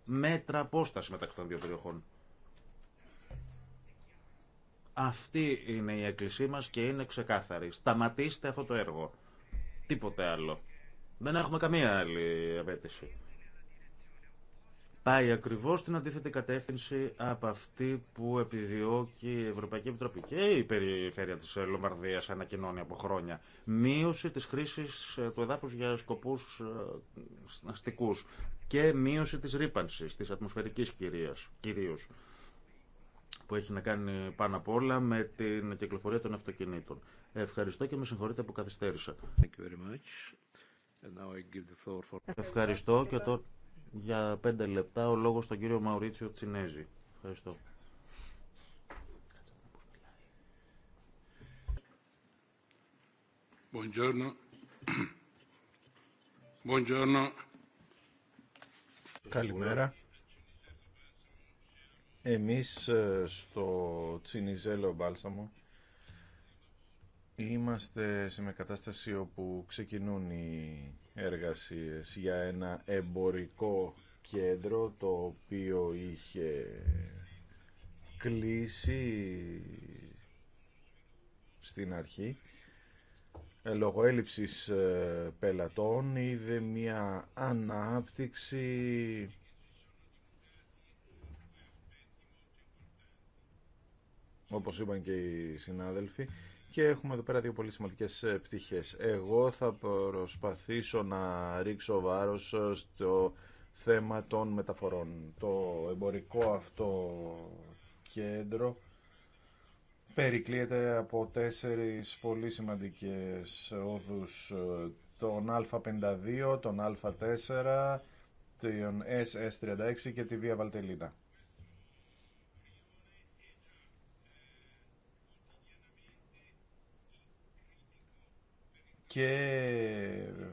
μέτρα απόσταση μεταξύ των δύο περιοχών. Αυτή είναι η έκκλησή μας και είναι ξεκάθαρη. Σταματήστε αυτό το έργο. Τίποτε άλλο. Δεν έχουμε καμία άλλη απέτηση πάει ακριβώς στην αντίθετη κατεύθυνση από αυτή που επιδιώκει η Ευρωπαϊκή Επιτροπή και η περιφέρεια της Λομαρδίας ανακοινώνει από χρόνια. Μείωση της χρήσης ε, του εδάφους για σκοπούς ε, αστικούς και μείωση της ρήπανσης, της ατμοσφαιρικής κυρίας, κυρίως που έχει να κάνει πάνω απ' όλα με την κυκλοφορία των αυτοκινήτων. Ευχαριστώ και με συγχωρείτε που καθυστέρησα. Ευχαριστώ και για πέντε λεπτά ο λόγος στον κύριο Μαουρίτσιο Τσινέζη. Ευχαριστώ. Buongiorno. Buongiorno. Καλημέρα. Εμείς ε, στο Τσινιζέλο Μπάλσαμο είμαστε σε μια κατάσταση όπου ξεκινούν οι εργασίες για ένα εμπορικό κέντρο το οποίο είχε κλείσει στην αρχή ε, λόγω έλλειψης ε, πελατών είδε μια ανάπτυξη όπως είπαν και οι συνάδελφοι και έχουμε εδώ πέρα δύο πολύ σημαντικέ ε, πτυχέ. Εγώ θα προσπαθήσω να ρίξω βάρο ε, στο θέμα των μεταφορών. Το εμπορικό αυτό κέντρο περικλείεται από τέσσερις πολύ σημαντικές οδούς. Ε, τον Α52, τον Α4, τον SS36 και τη Βία Βαλτελίνα. και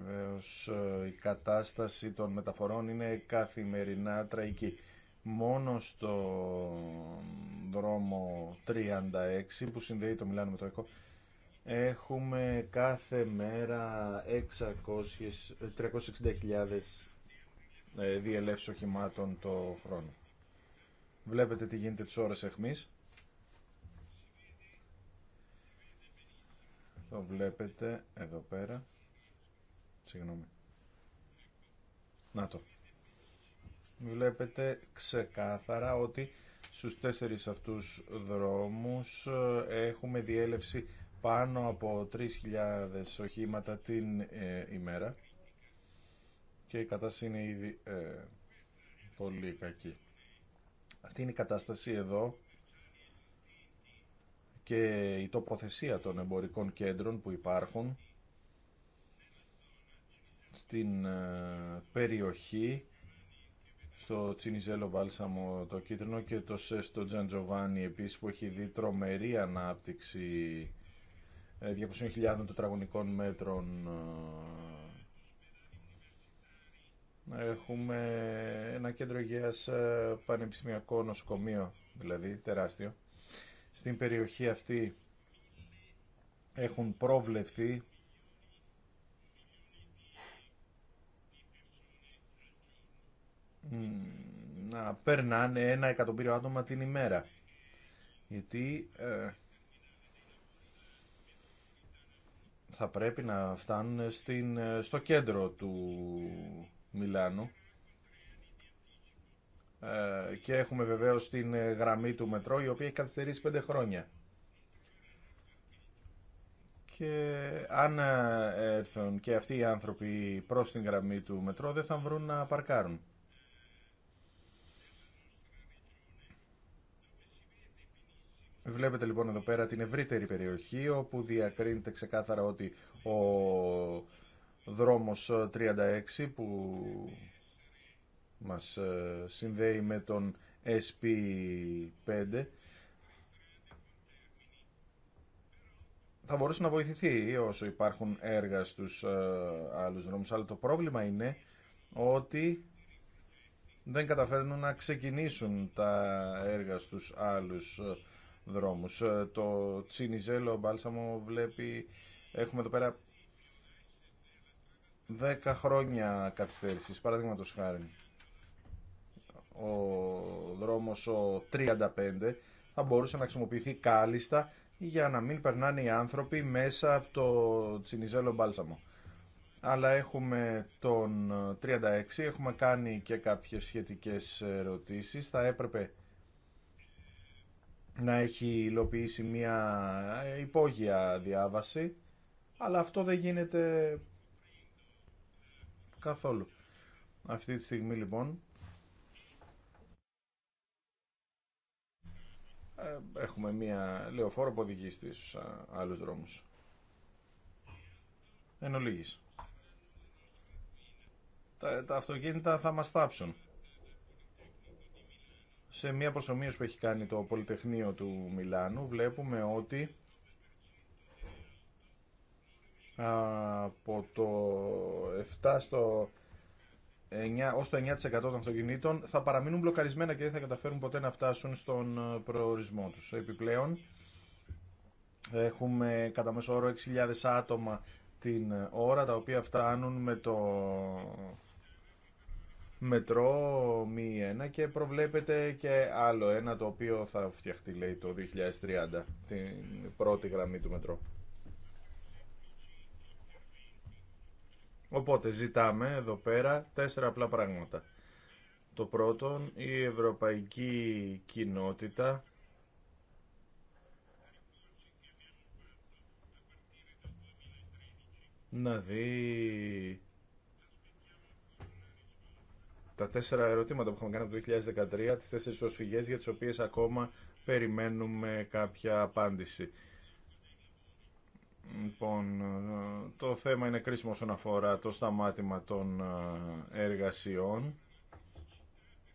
βεβαίω η κατάσταση των μεταφορών είναι καθημερινά τραγική. Μόνο στο δρόμο 36 που συνδέει το Μιλάνο με το ΕΚΟ έχουμε κάθε μέρα 360.000 ε, διελεύσεις οχημάτων το χρόνο. Βλέπετε τι γίνεται τις ώρες εχμής. Το βλέπετε εδώ πέρα. Συγγνώμη. Να το. Βλέπετε ξεκάθαρα ότι στους τέσσερις αυτούς δρόμους ε, έχουμε διέλευση πάνω από 3.000 οχήματα την ε, ημέρα και η κατάσταση είναι ήδη ε, πολύ κακή. Αυτή είναι η κατάσταση εδώ και η τοποθεσία των εμπορικών κέντρων που υπάρχουν στην ε, περιοχή στο Τσινιζέλο Βάλσαμο το κίτρινο και το Σέστο Τζαντζοβάνι επίσης που έχει δει τρομερή ανάπτυξη 200.000 ε, τετραγωνικών μέτρων ε, έχουμε ένα κέντρο υγείας πανεπιστημιακό νοσοκομείο δηλαδή τεράστιο στην περιοχή αυτή έχουν προβλεφθεί να περνάνε ένα εκατομμύριο άτομα την ημέρα. Γιατί ε, θα πρέπει να φτάνουν στην, ε, στο κέντρο του Μιλάνου ε, και έχουμε βεβαίω την ε, γραμμή του μετρό η οποία έχει καθυστερήσει πέντε χρόνια. Και αν ε, έρθουν και αυτοί οι άνθρωποι προς την γραμμή του μετρό δεν θα βρουν να παρκάρουν. Βλέπετε λοιπόν εδώ πέρα την ευρύτερη περιοχή όπου διακρίνεται ξεκάθαρα ότι ο δρόμος 36 που μας ε, συνδέει με τον SP5 θα μπορούσε να βοηθηθεί όσο υπάρχουν έργα στους ε, άλλους δρόμους αλλά το πρόβλημα είναι ότι δεν καταφέρνουν να ξεκινήσουν τα έργα στους άλλους ε, δρόμους. Το τσινιζέλο μπάλσαμο βλέπει, έχουμε εδώ πέρα 10 χρόνια καθυστέρησης, παραδείγματος χάρη ο δρόμος ο 35 θα μπορούσε να χρησιμοποιηθεί κάλλιστα για να μην περνάνε οι άνθρωποι μέσα από το τσινιζέλο μπάλσαμο. Αλλά έχουμε τον 36, έχουμε κάνει και κάποιες σχετικές ερωτήσεις. Θα έπρεπε να έχει υλοποιήσει μια υπόγεια διάβαση, αλλά αυτό δεν γίνεται καθόλου. Αυτή τη στιγμή λοιπόν Ε, έχουμε μία λεωφόρο που οδηγεί στους άλλους δρόμους. Εν ολίγης. Τα, τα αυτοκίνητα θα μας θάψουν. Σε μία προσωμείωση που έχει κάνει το Πολυτεχνείο του Μιλάνου βλέπουμε ότι από το 7 στο 9, ως το 9% των αυτοκινήτων θα παραμείνουν μπλοκαρισμένα και δεν θα καταφέρουν ποτέ να φτάσουν στον ε, προορισμό τους. Επιπλέον, έχουμε κατά μέσο όρο 6.000 άτομα την ε, ώρα, τα οποία φτάνουν με το μετρό μη ένα και προβλέπεται και άλλο ένα το οποίο θα φτιαχτεί λέει το 2030 την πρώτη γραμμή του μετρό. Οπότε ζητάμε εδώ πέρα τέσσερα απλά πράγματα. Το πρώτον, η ευρωπαϊκή κοινότητα να δει τα τέσσερα ερωτήματα που έχουμε κάνει το 2013, τις τέσσερις προσφυγές για τις οποίες ακόμα περιμένουμε κάποια απάντηση. Λοιπόν, ε, το θέμα είναι κρίσιμο όσον αφορά το σταμάτημα των ε, εργασιών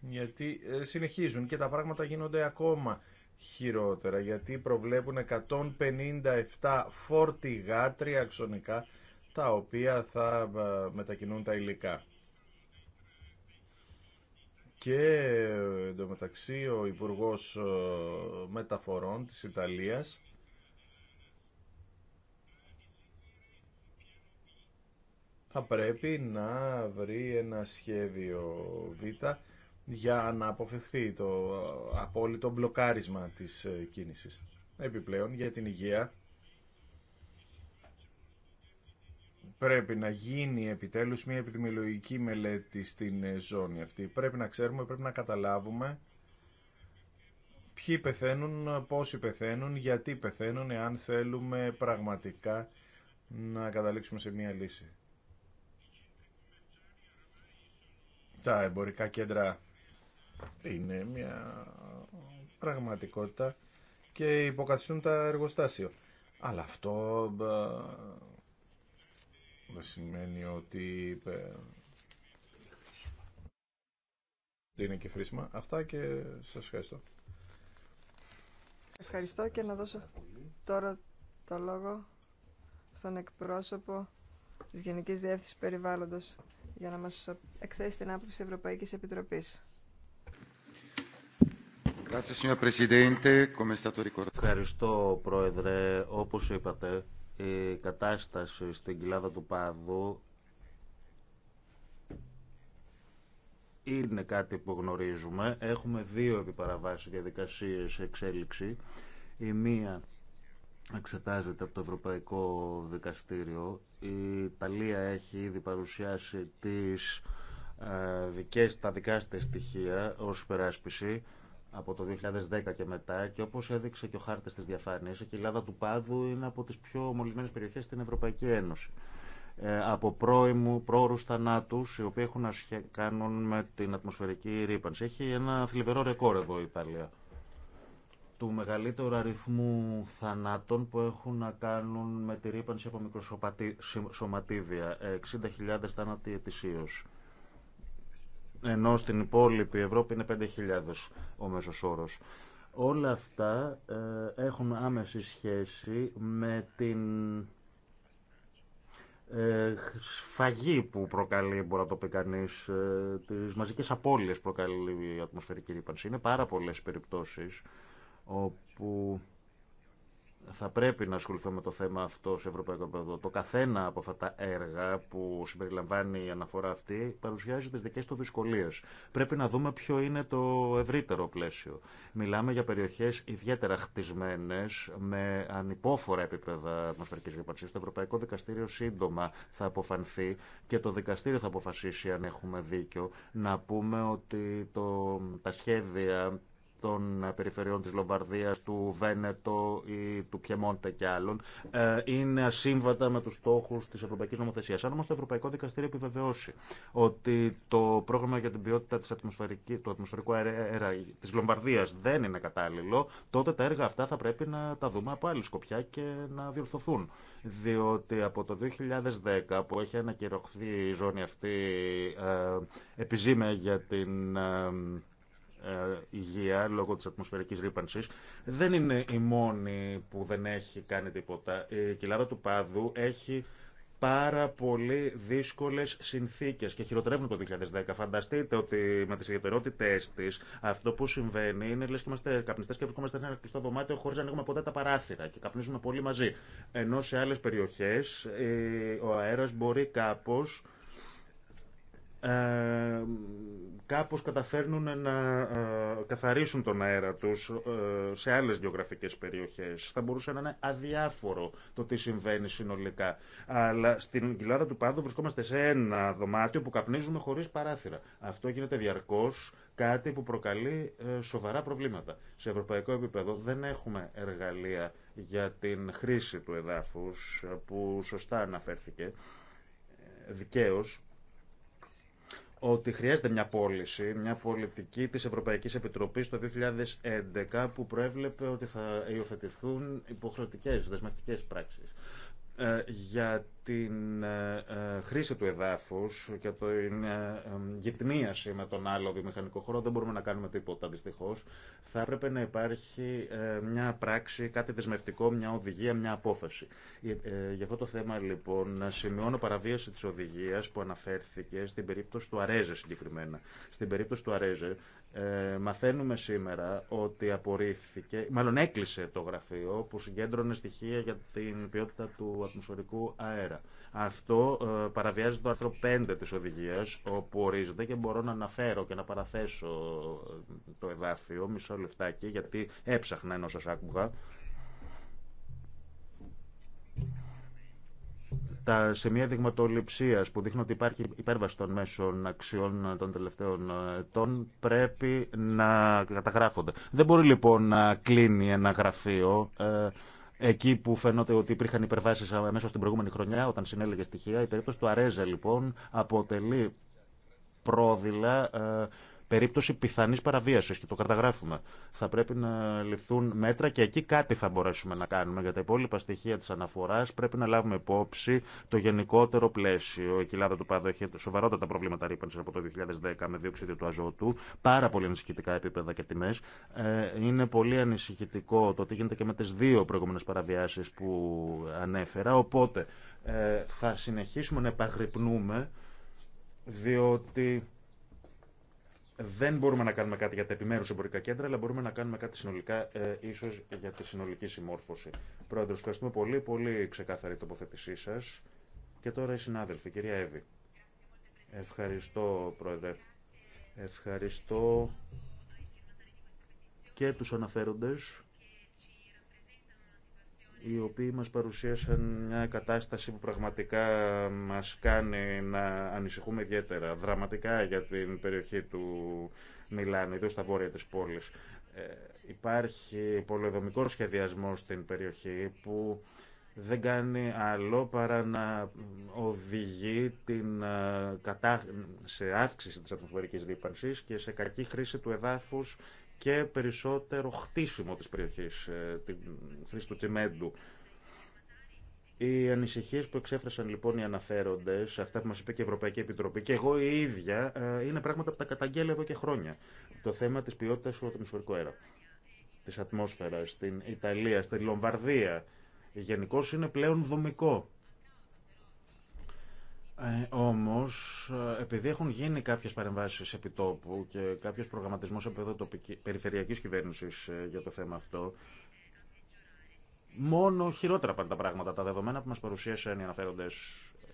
γιατί ε, συνεχίζουν και τα πράγματα γίνονται ακόμα χειρότερα γιατί προβλέπουν 157 φορτηγά τριαξονικά τα οποία θα μετακινούν τα υλικά. Και εντωμεταξύ ο Υπουργός Μεταφορών της Ιταλίας πρέπει να βρει ένα σχέδιο Β για να αποφευχθεί το απόλυτο μπλοκάρισμα της ε, κίνησης. Επιπλέον για την υγεία πρέπει να γίνει επιτέλους μια επιδημιολογική μελέτη στην ε, ζώνη αυτή. Πρέπει να ξέρουμε, πρέπει να καταλάβουμε ποιοι πεθαίνουν, πόσοι πεθαίνουν, γιατί πεθαίνουν, εάν θέλουμε πραγματικά να καταλήξουμε σε μια λύση. τα εμπορικά κέντρα είναι μια πραγματικότητα και υποκαθιστούν τα εργοστάσια. Αλλά αυτό δεν σημαίνει ότι είναι και χρήσιμα. Αυτά και σας ευχαριστώ. Ευχαριστώ και να δώσω τώρα το λόγο στον εκπρόσωπο της Γενικής Διεύθυνσης Περιβάλλοντος για να μας εκθέσει την άποψη της Ευρωπαϊκής Επιτροπής. Ευχαριστώ, Πρόεδρε. Όπως είπατε, η κατάσταση στην κοιλάδα του Πάδου είναι κάτι που γνωρίζουμε. Έχουμε δύο επιπαραβάσεις διαδικασίες εξέλιξη. Η μία εξετάζεται από το Ευρωπαϊκό Δικαστήριο. Η Ιταλία έχει ήδη παρουσιάσει τις ε, δικές, τα δικά της στοιχεία ως υπεράσπιση από το 2010 και μετά και όπως έδειξε και ο χάρτης της διαφάνειας, η κοιλάδα του Πάδου είναι από τις πιο μολυμένες περιοχές στην Ευρωπαϊκή Ένωση. Ε, από πρώιμου, πρόωρους θανάτους, οι οποίοι έχουν να κάνουν με την ατμοσφαιρική ρήπανση. Έχει ένα θλιβερό ρεκόρ εδώ η Ιταλία του μεγαλύτερου αριθμού θανάτων που έχουν να κάνουν με τη ρήπανση από μικροσωματίδια. 60.000 θάνατοι ετησίως. Ενώ στην υπόλοιπη Ευρώπη είναι 5.000 ο μέσος όρος. Όλα αυτά ε, έχουν άμεση σχέση με την ε, σφαγή που προκαλεί, μπορεί να το πει κανεί, ε, τι μαζικέ απώλειε προκαλεί η ατμοσφαιρική ρήπανση. Είναι πάρα πολλέ περιπτώσει όπου θα πρέπει να ασχοληθώ με το θέμα αυτό σε ευρωπαϊκό επίπεδο. Το καθένα από αυτά τα έργα που συμπεριλαμβάνει η αναφορά αυτή παρουσιάζει τι δικέ του δυσκολίε. Πρέπει να δούμε ποιο είναι το ευρύτερο πλαίσιο. Μιλάμε για περιοχέ ιδιαίτερα χτισμένε με ανυπόφορα επίπεδα ατμοσφαιρική ύπαρξη. Το Ευρωπαϊκό Δικαστήριο σύντομα θα αποφανθεί και το δικαστήριο θα αποφασίσει αν έχουμε δίκιο να πούμε ότι το, τα σχέδια των ε, περιφερειών της Λομπαρδίας, του Βένετο ή του Πιεμόντα και άλλων ε, είναι ασύμβατα με τους στόχους της Ευρωπαϊκής Νομοθεσίας. Αν όμως το Ευρωπαϊκό Δικαστήριο επιβεβαιώσει ότι το πρόγραμμα για την ποιότητα της του ατμοσφαιρικού αέρα της Λομπαρδίας δεν είναι κατάλληλο, τότε τα έργα αυτά θα πρέπει να τα δούμε από άλλη σκοπιά και να διορθωθούν. Διότι από το 2010 που έχει ανακυρωχθεί η ζώνη αυτή ε, για την... Ε, ε, υγεία λόγω της ατμοσφαιρικής ρήπανσης δεν είναι η μόνη που δεν έχει κάνει τίποτα. Η κοιλάδα του Πάδου έχει πάρα πολύ δύσκολε συνθήκε και χειροτερεύουν το 2010. Φανταστείτε ότι με τι ιδιαιτερότητές τη αυτό που συμβαίνει είναι λες και είμαστε καπνιστές και βρισκόμαστε σε ένα κλειστό δωμάτιο χωρί να ανοίγουμε ποτέ τα παράθυρα και καπνίζουμε πολύ μαζί. Ενώ σε άλλε περιοχέ ε, ο αέρας μπορεί κάπως ε, κάπως καταφέρνουν να ε, καθαρίσουν τον αέρα τους ε, σε άλλες γεωγραφικές περιοχές. Θα μπορούσε να είναι αδιάφορο το τι συμβαίνει συνολικά. Αλλά στην κοιλάδα του Πάδου βρισκόμαστε σε ένα δωμάτιο που καπνίζουμε χωρίς παράθυρα. Αυτό γίνεται διαρκώς κάτι που προκαλεί ε, σοβαρά προβλήματα. Σε ευρωπαϊκό επίπεδο δεν έχουμε εργαλεία για την χρήση του εδάφους που σωστά αναφέρθηκε δικαίως ότι χρειάζεται μια πώληση, μια πολιτική της Ευρωπαϊκής Επιτροπής το 2011 που προέβλεπε ότι θα υιοθετηθούν υποχρεωτικές δεσμευτικές πράξεις ε, για την ε, ε, χρήση του εδάφους και την ε, γυτνίαση με τον άλλο βιομηχανικό χώρο δεν μπορούμε να κάνουμε τίποτα δυστυχώς. Θα έπρεπε να υπάρχει μια πράξη, κάτι δεσμευτικό, μια οδηγία, μια απόφαση. Για αυτό το θέμα λοιπόν σημειώνω παραβίαση της οδηγίας που αναφέρθηκε στην περίπτωση του Αρέζε συγκεκριμένα. Στην περίπτωση του Αρέζε μαθαίνουμε σήμερα ότι απορρίφθηκε, μάλλον έκλεισε το γραφείο που συγκέντρωνε στοιχεία για την ποιότητα του ατμοσφαιρικού αέρα. Αυτό ε, παραβιάζει το άρθρο 5 της οδηγίας, όπου ορίζεται και μπορώ να αναφέρω και να παραθέσω ε, το εδάφιο, μισό λεφτάκι, γιατί έψαχνα ενώ σας άκουγα. τα σημεία δειγματοληψία που δείχνουν ότι υπάρχει υπέρβαση των μέσων αξιών των τελευταίων ετών πρέπει να καταγράφονται. Δεν μπορεί λοιπόν να κλείνει ένα γραφείο ε, Εκεί που φαινόταν ότι υπήρχαν υπερβάσει αμέσω την προηγούμενη χρονιά, όταν συνέλεγε στοιχεία, η περίπτωση του Αρέζα λοιπόν αποτελεί πρόδειλα ε, περίπτωση πιθανή παραβίαση και το καταγράφουμε. Θα πρέπει να ληφθούν μέτρα και εκεί κάτι θα μπορέσουμε να κάνουμε. Για τα υπόλοιπα στοιχεία τη αναφορά πρέπει να λάβουμε υπόψη το γενικότερο πλαίσιο. Η κοιλάδα του Πάδο έχει σοβαρότατα προβλήματα ρήπανση από το 2010 με διοξίδιο του αζότου, πάρα πολύ ανησυχητικά επίπεδα και τιμέ. Ε, είναι πολύ ανησυχητικό το τι γίνεται και με τι δύο προηγούμενε παραβιάσει που ανέφερα. Οπότε ε, θα συνεχίσουμε να επαγρυπνούμε διότι δεν μπορούμε να κάνουμε κάτι για τα επιμέρους εμπορικά κέντρα, αλλά μπορούμε να κάνουμε κάτι συνολικά, ε, ίσως για τη συνολική συμμόρφωση. Πρόεδρε, ευχαριστούμε πολύ, πολύ ξεκάθαρη τοποθέτησή σας. Και τώρα οι συνάδελφοι, κυρία Εύη. Ευχαριστώ, Πρόεδρε. Ευχαριστώ και τους αναφέροντες οι οποίοι μας παρουσίασαν μια κατάσταση που πραγματικά μας κάνει να ανησυχούμε ιδιαίτερα δραματικά για την περιοχή του Μιλάνου, ιδίως στα βόρεια της πόλης. Ε, υπάρχει πολεδομικό σχεδιασμό στην περιοχή που δεν κάνει άλλο παρά να οδηγεί την, ε, σε αύξηση της ατμοσφαιρικής ρήπανσης και σε κακή χρήση του εδάφους και περισσότερο χτίσιμο της περιοχής, ε, τη του τσιμέντου. Οι ανησυχίε που εξέφρασαν λοιπόν οι αναφέροντε, αυτά που μα είπε και η Ευρωπαϊκή Επιτροπή και εγώ η ίδια, ε, είναι πράγματα που τα καταγγέλλω εδώ και χρόνια. Το θέμα τη ποιότητα του ατμοσφαιρικού αέρα, τη ατμόσφαιρα στην Ιταλία, στην Λομβαρδία, γενικώ είναι πλέον δομικό. Ε, όμως, ε, επειδή έχουν γίνει κάποιες παρεμβάσεις επιτόπου και κάποιος προγραμματισμός εδώ τοπική, περιφερειακής κυβέρνησης ε, για το θέμα αυτό, μόνο χειρότερα πάνε τα πράγματα. Τα δεδομένα που μας παρουσίασαν οι αναφέροντες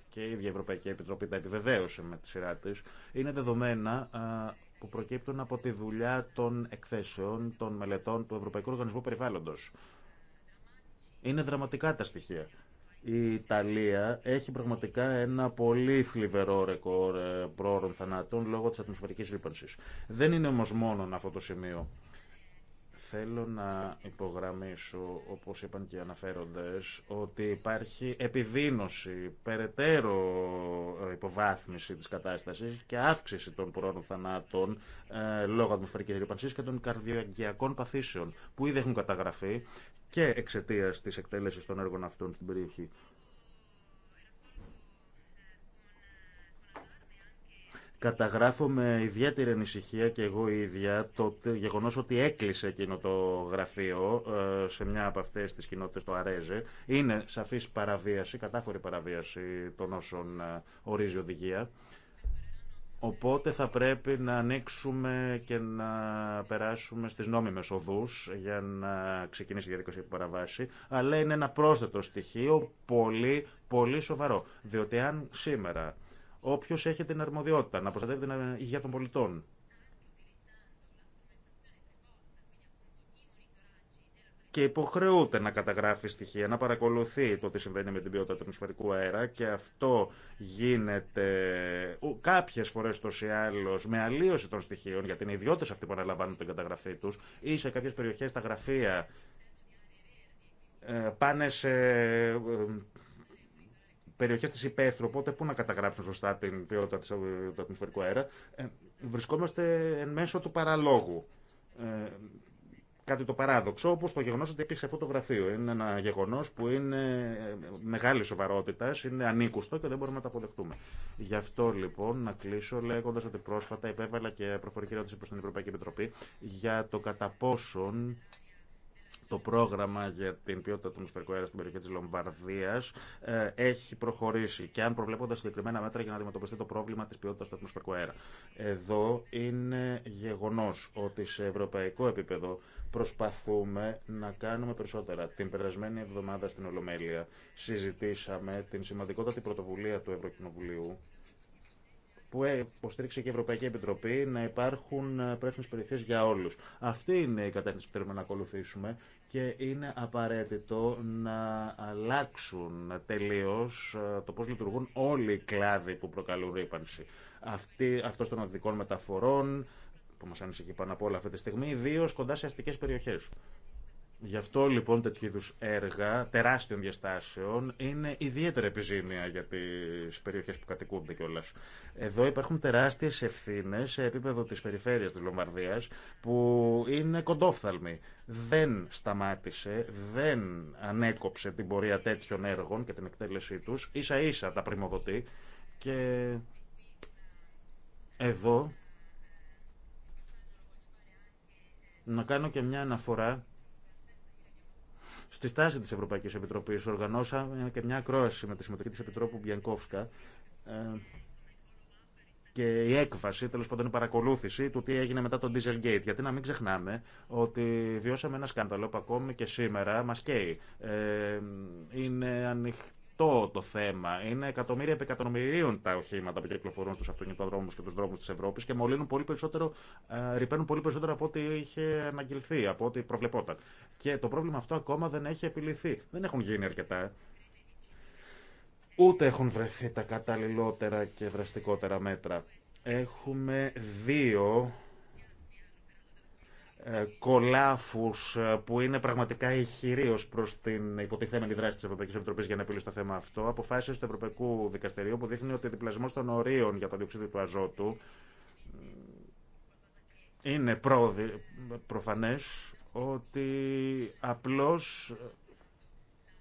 και η ίδια Ευρωπαϊκή Επιτροπή τα επιβεβαίωσε με τη σειρά τη, είναι δεδομένα ε, που προκύπτουν από τη δουλειά των εκθέσεων, των μελετών του Ευρωπαϊκού Οργανισμού Περιβάλλοντος. Είναι δραματικά τα στοιχεία. Η Ιταλία έχει πραγματικά ένα πολύ θλιβερό ρεκόρ ε, πρόωρων θανάτων λόγω της ατμοσφαιρικής ρήπανσης. Δεν είναι όμως μόνο αυτό το σημείο. Θέλω να υπογραμμίσω, όπως είπαν και οι αναφέροντες, ότι υπάρχει επιδείνωση, περαιτέρω ε, υποβάθμιση της κατάστασης και αύξηση των πρόωρων θανάτων ε, λόγω ατμοσφαιρικής ρήπανσης και των καρδιαγγειακών παθήσεων, που ήδη έχουν καταγραφεί και εξαιτία τη εκτέλεση των έργων αυτών στην περιοχή. Καταγράφω με ιδιαίτερη ανησυχία και εγώ ίδια το γεγονό ότι έκλεισε εκείνο το γραφείο ε, σε μια από αυτέ τι κοινότητε, το Αρέζε. Είναι σαφή παραβίαση, κατάφορη παραβίαση των όσων ε, ορίζει οδηγία. Οπότε θα πρέπει να ανοίξουμε και να περάσουμε στις νόμιμες οδούς για να ξεκινήσει η διαδικασία που παραβάσει. Αλλά είναι ένα πρόσθετο στοιχείο πολύ, πολύ σοβαρό. Διότι αν σήμερα όποιος έχει την αρμοδιότητα να προστατεύει την υγεία των πολιτών και υποχρεούται να καταγράφει στοιχεία, να παρακολουθεί το τι συμβαίνει με την ποιότητα του ατμοσφαιρικού αέρα και αυτό γίνεται κάποιε φορέ το ή άλλω με αλλίωση των στοιχείων, γιατί είναι ιδιώτε αυτοί που αναλαμβάνουν την καταγραφή του ή σε κάποιε περιοχέ τα γραφεία ε, πάνε σε ε, περιοχές της υπαίθρου, οπότε πού να καταγράψουν σωστά την ποιότητα ε, του ατμοσφαιρικού αέρα. Βρισκόμαστε εν μέσω του παραλόγου κάτι το παράδοξο, όπω το γεγονό ότι έκλεισε αυτό το γραφείο. Είναι ένα γεγονό που είναι ε, μεγάλη σοβαρότητα, είναι ανήκουστο και δεν μπορούμε να το αποδεχτούμε. Γι' αυτό λοιπόν να κλείσω λέγοντα ότι πρόσφατα επέβαλα και προφορική ερώτηση προ την Ευρωπαϊκή Επιτροπή για το κατά πόσον το πρόγραμμα για την ποιότητα του ατμοσφαιρικού αέρα στην περιοχή τη Λομβαρδία ε, έχει προχωρήσει και αν προβλέπονται συγκεκριμένα μέτρα για να αντιμετωπιστεί το πρόβλημα τη ποιότητα του ατμοσφαιρικού αέρα. Εδώ είναι γεγονό ότι σε ευρωπαϊκό επίπεδο Προσπαθούμε να κάνουμε περισσότερα. Την περασμένη εβδομάδα στην Ολομέλεια συζητήσαμε την σημαντικότατη πρωτοβουλία του Ευρωκοινοβουλίου που υποστήριξε και η Ευρωπαϊκή Επιτροπή να υπάρχουν πράσινε περιοχέ για όλου. Αυτή είναι η κατεύθυνση που θέλουμε να ακολουθήσουμε και είναι απαραίτητο να αλλάξουν τελείω ε, το πώ λειτουργούν όλοι οι κλάδοι που προκαλούν ρήπανση. αυτό των οδικών μεταφορών, που μας ανησυχεί πάνω από όλα αυτή τη στιγμή, ιδίω κοντά σε αστικέ περιοχέ. Γι' αυτό λοιπόν τέτοιου είδου έργα τεράστιων διαστάσεων είναι ιδιαίτερα επιζήμια για τι περιοχέ που κατοικούνται κιόλα. Εδώ υπάρχουν τεράστιε ευθύνε σε επίπεδο τη περιφέρεια τη Λομβαρδία που είναι κοντόφθαλμη. Δεν σταμάτησε, δεν ανέκοψε την πορεία τέτοιων έργων και την εκτέλεσή του. σα ίσα τα πρημοδοτεί και εδώ να κάνω και μια αναφορά στη στάση της Ευρωπαϊκής Επιτροπής. Οργανώσαμε και μια ακρόαση με τη συμμετοχή της Επιτρόπου Μπιανκόφσκα ε, και η έκβαση, τέλος πάντων η παρακολούθηση του τι έγινε μετά τον Dieselgate. Γιατί να μην ξεχνάμε ότι βιώσαμε ένα σκάνδαλο που ακόμη και σήμερα μας καίει. Ε, είναι ανοιχτή το θέμα. Είναι εκατομμύρια επί εκατομμυρίων τα οχήματα που κυκλοφορούν στου αυτοκινητοδρόμου και του δρόμου τη Ευρώπη και μολύνουν πολύ περισσότερο, ε, ρηπαίνουν πολύ περισσότερο από ό,τι είχε αναγγελθεί, από ό,τι προβλεπόταν. Και το πρόβλημα αυτό ακόμα δεν έχει επιληθεί. Δεν έχουν γίνει αρκετά. Ούτε έχουν βρεθεί τα καταλληλότερα και δραστικότερα μέτρα. Έχουμε δύο ε, κολάφους ε, που είναι πραγματικά ηχηρίω προ προς την υποτιθέμενη δράση τη Ευρωπαϊκή Επιτροπής για να επιλύσει το θέμα αυτό, αποφάσισε του Ευρωπαϊκού δικαστήριο που δείχνει ότι ο διπλασμό των ορίων για το διοξείδιο του αζότου είναι προφανές ότι απλώς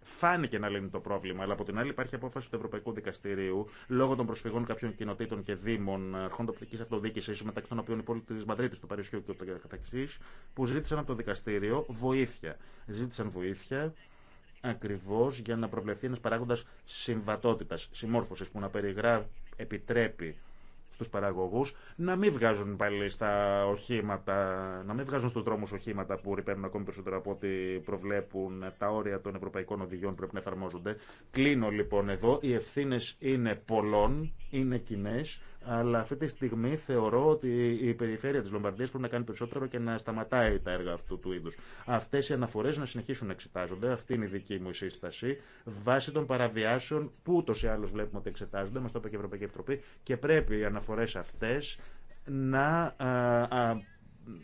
φάνηκε να λύνει το πρόβλημα, αλλά από την άλλη υπάρχει απόφαση του Ευρωπαϊκού Δικαστηρίου λόγω των προσφυγών κάποιων κοινοτήτων και δήμων, αρχών τοπική αυτοδιοίκηση, μεταξύ των οποίων η πόλη τη Μαδρίτη, του Παρισιού και του καταξή, που ζήτησαν από το δικαστήριο βοήθεια. Ζήτησαν βοήθεια ακριβώ για να προβλεφθεί ένα παράγοντα συμβατότητα, συμμόρφωση που να περιγράφει επιτρέπει στους παραγωγούς να μην βγάζουν πάλι στα οχήματα, να μην βγάζουν στους δρόμους οχήματα που ρηπαίνουν ακόμη περισσότερο από ό,τι προβλέπουν τα όρια των ευρωπαϊκών οδηγιών που πρέπει να εφαρμόζονται. Κλείνω λοιπόν εδώ. Οι ευθύνε είναι πολλών είναι κοινέ, αλλά αυτή τη στιγμή θεωρώ ότι η περιφέρεια τη Λομπαρδία πρέπει να κάνει περισσότερο και να σταματάει τα έργα αυτού του είδου. Αυτέ οι αναφορέ να συνεχίσουν να εξετάζονται, αυτή είναι η δική μου σύσταση, βάσει των παραβιάσεων που ούτω ή άλλω βλέπουμε ότι εξετάζονται, μα το είπε και η Ευρωπαϊκή Επιτροπή, και πρέπει οι αναφορέ αυτέ να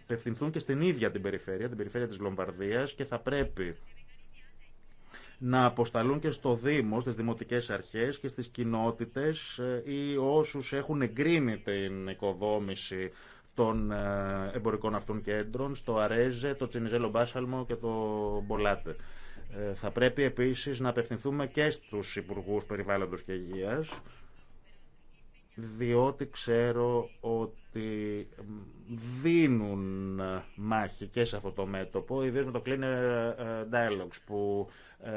απευθυνθούν και στην ίδια την περιφέρεια, την περιφέρεια της Λομπαρδίας και θα πρέπει να αποσταλούν και στο Δήμο, στις δημοτικές αρχές και στις κοινότητες ε, ή όσους έχουν εγκρίνει την οικοδόμηση των ε, εμπορικών αυτών κέντρων στο Αρέζε, το Τσινιζέλο Μπάσαλμο και το Μπολάτε. Ε, θα πρέπει επίσης να απευθυνθούμε και στους Υπουργούς Περιβάλλοντος και Υγείας διότι ξέρω ότι δίνουν μάχη και σε αυτό το μέτωπο, ιδίως με το Cleaner ε, Dialogues που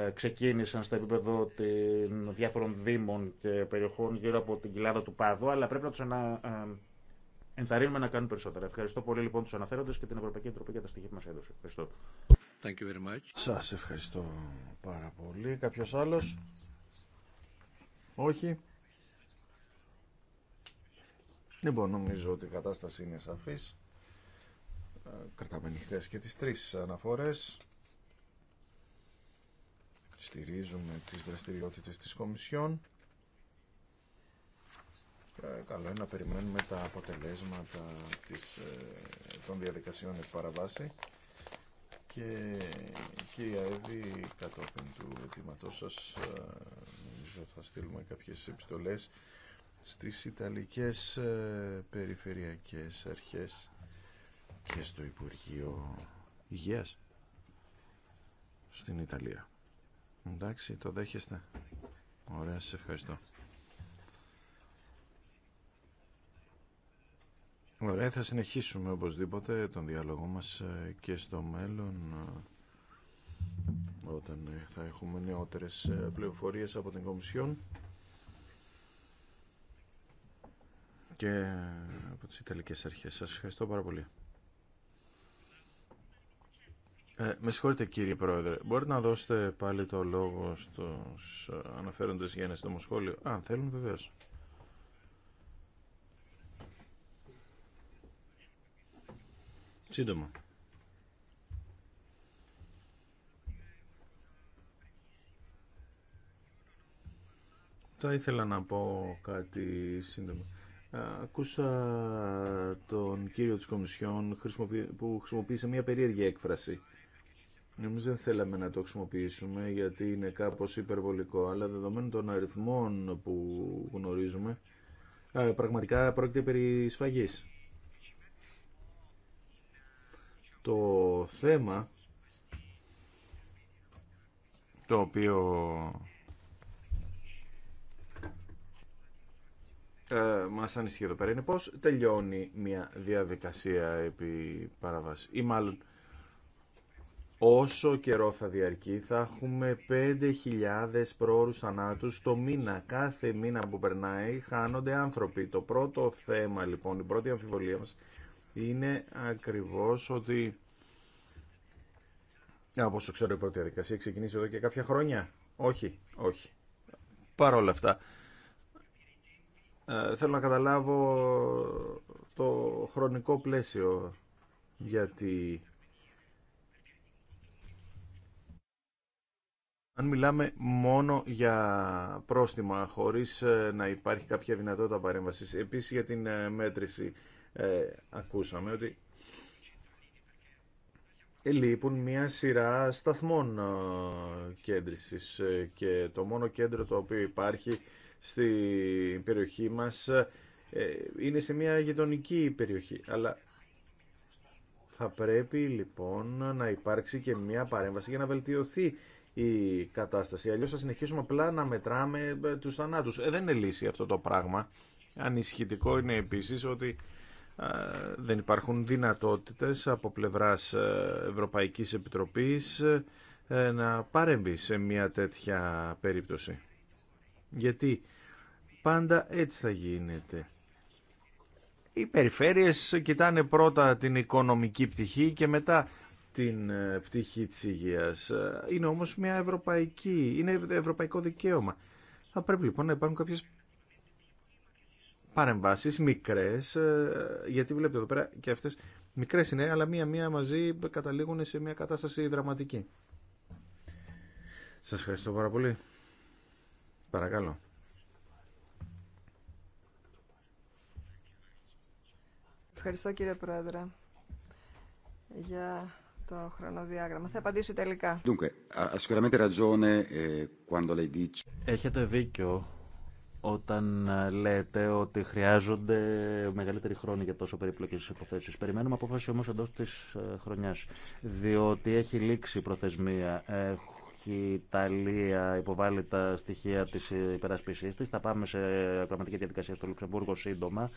ε, ξεκίνησαν στο επίπεδο των διάφορων δήμων και περιοχών γύρω από την κοιλάδα του Πάδου, αλλά πρέπει να τους ανα... Ε, ενθαρρύνουμε να κάνουν περισσότερα. Ευχαριστώ πολύ λοιπόν τους αναφέροντες και την Ευρωπαϊκή Επιτροπή για τα στοιχεία που μας έδωσε. Ευχαριστώ. Thank you very much. Σας ευχαριστώ πάρα πολύ. Κάποιος άλλος? Όχι. Λοιπόν, νομίζω ότι η κατάσταση είναι σαφής. Ε, κρατάμε νυχτέ και τις τρεις αναφορές. Στηρίζουμε τις δραστηριότητες της Κομισιόν. Ε, καλό είναι να περιμένουμε τα αποτελέσματα της, ε, των διαδικασιών εκ παραβάση και κυρία Αέβη, κατόπιν του ετοιματός σας νομίζω θα στείλουμε κάποιες επιστολές στις Ιταλικές ε, Περιφερειακές Αρχές και στο Υπουργείο Υγείας στην Ιταλία. Εντάξει, το δέχεστε. Ωραία, σε ευχαριστώ. Ωραία, θα συνεχίσουμε οπωσδήποτε τον διάλογο μας ε, και στο μέλλον ε, όταν θα έχουμε νεότερες πληροφορίες από την Κομισιόν. και από τις Ιταλικές Αρχές. Σας ευχαριστώ πάρα πολύ. Ε, με συγχωρείτε κύριε Πρόεδρε, μπορείτε να δώσετε πάλι το λόγο στους ε, αναφέροντες για ένα σύντομο σχόλιο. Αν θέλουν βεβαίως. Σύντομα. Θα ήθελα να πω κάτι σύντομα. Ακούσα τον κύριο της Κομισιόν που χρησιμοποίησε μια περίεργη έκφραση. Νομίζω δεν θέλαμε να το χρησιμοποιήσουμε γιατί είναι κάπως υπερβολικό, αλλά δεδομένου των αριθμών που γνωρίζουμε, πραγματικά πρόκειται περί σφαγής. Το θέμα το οποίο Ε, Μα ανησυχεί εδώ πέρα είναι πώς τελειώνει μια διαδικασία επί παραβάση ή μάλλον όσο καιρό θα διαρκεί θα έχουμε 5.000 πρόωρους θανάτους το μήνα. Κάθε μήνα που περνάει χάνονται άνθρωποι. Το πρώτο θέμα λοιπόν, η πρώτη αμφιβολία μας προωρους τους ακριβώς ότι από όσο ξέρω η πρώτη διαδικασία ξεκινήσει εδώ και κάποια χρόνια. Όχι, όχι. Παρ' αυτά ε, θέλω να καταλάβω το χρονικό πλαίσιο γιατί αν μιλάμε μόνο για πρόστιμα χωρίς ε, να υπάρχει κάποια δυνατότητα παρέμβασης επίσης για την ε, μέτρηση ακούσαμε ότι λείπουν μια σειρά σταθμών κέντρησης και το μόνο κέντρο το οποίο υπάρχει στην περιοχή μας ε, είναι σε μια γειτονική περιοχή. Αλλά θα πρέπει λοιπόν να υπάρξει και μια παρέμβαση για να βελτιωθεί η κατάσταση. Αλλιώς θα συνεχίσουμε απλά να μετράμε ε, τους θανάτους. Ε, δεν είναι λύση αυτό το πράγμα. Ανησυχητικό είναι επίσης ότι δεν υπάρχουν δυνατότητες από πλευράς Ευρωπαϊκής Επιτροπής να παρέμβει σε μια τέτοια περίπτωση. Γιατί πάντα έτσι θα γίνεται. Οι περιφέρειες κοιτάνε πρώτα την οικονομική πτυχή και μετά την ε, πτυχή της υγείας. Ε, είναι όμως μια ευρωπαϊκή, είναι ευρωπαϊκό δικαίωμα. Θα πρέπει λοιπόν να υπάρχουν κάποιες παρεμβάσεις μικρές, ε, γιατί βλέπετε εδώ πέρα και αυτές μικρές είναι, αλλά μία-μία μαζί καταλήγουν σε μια κατάσταση δραματική. Σας ευχαριστώ πάρα πολύ. Παρακαλώ. Ευχαριστώ κύριε Πρόεδρε για το χρονοδιάγραμμα. Θα απαντήσω τελικά. Ε, Έχετε δίκιο όταν ε, λέτε ότι χρειάζονται μεγαλύτερη χρόνοι για τόσο περίπλοκε υποθέσει. Περιμένουμε απόφαση όμω εντό τη ε, χρονιά. Διότι έχει λήξει η προθεσμία η Ιταλία υποβάλει τα στοιχεία της υπερασπισή της. Θα πάμε σε πραγματική διαδικασία στο Λουξεμβούργο σύντομα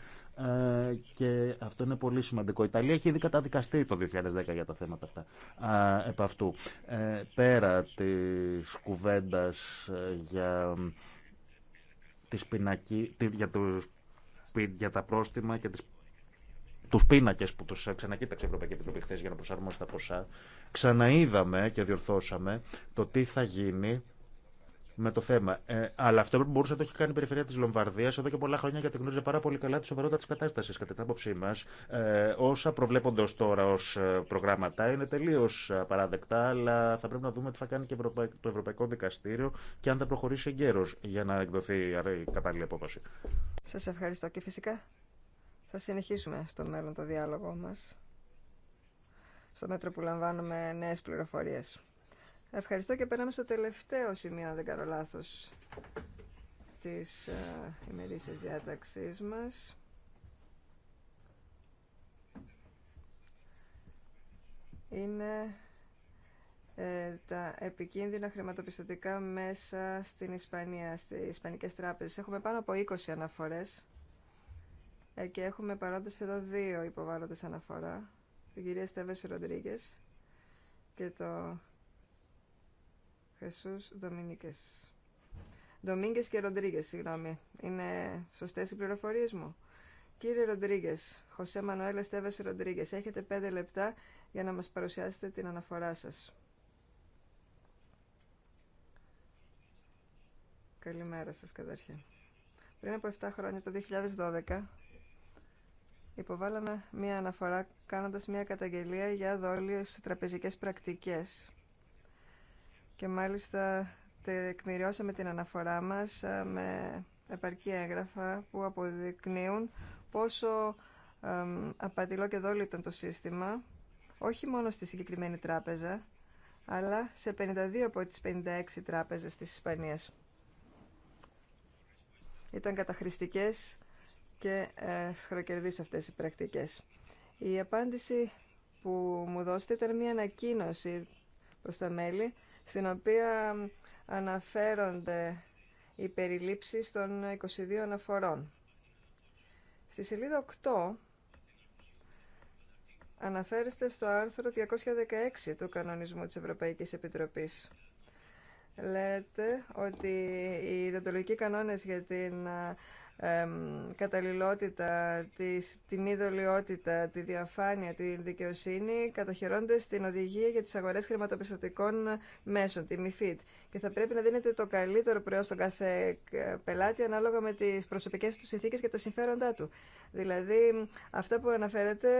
ε, και αυτό είναι πολύ σημαντικό. Η Ιταλία έχει ήδη καταδικαστεί το 2010 για τα θέματα αυτά. Επ' αυτού. Ε, πέρα της κουβέντας ε, για τις πινακί... για, για τα πρόστιμα και τις του πίνακε που του ε, ξανακοίταξε η Ευρωπαϊκή Επιτροπή χθε για να προσαρμόσει τα ποσά, ξαναείδαμε και διορθώσαμε το τι θα γίνει με το θέμα. Ε, αλλά αυτό που μπορούσε να το έχει κάνει η Περιφερεια τη Λομβαρδία εδώ και πολλά χρόνια γιατί γνώριζε πάρα πολύ καλά τη σοβαρότητα τη κατάσταση. Κατά την άποψή μα, ε, όσα προβλέπονται ω τώρα ω ε, προγράμματα είναι τελείω παράδεκτα, αλλά θα πρέπει να δούμε τι θα κάνει και το Ευρωπαϊκό Δικαστήριο και αν θα προχωρήσει εγκαίρω για να εκδοθεί η κατάλληλη απόφαση. Σα ευχαριστώ και φυσικά θα συνεχίσουμε στο μέλλον το διάλογο μας, στο μέτρο που λαμβάνουμε νέες πληροφορίες. Ευχαριστώ και περάμε στο τελευταίο σημείο, αν δεν κάνω λάθος, της ε, ημερήσιας διάταξής μας. είναι ε, τα επικίνδυνα χρηματοπιστωτικά μέσα στην Ισπανία, στις Ισπανικές τράπεζες. Έχουμε πάνω από 20 αναφορές ε, και έχουμε παρόντες εδώ δύο υποβάλλοντες αναφορά, την κυρία Στέβεση Ροντρίγκες και το Χεσούς Δομινίκες. Ντομίνγκες και Ροντρίγκες, συγγνώμη. Είναι σωστές οι πληροφορίες μου. Κύριε Ροντρίγκε, Χωσέ Μανουέλα Στέβε Ροντρίγκε, έχετε πέντε λεπτά για να μα παρουσιάσετε την αναφορά σα. Καλημέρα σα καταρχήν. Πριν από 7 χρόνια, το 2012, υποβάλαμε μία αναφορά κάνοντας μία καταγγελία για δόλιες τραπεζικές πρακτικές. Και μάλιστα τεκμηριώσαμε την αναφορά μας ε, με επαρκή έγγραφα που αποδεικνύουν πόσο απατηλό και δόλιο ήταν το σύστημα, όχι μόνο στη συγκεκριμένη τράπεζα, αλλά σε 52 από τις 56 τράπεζες της Ισπανίας. Ήταν καταχρηστικές και ε, χροκερδείς αυτές οι πρακτικές. Η απάντηση που μου δώσετε ήταν μια ανακοίνωση προς τα μέλη, στην οποία αναφέρονται οι περιλήψεις των 22 αναφορών. Στη σελίδα 8 αναφέρεστε στο άρθρο 216 του κανονισμού της Ευρωπαϊκής Επιτροπής. Λέτε ότι οι ιδεοντολογικοί κανόνες για την καταλληλότητα, τη, την ειδωλιότητα, τη διαφάνεια, τη δικαιοσύνη κατοχυρώνται στην οδηγία για τις αγορές χρηματοπιστωτικών μέσων, τη MIFID. Και θα πρέπει να δίνεται το καλύτερο προϊόν στον κάθε ε, πελάτη ανάλογα με τις προσωπικές του συνθήκες και τα συμφέροντά του. Δηλαδή, αυτά που αναφέρεται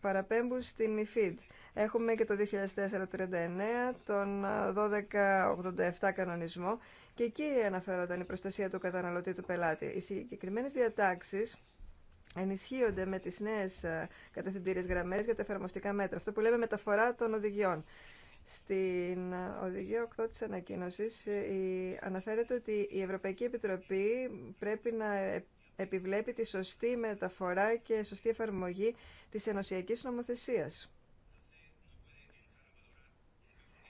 παραπέμπουν στη MIFID. Έχουμε και το 2004-39, τον 1287 ε, κανονισμό και εκεί αναφέρονταν η προστασία του καταναλωτή του πελάτη. Οι συγκεκριμένε διατάξει ενισχύονται με τι νέε κατευθυντήριε γραμμέ για τα εφαρμοστικά μέτρα. Αυτό που λέμε μεταφορά των οδηγιών. Στην ε, οδηγία 8 της ανακοίνωσης ε, αναφέρεται ότι η Ευρωπαϊκή Επιτροπή πρέπει να ε, επιβλέπει τη σωστή μεταφορά και σωστή εφαρμογή της ενωσιακής νομοθεσίας.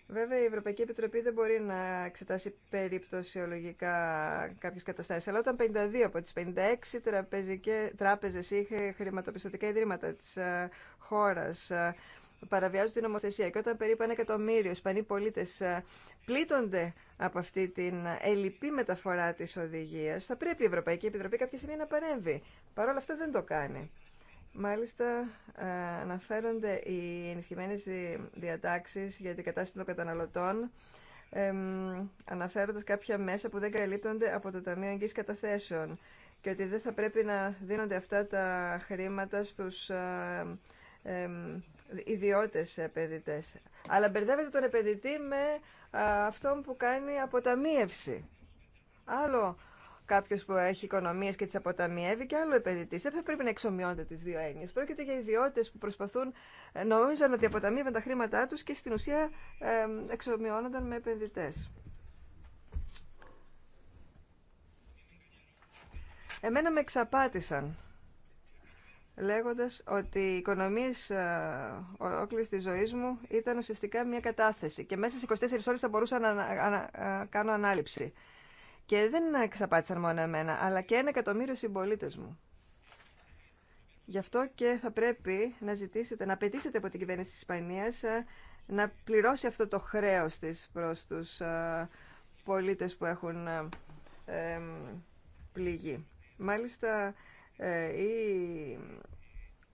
Βέβαια, η Ευρωπαϊκή Επιτροπή δεν μπορεί να εξετάσει περιπτωσιολογικά κάποιε καταστάσει. Αλλά όταν 52 από τι 56 τράπεζε ή χρηματοπιστωτικά ιδρύματα τη ε, χώρα ε, παραβιάζουν την νομοθεσία και όταν περίπου ένα εκατομμύριο Ισπανοί πολίτε ε, πλήττονται από αυτή την ελλειπή μεταφορά τη οδηγία, θα πρέπει η Ευρωπαϊκή Επιτροπή κάποια στιγμή να παρέμβει. Παρ' όλα αυτά δεν το κάνει. Μάλιστα, ε, αναφέρονται οι ενισχυμένες διατάξεις για την κατάσταση των καταναλωτών, εμ, αναφέροντας κάποια μέσα που δεν καλύπτονται από το Ταμείο Εγγύης Καταθέσεων και ότι δεν θα πρέπει να δίνονται αυτά τα χρήματα στους ε, εμ, ιδιώτες επενδυτές. Αλλά μπερδεύεται τον επενδυτή με αυτόν που κάνει αποταμίευση. Άλλο κάποιο που έχει οικονομίε και τι αποταμιεύει και άλλο επενδυτή. Δεν θα πρέπει να εξομοιώνεται τι δύο έννοιε. Πρόκειται για ιδιώτε που προσπαθούν, ε, νομίζαν ότι αποταμίευαν τα χρήματά του και στην ουσία ε, εξομοιώνονταν με επενδυτέ. Εμένα με εξαπάτησαν λέγοντας ότι οι οικονομίες ε, ολόκληρης της ζωής μου ήταν ουσιαστικά μια κατάθεση και μέσα σε 24 ώρες θα μπορούσα να κάνω ανάληψη. Και δεν εξαπάτησαν μόνο εμένα, αλλά και ένα εκατομμύριο συμπολίτε μου. Γι' αυτό και θα πρέπει να ζητήσετε, να απαιτήσετε από την κυβέρνηση της Ισπανίας ε, να πληρώσει αυτό το χρέος της προς τους ε, πολίτες που έχουν ε, πληγεί. Μάλιστα, η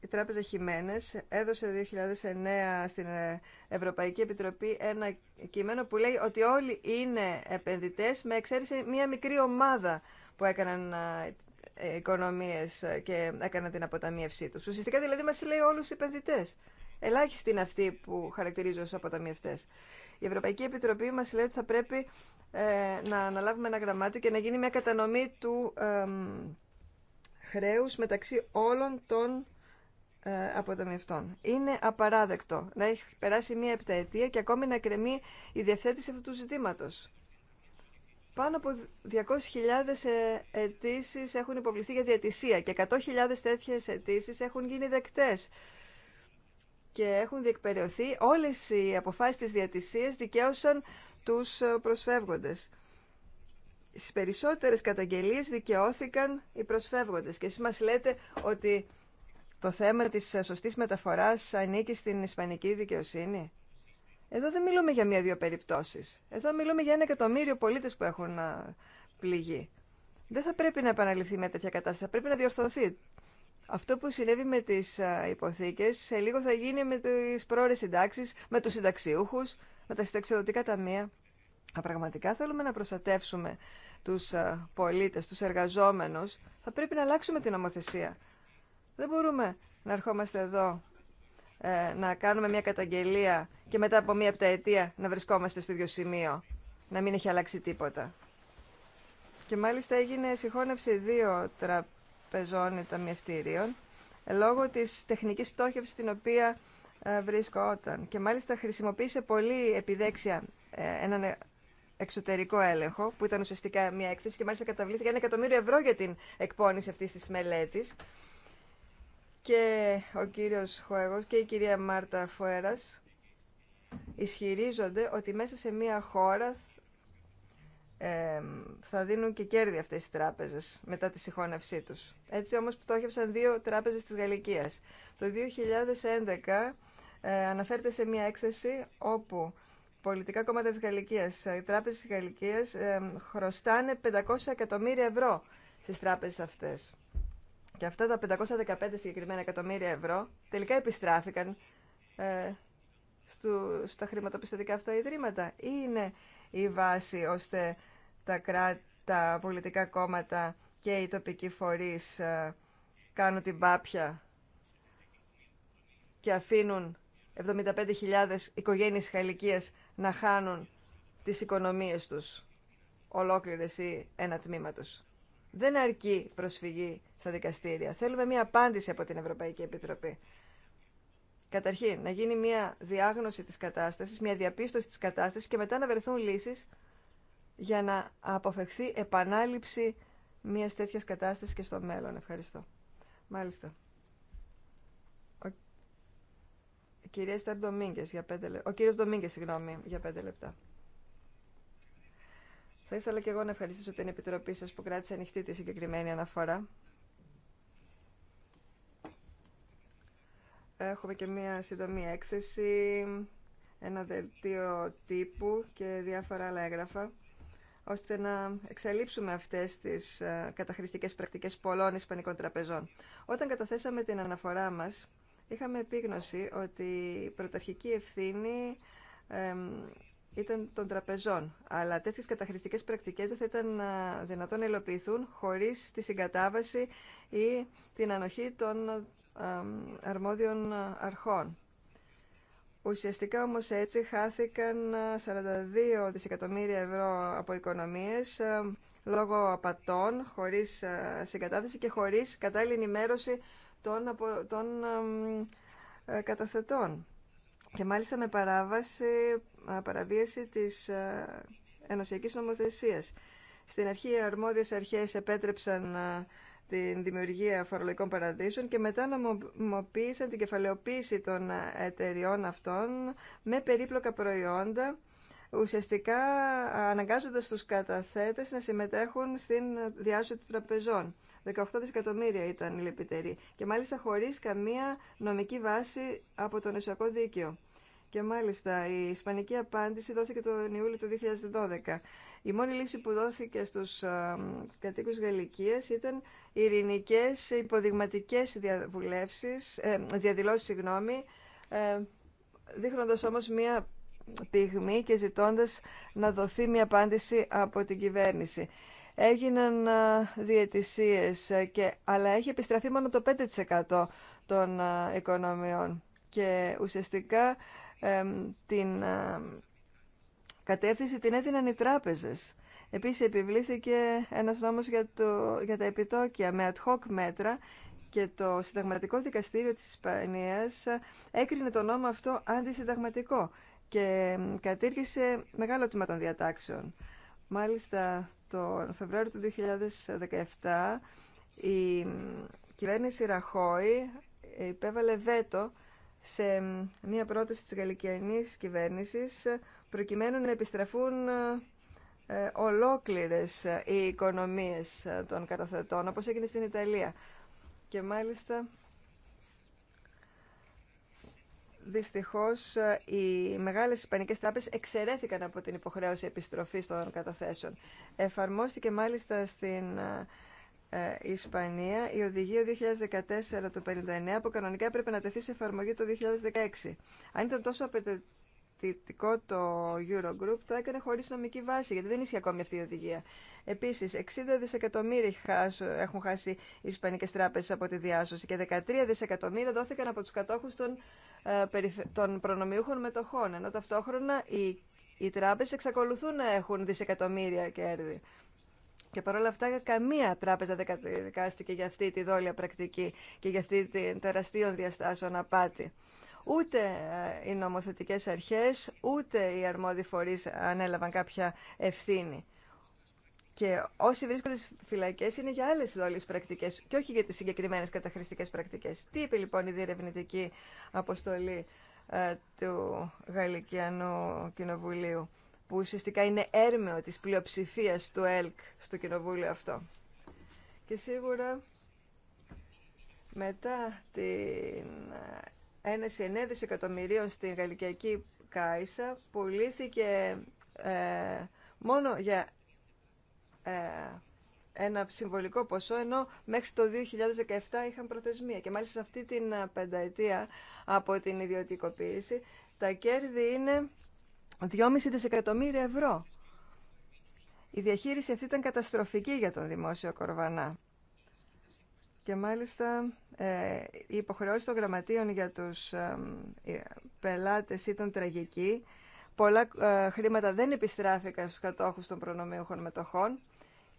η Τράπεζα Χιμένες έδωσε 2009 στην ε, Ευρωπαϊκή Επιτροπή ένα κείμενο που λέει ότι όλοι είναι επενδυτές με εξαίρεση μία μικρή ομάδα που έκαναν ε, ε, οικονομίες και έκαναν την αποταμίευσή τους. Ουσιαστικά δηλαδή μας λέει όλους οι επενδυτές. Ελάχιστοι είναι αυτοί που χαρακτηρίζονται ως αποταμιευτές. Η Ευρωπαϊκή Επιτροπή μας λέει ότι θα πρέπει να αναλάβουμε ένα γραμμάτιο και να γίνει μια κατανομή του χρέους μεταξύ όλων των ε, Είναι απαράδεκτο να έχει περάσει μία επταετία και ακόμη να κρεμεί η διαθέτηση αυτού του ζητήματος. Πάνω από 200.000 ε, αιτήσει έχουν υποβληθεί για διατησία και 100.000 τέτοιε αιτήσει έχουν γίνει δεκτές και έχουν διεκπεραιωθεί όλες οι αποφάσεις της διατησία δικαίωσαν τους ε, προσφεύγοντε Στι περισσότερε καταγγελίε δικαιώθηκαν οι προσφεύγοντες και εσεί μα λέτε ότι το θέμα της σωστής μεταφοράς ανήκει στην ισπανική δικαιοσύνη. Εδώ δεν μιλούμε για μία-δύο περιπτώσεις. Εδώ μιλούμε για ένα εκατομμύριο πολίτες που έχουν πληγεί. Δεν θα πρέπει να επαναληφθεί μια τέτοια κατάσταση, θα πρέπει να διορθωθεί. Αυτό που συνέβη με τις υποθήκες σε λίγο θα γίνει με τις πρόορες συντάξεις, με τους συνταξιούχους, με τα συνταξιοδοτικά ταμεία. Αν πραγματικά θέλουμε να προστατεύσουμε τους πολίτες, τους εργαζόμενους, θα πρέπει να αλλάξουμε την νομοθεσία. Δεν μπορούμε να ερχόμαστε εδώ ε, να κάνουμε μια καταγγελία και μετά από μια πταετία να βρισκόμαστε στο ίδιο σημείο, να μην έχει αλλάξει τίποτα. Και μάλιστα έγινε συγχώνευση δύο τραπεζών ταμιευτήριων ε, λόγω της τεχνικής πτώχευσης στην οποία ε, βρισκόταν. Και μάλιστα χρησιμοποίησε πολύ επιδέξια έναν εξωτερικό έλεγχο, που ήταν ουσιαστικά μια έκθεση και μάλιστα καταβλήθηκε ένα εκατομμύριο ευρώ για την εκπόνηση αυτής της μελέτης και ο κύριος Χουέγος και η κυρία Μάρτα Φουέρας ισχυρίζονται ότι μέσα σε μία χώρα θα δίνουν και κέρδη αυτές οι τράπεζες μετά τη συγχώνευσή τους. Έτσι όμως πτώχευσαν δύο τράπεζες της Γαλλικίας. Το 2011 ε, αναφέρεται σε μία έκθεση όπου πολιτικά κόμματα της Γαλλικίας, ε, οι τράπεζες της Γαλλικίας χρωστάνε 500 εκατομμύρια ευρώ στις τράπεζες αυτές. Και αυτά τα 515 συγκεκριμένα εκατομμύρια ευρώ τελικά επιστράφηκαν ε, στα χρηματοπιστωτικά αυτά ιδρύματα ή είναι η βάση ώστε τα τα πολιτικά κόμματα και οι τοπικοί φορείς ε, κάνουν την πάπια και αφήνουν 75.000 οικογένειες χαλικίες να χάνουν τις οικονομίες τους ολόκληρες ή ένα τμήμα τους. Δεν αρκεί προσφυγή στα δικαστήρια. Θέλουμε μια απάντηση από την Ευρωπαϊκή Επιτροπή. Καταρχήν, να γίνει μια διάγνωση της κατάστασης, μια διαπίστωση της κατάστασης και μετά να βρεθούν λύσεις για να αποφευχθεί επανάληψη μια τέτοια κατάσταση και στο μέλλον. Ευχαριστώ. Μάλιστα. Ο... κυρία για πέντε λεπτά. Ο κύριος Ντομίγκες, συγγνώμη, για πέντε λεπτά. Θα ήθελα και εγώ να ευχαριστήσω την Επιτροπή σας που κράτησε ανοιχτή τη συγκεκριμένη αναφορά. Έχουμε και μία σύντομη έκθεση, ένα δελτίο τύπου και διάφορα άλλα έγγραφα, ώστε να εξαλείψουμε αυτές τις ε, καταχρηστικές πρακτικές πολλών ισπανικών τραπεζών. Όταν καταθέσαμε την αναφορά μας, είχαμε επίγνωση ότι η πρωταρχική ευθύνη ήταν των τραπεζών. Αλλά τέτοιε καταχρηστικές πρακτικές δεν θα ήταν ε, δυνατόν να υλοποιηθούν χωρίς τη συγκατάβαση ή την ανοχή των ε, αρμόδιων ε, αρχών. Ουσιαστικά όμως έτσι χάθηκαν 42 δισεκατομμύρια ευρώ από οικονομίες λόγω απατών, χωρίς συγκατάθεση και χωρίς κατάλληλη ενημέρωση των, των καταθετών και μάλιστα με παράβαση, παραβίαση της ενωσιακής νομοθεσίας. Στην αρχή οι αρμόδιες αρχές επέτρεψαν την δημιουργία φορολογικών παραδείσων και μετά νομοποίησαν την κεφαλαιοποίηση των εταιριών αυτών με περίπλοκα προϊόντα, ουσιαστικά αναγκάζοντας τους καταθέτες να συμμετέχουν στην διάσωση των τραπεζών. 18 δισεκατομμύρια ήταν οι λεπιτεροί και μάλιστα χωρίς καμία νομική βάση από το νοσιακό δίκαιο. Και μάλιστα η ισπανική απάντηση δόθηκε τον Ιούλιο του 2012. Η μόνη λύση που δόθηκε στους κατοίκους Γαλλικίας ήταν ειρηνικές υποδειγματικές διαβουλεύσεις, ε, διαδηλώσεις, γνώμη ε, δείχνοντας όμως μία πυγμή και ζητώντας να δοθεί μία απάντηση από την κυβέρνηση έγιναν διαιτησίες, και, αλλά έχει επιστραφεί μόνο το 5% των οικονομιών. Και ουσιαστικά την κατεύθυνση την έδιναν οι τράπεζες. Επίσης επιβλήθηκε ένας νόμος για, το, για τα επιτόκια με ad hoc μέτρα και το Συνταγματικό Δικαστήριο της Ισπανίας έκρινε το νόμο αυτό αντισυνταγματικό και κατήργησε μεγάλο τμήμα των διατάξεων. Μάλιστα, τον Φεβρουάριο του 2017 η κυβέρνηση Ραχώη υπέβαλε βέτο σε μία πρόταση της γαλλικιανής κυβέρνησης προκειμένου να επιστραφούν ε, ολόκληρες ε, οι οικονομίες των καταθετών, όπως έγινε στην Ιταλία. Και μάλιστα δυστυχώς ε, οι μεγάλες ισπανικές τράπεζες εξαιρέθηκαν από την υποχρέωση επιστροφής των καταθέσεων. Εφαρμόστηκε μάλιστα στην ε, ε, Ισπανία η οδηγία 2014 του 59 που κανονικά έπρεπε να τεθεί σε εφαρμογή το 2016. Αν ήταν τόσο απαιτητικό το Eurogroup το έκανε χωρίς νομική βάση γιατί δεν ίσχυε ακόμη αυτή η οδηγία. Επίσης 60 δισεκατομμύρια έχουν χάσει οι Ισπανικές τράπεζες από τη διάσωση και 13 δισεκατομμύρια δόθηκαν από τους κατόχους των ε, των προνομιούχων μετοχών, ενώ ταυτόχρονα οι, οι τράπεζες εξακολουθούν να έχουν δισεκατομμύρια κέρδη. Και παρόλα αυτά καμία τράπεζα δεν καταδικάστηκε για αυτή τη δόλια πρακτική και για αυτή την τεραστίων διαστάσεων απάτη. Ούτε ε, οι νομοθετικές αρχές, ούτε οι αρμόδιοι φορείς ανέλαβαν κάποια ευθύνη. Και όσοι βρίσκονται στι φυλακέ είναι για άλλε δόλειε πρακτικέ και όχι για τι συγκεκριμένε καταχρηστικέ πρακτικέ. Τι είπε λοιπόν η διερευνητική αποστολή ε, του Γαλλικιανού Κοινοβουλίου, που ουσιαστικά είναι έρμεο τη πλειοψηφία του ΕΛΚ στο κοινοβούλιο αυτό. Και σίγουρα μετά την ένεση 9 εκατομμυρίων στην Γαλλικιακή Κάισα πουλήθηκε ε, μόνο για ε, ένα συμβολικό ποσό, ενώ μέχρι το 2017 είχαν προθεσμία. Και μάλιστα σε αυτή την ε, πενταετία από την ιδιωτικοποίηση, τα κέρδη είναι 2,5 δισεκατομμύρια ευρώ. Η διαχείριση αυτή ήταν καταστροφική για τον δημόσιο Κορβανά. Και μάλιστα ε, η υποχρεώση των γραμματείων για τους πελάτες ήταν τραγική. Πολλά χρήματα δεν επιστράφηκαν στους κατόχους των προνομίουχων μετοχών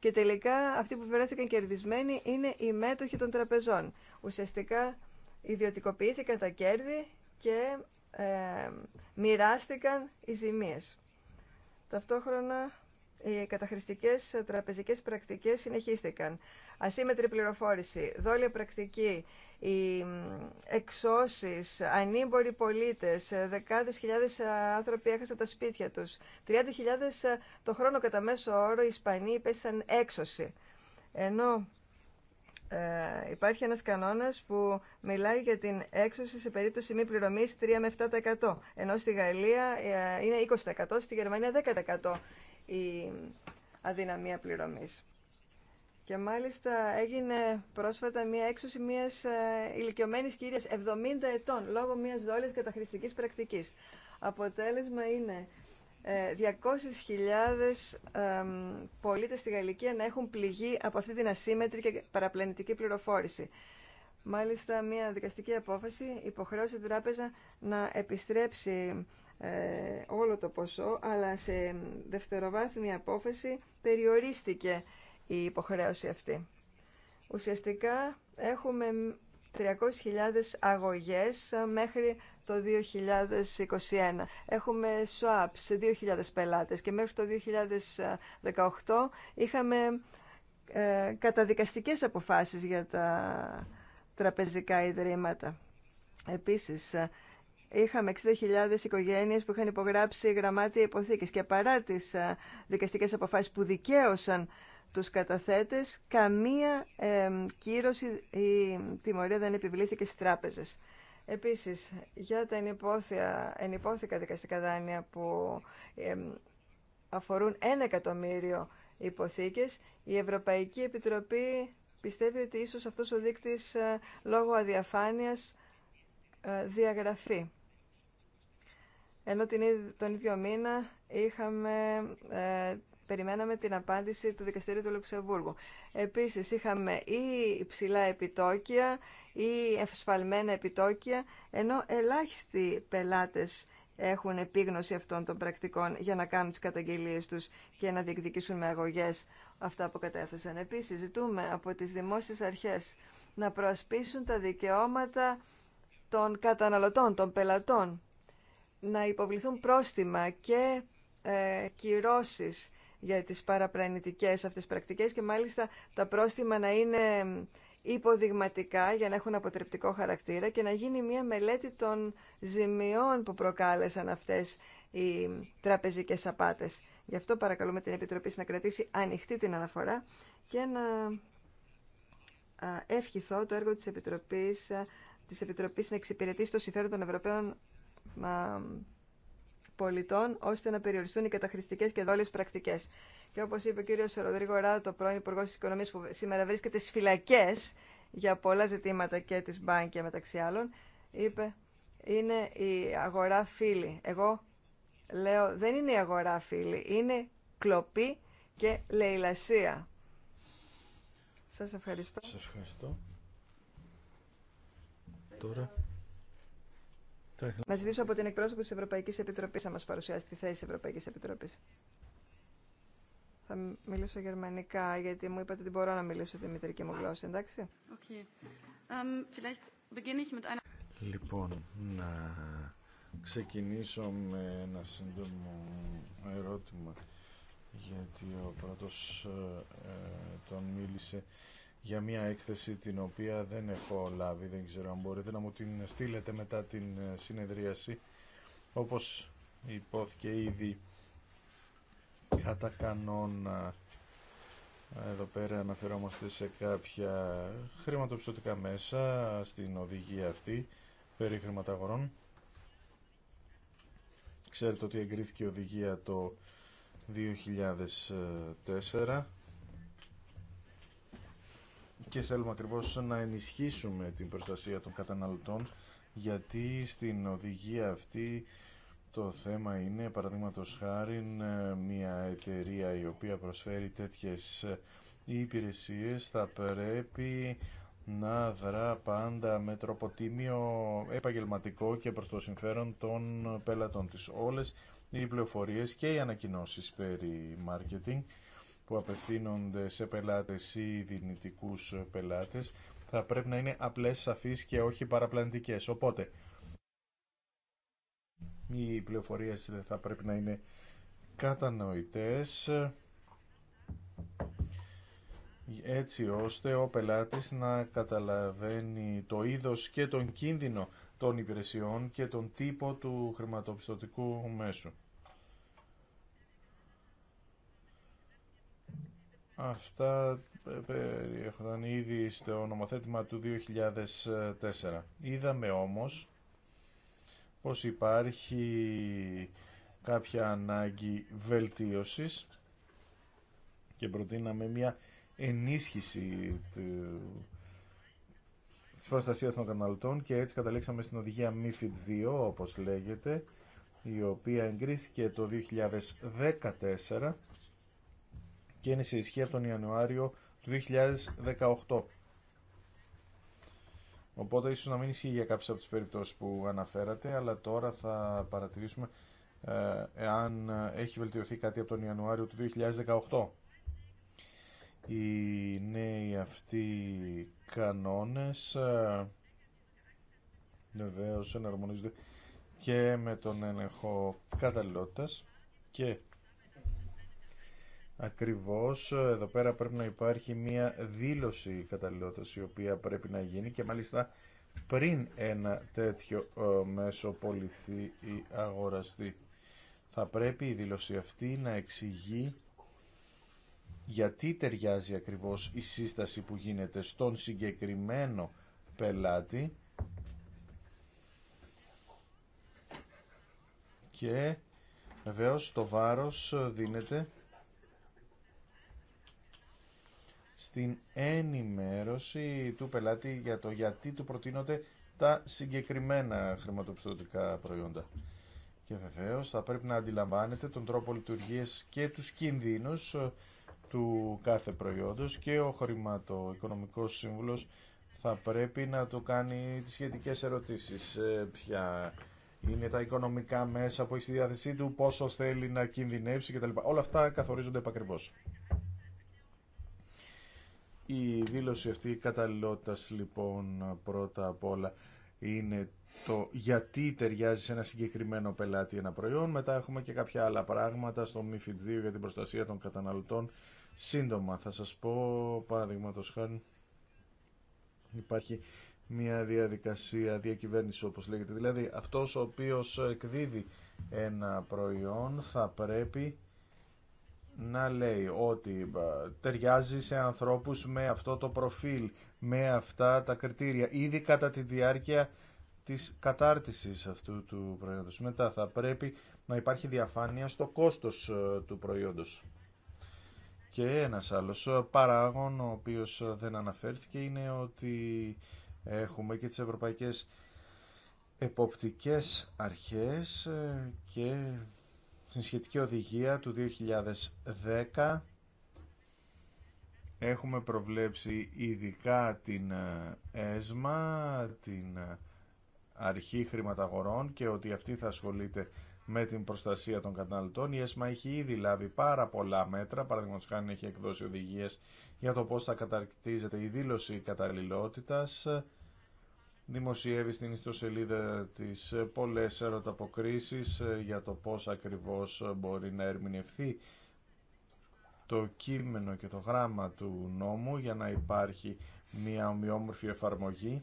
και τελικά αυτοί που βρέθηκαν κερδισμένοι είναι οι μέτοχοι των τραπεζών. Ουσιαστικά ιδιωτικοποιήθηκαν τα κέρδη και ε, μοιράστηκαν οι ζημίες. Ταυτόχρονα οι καταχρηστικέ τραπεζικέ πρακτικέ συνεχίστηκαν. Ασύμετρη πληροφόρηση, δόλια πρακτική, οι εξώσει ανήμποροι πολίτες, δεκάδε χιλιάδε άνθρωποι έχασαν τα σπίτια του, 30.000 το χρόνο κατά μέσο όρο οι Ισπανοί υπέστησαν έξωση. Ενώ ε, υπάρχει ένας κανόνας που μιλάει για την έξωση σε περίπτωση μη πληρωμής 3 με 7%. Ενώ στη Γαλλία ε, είναι 20%, στη Γερμανία 10% η αδυναμία πληρωμής. Και μάλιστα έγινε πρόσφατα μία έξωση μίας ε, ηλικιωμένης κυρίας 70 ετών λόγω μίας δόλης καταχρηστικής πρακτικής. Αποτέλεσμα είναι 200.000 ε, πολίτες στη Γαλλικία να έχουν πληγεί από αυτή την ασύμετρη και παραπλανητική πληροφόρηση. Μάλιστα, μια δικαστική απόφαση υποχρέωσε την πολιτες στη Γαλλική να επιστρέψει ε, όλο το ποσό, αλλά σε δευτεροβάθμια απόφαση περιορίστηκε η υποχρέωση αυτή. Ουσιαστικά έχουμε 300.000 αγωγές μέχρι το 2021. Έχουμε swaps σε 2.000 πελάτες και μέχρι το 2018 είχαμε ε, καταδικαστικές αποφάσεις για τα τραπεζικά ιδρύματα. Επίσης, είχαμε 60.000 οικογένειε που είχαν υπογράψει γραμμάτια υποθήκης και παρά τι ε, δικαστικέ αποφάσει που δικαίωσαν τους καταθέτες, καμία κύρωση ή τιμωρία δεν επιβλήθηκε στις τράπεζες. Επίσης, για τα ενυπόθηκα δικαστικά δάνεια που αφορούν ένα εκατομμύριο υποθήκες, η Ευρωπαϊκή Επιτροπή πιστεύει ότι ίσως αυτός ο δείκτης ε, λόγω αδιαφάνειας ε, διαγραφή ενώ τον ίδιο μήνα είχαμε, ε, περιμέναμε την απάντηση του Δικαστηρίου του Λουξεμβούργου. Επίσης είχαμε ή υψηλά επιτόκια ή εφασφαλμένα επιτόκια, ενώ ελάχιστοι πελάτες έχουν επίγνωση αυτών των πρακτικών για να κάνουν τις καταγγελίες τους και να διεκδικήσουν με αγωγές αυτά που κατέθεσαν. Επίσης, ζητούμε από τις δημόσιες αρχές να προασπίσουν τα δικαιώματα των καταναλωτών, των πελατών να υποβληθούν πρόστιμα και ε, κυρώσεις για τις παραπλανητικές αυτές πρακτικές και μάλιστα τα πρόστιμα να είναι υποδειγματικά για να έχουν αποτρεπτικό χαρακτήρα και να γίνει μια μελέτη των ζημιών που προκάλεσαν αυτές οι τραπεζικές απάτες. Γι' αυτό παρακαλούμε την Επιτροπή να κρατήσει ανοιχτή την αναφορά και να ευχηθώ το έργο της Επιτροπής, ε, της Επιτροπής να εξυπηρετήσει το συμφέρον των Ευρωπαίων πολιτών ώστε να περιοριστούν οι καταχρηστικές και δόλε πρακτικές. Και όπως είπε ο κύριος Ροδρίγο Ράδο, το πρώην Υπουργό της Οικονομίας που σήμερα βρίσκεται στι φυλακέ για πολλά ζητήματα και τη Μπάνκια μεταξύ άλλων, είπε είναι η αγορά φίλη. Εγώ λέω δεν είναι η αγορά φίλη, είναι κλοπή και λαιλασία. Σας ευχαριστώ. Σας ευχαριστώ. Τώρα να ζητήσω από την εκπρόσωπο τη Ευρωπαϊκή Επιτροπή να μα παρουσιάσει τη θέση τη Ευρωπαϊκή Επιτροπή. Θα μιλήσω γερμανικά, γιατί μου είπατε ότι μπορώ να μιλήσω τη μητρική μου γλώσσα, εντάξει. λοιπόν, να ξεκινήσω με ένα σύντομο ερώτημα, γιατί ο πρώτος ε, ε, τον μίλησε για μια έκθεση την οποία δεν έχω λάβει, δεν ξέρω αν μπορείτε να μου την στείλετε μετά την ε, συνεδρίαση. Όπως υπόθηκε ήδη κατά κανόνα εδώ πέρα αναφερόμαστε σε κάποια χρηματοπιστωτικά μέσα στην οδηγία αυτή περί χρηματαγορών. Ξέρετε ότι εγκρίθηκε η οδηγία το 2004 και θέλουμε ακριβώς να ενισχύσουμε την προστασία των καταναλωτών γιατί στην οδηγία αυτή το θέμα είναι παραδείγματο χάρη μια εταιρεία η οποία προσφέρει τέτοιες υπηρεσίες θα πρέπει να δρά πάντα με τρόπο τίμιο, επαγγελματικό και προς το συμφέρον των πελατών της. Όλες οι πληροφορίες και οι ανακοινώσεις περί marketing που απευθύνονται σε πελάτες ή δυνητικούς πελάτες θα πρέπει να είναι απλές, σαφείς και όχι παραπλανητικές. Οπότε, οι πληροφορίες θα πρέπει να είναι κατανοητές έτσι ώστε ο πελάτης να καταλαβαίνει το είδος και τον κίνδυνο των υπηρεσιών και τον τύπο του χρηματοπιστωτικού μέσου. Αυτά ε, περιέχονταν ήδη στο νομοθέτημα του 2004. Είδαμε όμως πως υπάρχει κάποια ανάγκη βελτίωσης και προτείναμε μια ενίσχυση του, της προστασίας των καταναλωτών και έτσι καταλήξαμε στην οδηγία MIFID 2 όπως λέγεται η οποία εγκρίθηκε το 2014 και είναι σε ισχύ από τον Ιανουάριο του 2018. Οπότε ίσως να μην ισχύει για κάποιες από τις περιπτώσεις που αναφέρατε, αλλά τώρα θα παρατηρήσουμε ε, εάν ε, έχει βελτιωθεί κάτι από τον Ιανουάριο του 2018. Οι νέοι αυτοί κανόνες ε, βεβαίω εναρμονίζονται και με τον έλεγχο καταλληλότητας και Ακριβώς εδώ πέρα πρέπει να υπάρχει μια δήλωση καταλληλότητας η οποία πρέπει να γίνει και μάλιστα πριν ένα τέτοιο ε, μέσο πολιθεί ή αγοραστεί. Θα πρέπει η δήλωση αυτή να εξηγεί γιατί ταιριάζει ακριβώς η σύσταση που γίνεται στον συγκεκριμένο πελάτη και βεβαίω το βάρος δίνεται στην ενημέρωση του πελάτη για το γιατί του προτείνονται τα συγκεκριμένα χρηματοπιστωτικά προϊόντα. Και βεβαίω θα πρέπει να αντιλαμβάνετε τον τρόπο λειτουργία και τους κινδύνους ε, του κάθε προϊόντος και ο χρηματοοικονομικός σύμβουλος θα πρέπει να του κάνει τις σχετικές ερωτήσεις. Ε, ποια είναι τα οικονομικά μέσα που έχει στη διάθεσή του, πόσο θέλει να κινδυνεύσει κτλ. Όλα αυτά καθορίζονται επακριβώ. Η δήλωση αυτή η καταλληλότητας λοιπόν πρώτα απ' όλα είναι το γιατί ταιριάζει σε ένα συγκεκριμένο πελάτη ένα προϊόν. Μετά έχουμε και κάποια άλλα πράγματα στο MIFID 2 για την προστασία των καταναλωτών. Σύντομα θα σας πω παραδείγματος χάρη υπάρχει μια διαδικασία διακυβέρνηση όπως λέγεται. Δηλαδή αυτός ο οποίος εκδίδει ένα προϊόν θα πρέπει να λέει ότι ταιριάζει σε ανθρώπους με αυτό το προφίλ, με αυτά τα κριτήρια, ήδη κατά τη διάρκεια της κατάρτισης αυτού του προϊόντος. Μετά θα πρέπει να υπάρχει διαφάνεια στο κόστος ε, του προϊόντος. Και ένας άλλος ε, παράγων, ο οποίος ε, δεν αναφέρθηκε, είναι ότι έχουμε και τις ευρωπαϊκές εποπτικές αρχές και στην σχετική οδηγία του 2010 έχουμε προβλέψει ειδικά την ε, ΕΣΜΑ, την ε, Αρχή Χρηματαγορών και ότι αυτή θα ασχολείται με την προστασία των καταναλωτών. Η ΕΣΜΑ έχει ήδη λάβει πάρα πολλά μέτρα, παραδείγματος χάνει έχει εκδώσει οδηγίες για το πώς θα καταρτίζεται η δήλωση καταλληλότητας, δημοσιεύει στην ιστοσελίδα της ε, πολλές ερωταποκρίσεις ε, για το πώς ακριβώς ε, μπορεί να ερμηνευθεί το κείμενο και το γράμμα του νόμου για να υπάρχει μια ομοιόμορφη εφαρμογή.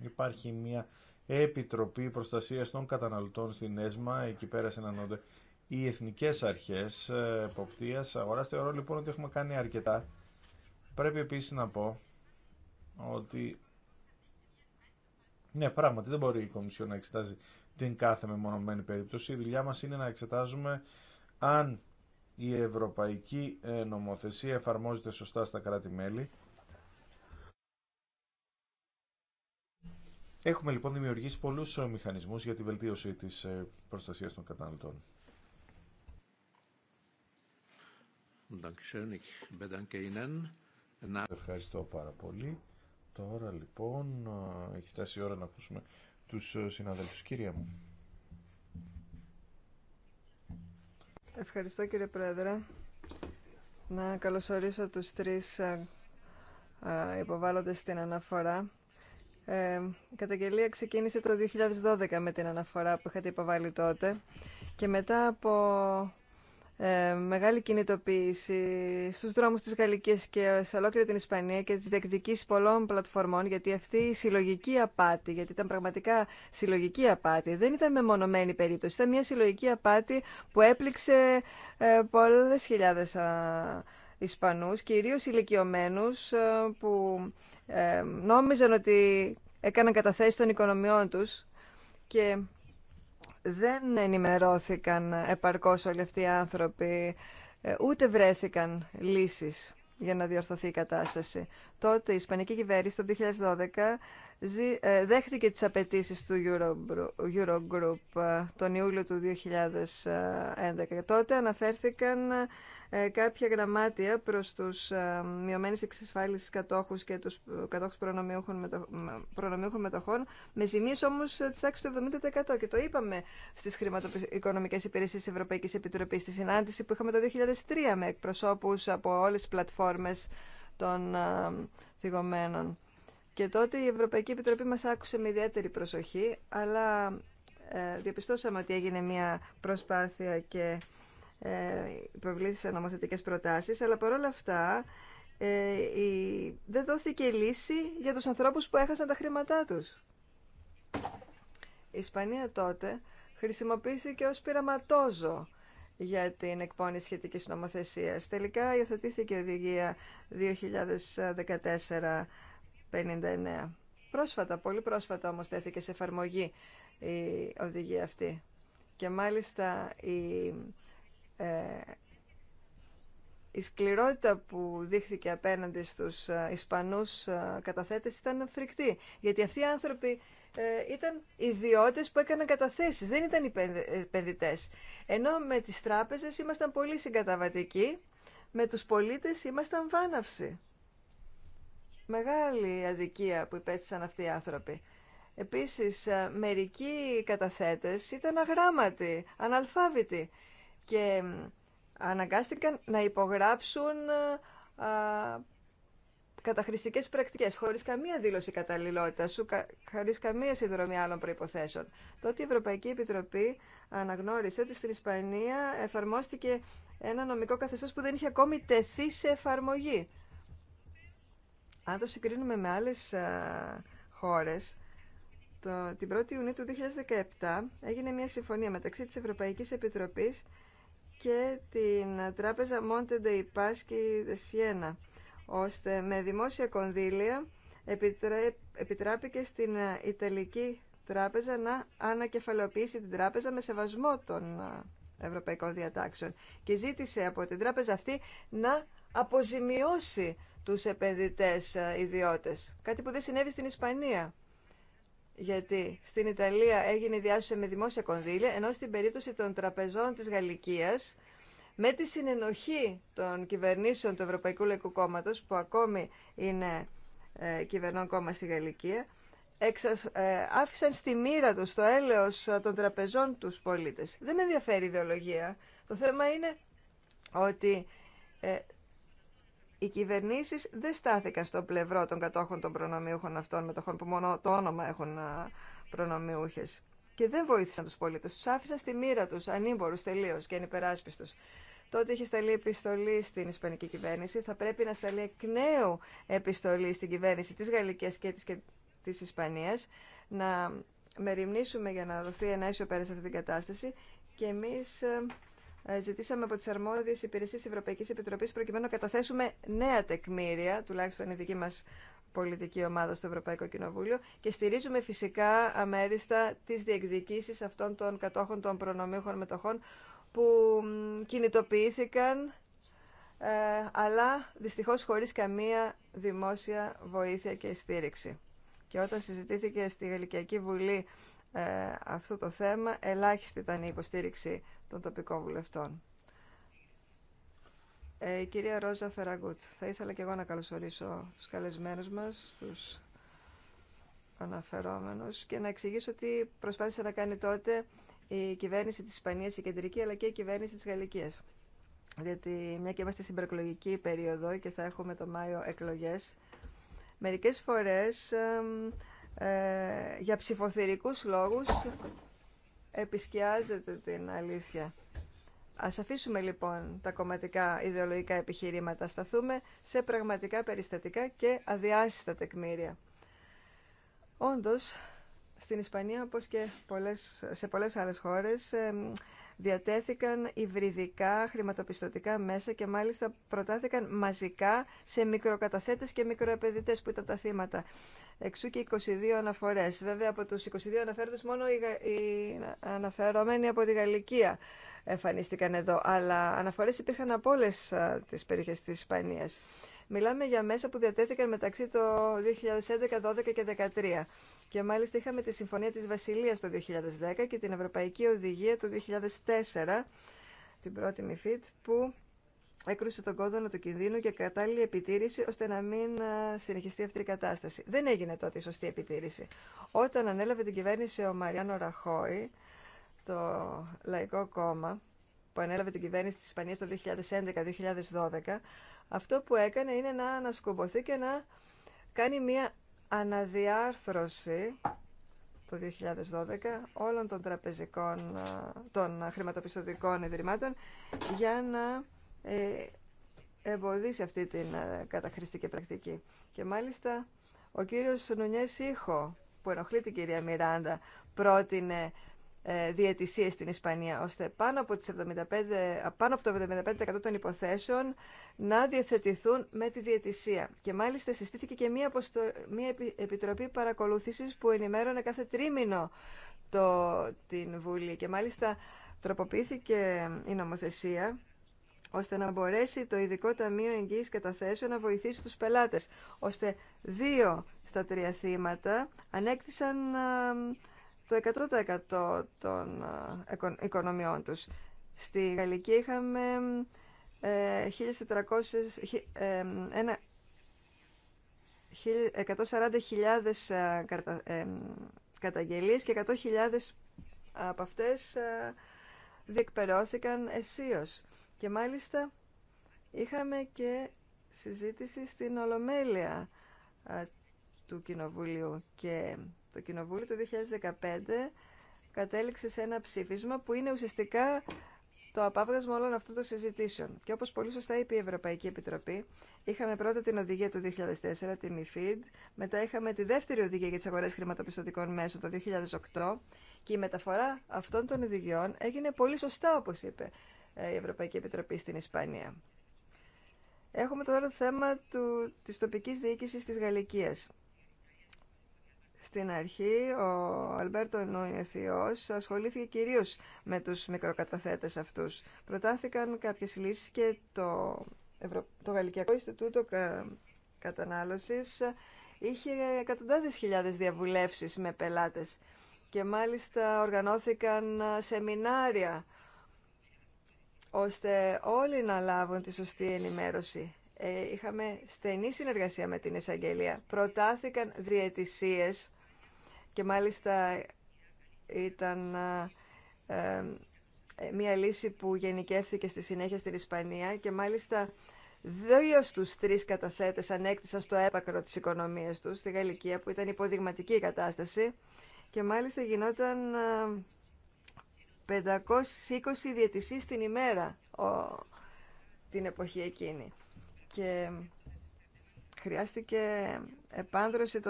Υπάρχει μια Επιτροπή Προστασίας των Καταναλωτών στην ΕΣΜΑ, εκεί πέρα συναντώνται οι εθνικές αρχές εποπτείας αγοράς. Θεωρώ λοιπόν ότι έχουμε κάνει αρκετά. Πρέπει επίσης να πω ότι ναι, πράγματι δεν μπορεί η Κομισιόν να εξετάζει την κάθε μεμονωμένη περίπτωση. Η δουλειά μας είναι να εξετάζουμε αν η ευρωπαϊκή ε, νομοθεσία εφαρμόζεται σωστά στα κράτη-μέλη. Έχουμε λοιπόν δημιουργήσει πολλούς ε, μηχανισμού για τη βελτίωση της ε, προστασίας των καταναλωτών. Ευχαριστώ πάρα πολύ. Τώρα λοιπόν έχει φτάσει η ώρα να ακούσουμε τους συναδέλφους. Κύρια μου. Ευχαριστώ κύριε Πρόεδρε. Να καλωσορίσω τους τρεις υποβάλλοντες στην αναφορά. Ε, η καταγγελία ξεκίνησε το 2012 με την αναφορά που είχατε υποβάλει τότε και μετά από ε, μεγάλη κινητοποίηση στους δρόμους της Γαλλικής και σε ολόκληρη την Ισπανία και της διεκδικής πολλών πλατφορμών γιατί αυτή η συλλογική απάτη, γιατί ήταν πραγματικά συλλογική απάτη, δεν ήταν μεμονωμένη περίπτωση, ήταν μια συλλογική απάτη που έπληξε ε, πολλές χιλιάδες Ισπανούς, κυρίως ηλικιωμένου ε, που νόμιζαν ότι έκαναν καταθέσεις των οικονομιών τους και δεν ενημερώθηκαν επαρκώς όλοι αυτοί οι άνθρωποι, ε, ούτε βρέθηκαν λύσεις για να διορθωθεί η κατάσταση. Τότε η Ισπανική κυβέρνηση το 2012 ε, δέχτηκε τις απαιτήσει του Eurogroup ε, τον Ιούλιο του 2011 τότε αναφέρθηκαν ε, κάποια γραμμάτια προς τους μειωμένες εξασφάλισης κατόχους και τους κατόχους προνομιούχων μετοχών με ζημίες όμως της τάξης του 70% και το είπαμε στις χρηματοοικονομικές υπηρεσίες της Ευρωπαϊκής Επιτροπής στη συνάντηση που είχαμε το 2003 με εκπροσώπους από όλες τις πλατφόρμες των θυγωμένων. Και τότε η Ευρωπαϊκή Επιτροπή μας άκουσε με ιδιαίτερη προσοχή, αλλά ε, διαπιστώσαμε ότι έγινε μια προσπάθεια και ε, υποβλήθησαν νομοθετικές προτάσεις, αλλά παρόλα αυτά ε, η... δεν δόθηκε λύση για τους ανθρώπους που έχασαν τα χρήματά τους. Η Ισπανία τότε χρησιμοποιήθηκε ως πειραματόζω για την εκπόνηση σχετικής νομοθεσίας. Τελικά υιοθετήθηκε η Οδηγία 2014 59. Πρόσφατα, πολύ πρόσφατα όμως τέθηκε σε εφαρμογή η οδηγία αυτή. Και μάλιστα η, ε, σκληρότητα που δείχθηκε απέναντι στους ε, Ισπανούς ε, καταθέτες ήταν φρικτή. Γιατί αυτοί οι άνθρωποι ε, ήταν ιδιώτες που έκαναν καταθέσεις, δεν ήταν επενδυτές. Ενώ με τις τράπεζες ήμασταν πολύ συγκαταβατικοί, με τους πολίτες ήμασταν βάναυση μεγάλη αδικία που υπέστησαν αυτοί οι άνθρωποι. Επίσης, ε, μερικοί καταθέτες ήταν αγράμματοι, αναλφάβητοι και αναγκάστηκαν να υπογράψουν ε, α, καταχρηστικές πρακτικές, χωρίς καμία δήλωση καταλληλότητας χωρίς καμία συνδρομή άλλων προϋποθέσεων. Τότε η Ευρωπαϊκή Επιτροπή αναγνώρισε ότι στην Ισπανία εφαρμόστηκε ένα νομικό καθεστώς που δεν είχε ακόμη τεθεί σε εφαρμογή. Αν το συγκρίνουμε με άλλες ε, χώρες, το, την 1η Ιουνίου του 2017 έγινε μια συμφωνία μεταξύ της Ευρωπαϊκής Επιτροπής και την τράπεζα Monte dei Paschi de Siena, ώστε με δημόσια κονδύλια επιτράπηκε στην ε, Ιταλική τράπεζα να ανακεφαλοποιήσει την τράπεζα με σεβασμό των ε, ευρωπαϊκών διατάξεων και ζήτησε από την τράπεζα αυτή να αποζημιώσει τους επενδυτές ε, ιδιώτες. Κάτι που δεν συνέβη στην Ισπανία. Γιατί στην Ιταλία έγινε η διάσωση με δημόσια κονδύλια, ενώ στην περίπτωση των τραπεζών της Γαλλικίας, με τη συνενοχή των κυβερνήσεων του Ευρωπαϊκού Λαϊκού Κόμματος, που ακόμη είναι ε, κυβερνών κόμμα στη Γαλλικία, εξασ, ε, άφησαν στη μοίρα τους, στο έλεος των τραπεζών τους πολίτες. Δεν με ενδιαφέρει η ιδεολογία. Το θέμα είναι ότι οι κυβερνήσεις δεν στάθηκαν στο πλευρό των κατόχων των προνομιούχων αυτών, μετοχών που μόνο το όνομα έχουν προνομιούχες. Και δεν βοήθησαν τους πολίτες, τους άφησαν στη μοίρα τους, ανήμπορους τελείω και ανυπεράσπιστους. Τότε είχε σταλεί επιστολή στην Ισπανική κυβέρνηση. Θα πρέπει να σταλεί εκ νέου επιστολή στην κυβέρνηση της Γαλλικής και της, της Ισπανίας να μεριμνήσουμε για να δοθεί ένα αίσιο πέρα σε αυτή την κατάσταση και εμείς ε, ε, ζητήσαμε από τις αρμόδιες υπηρεσίες Ευρωπαϊκή Επιτροπή προκειμένου να καταθέσουμε νέα τεκμήρια, τουλάχιστον η δική μα πολιτική ομάδα στο Ευρωπαϊκό Κοινοβούλιο και στηρίζουμε φυσικά αμέριστα τις διεκδικήσεις αυτών των κατόχων των προνομίων μετοχών που κινητοποιήθηκαν ε, αλλά δυστυχώς χωρίς καμία δημόσια βοήθεια και στήριξη. Και όταν συζητήθηκε στη Γαλλικιακή Βουλή ε, αυτό το θέμα, ελάχιστη ήταν η υποστήριξη των τοπικών βουλευτών. Ε, η κυρία Ρόζα Φεραγκούτ, θα ήθελα και εγώ να καλωσορίσω τους καλεσμένους μας, τους αναφερόμενους και να εξηγήσω ότι προσπάθησε να κάνει τότε η κυβέρνηση της Ισπανίας, η κεντρική, αλλά και η κυβέρνηση της Γαλλικίας. Γιατί μια και είμαστε στην προεκλογική περίοδο και θα έχουμε το Μάιο εκλογές, μερικές φορές ε, για ψηφοθερικούς λόγους επισκιάζεται την αλήθεια. Ας αφήσουμε λοιπόν τα κομματικά ιδεολογικά επιχειρήματα, σταθούμε σε πραγματικά περιστατικά και αδιάσυστα τεκμήρια. Όντως, στην Ισπανία, όπως και πολλές, σε πολλές άλλες χώρες, διατέθηκαν υβριδικά χρηματοπιστωτικά μέσα και μάλιστα προτάθηκαν μαζικά σε μικροκαταθέτες και μικροεπαιδητές που ήταν τα θύματα. Εξού και 22 αναφορές. Βέβαια από τους 22 αναφέροντες μόνο οι αναφερόμενοι από τη Γαλλικία εμφανίστηκαν εδώ, αλλά αναφορές υπήρχαν από όλε τις περιοχές της Ισπανίας. Μιλάμε για μέσα που διατέθηκαν μεταξύ το 2011, 2012 και 2013. Και μάλιστα είχαμε τη Συμφωνία της Βασιλείας το 2010 και την Ευρωπαϊκή Οδηγία το 2004, την πρώτη ΜΥΦΙΤ, που έκρουσε τον κόδωνα του κινδύνου και κατάλληλη επιτήρηση ώστε να μην ε, συνεχιστεί αυτή η κατάσταση. Δεν έγινε τότε η σωστή επιτήρηση. Όταν ανέλαβε την κυβέρνηση ο Μαριάνο Ραχώη, το Λαϊκό Κόμμα, που ανέλαβε την κυβέρνηση της Ισπανίας το 2011-2012, αυτό που έκανε είναι να ανασκουμποθεί και να κάνει μια αναδιάρθρωση το 2012 όλων των τραπεζικών, των χρηματοπιστωτικών ιδρυμάτων για να ε, εμποδίσει αυτή την ε, καταχρηστική πρακτική. Και μάλιστα ο κύριος Νουνιές Ήχο που ενοχλεί την κυρία Μιράντα πρότεινε ε, διαιτησίες στην Ισπανία, ώστε πάνω από, 75, πάνω από το 75% των υποθέσεων να διαθετηθούν με τη διαιτησία. Και μάλιστα συστήθηκε και μία, αποστο... μία επιτροπή παρακολούθησης που ενημέρωνε κάθε τρίμηνο το... την Βουλή. Και μάλιστα τροποποιήθηκε η νομοθεσία ώστε να μπορέσει το Ειδικό Ταμείο Εγγύης Καταθέσεων να βοηθήσει τους πελάτες, ώστε δύο στα τρία θύματα ανέκτησαν το 100% των ε, οικονομιών τους. Στη Γαλλική είχαμε 1.400, ε, 140.000 ε, καταγγελίες και 100.000 από αυτές διεκπαιρώθηκαν αισίως. Και μάλιστα είχαμε και συζήτηση στην Ολομέλεια του Κοινοβουλίου και το Κοινοβούλιο του 2015 κατέληξε σε ένα ψήφισμα που είναι ουσιαστικά το απάβγασμα όλων αυτών των συζητήσεων. Και όπως πολύ σωστά είπε η Ευρωπαϊκή Επιτροπή, είχαμε πρώτα την οδηγία του 2004, τη MIFID, μετά είχαμε τη δεύτερη οδηγία για τις αγορές χρηματοπιστωτικών μέσων το 2008 και η μεταφορά αυτών των οδηγιών έγινε πολύ σωστά, όπως είπε ε, η Ευρωπαϊκή Επιτροπή στην Ισπανία. Έχουμε τώρα το θέμα του, της τοπικής διοίκησης της Γαλλικίας. Στην αρχή ο Αλμπέρτο Νουνιεθιός ασχολήθηκε κυρίως με τους μικροκαταθέτες αυτούς. Προτάθηκαν κάποιες λύσεις και το, Ευρω... το Γαλλικιακό Ινστιτούτο Κατανάλωσης είχε εκατοντάδες χιλιάδες διαβουλεύσεις με πελάτες και μάλιστα οργανώθηκαν σεμινάρια ώστε όλοι να λάβουν τη σωστή ενημέρωση ε, είχαμε στενή συνεργασία με την εισαγγελία. Προτάθηκαν διαιτησίες και μάλιστα ήταν ε, ε, μια λύση που γενικεύθηκε στη συνέχεια στην Ισπανία και μάλιστα δύο στους τρεις καταθέτες ανέκτησαν στο έπακρο της οικονομίας τους στη Γαλλικία που ήταν υποδειγματική η κατάσταση και μάλιστα γινόταν 520 διαιτησίες την ημέρα την εποχή εκείνη και χρειάστηκε επάνδρωση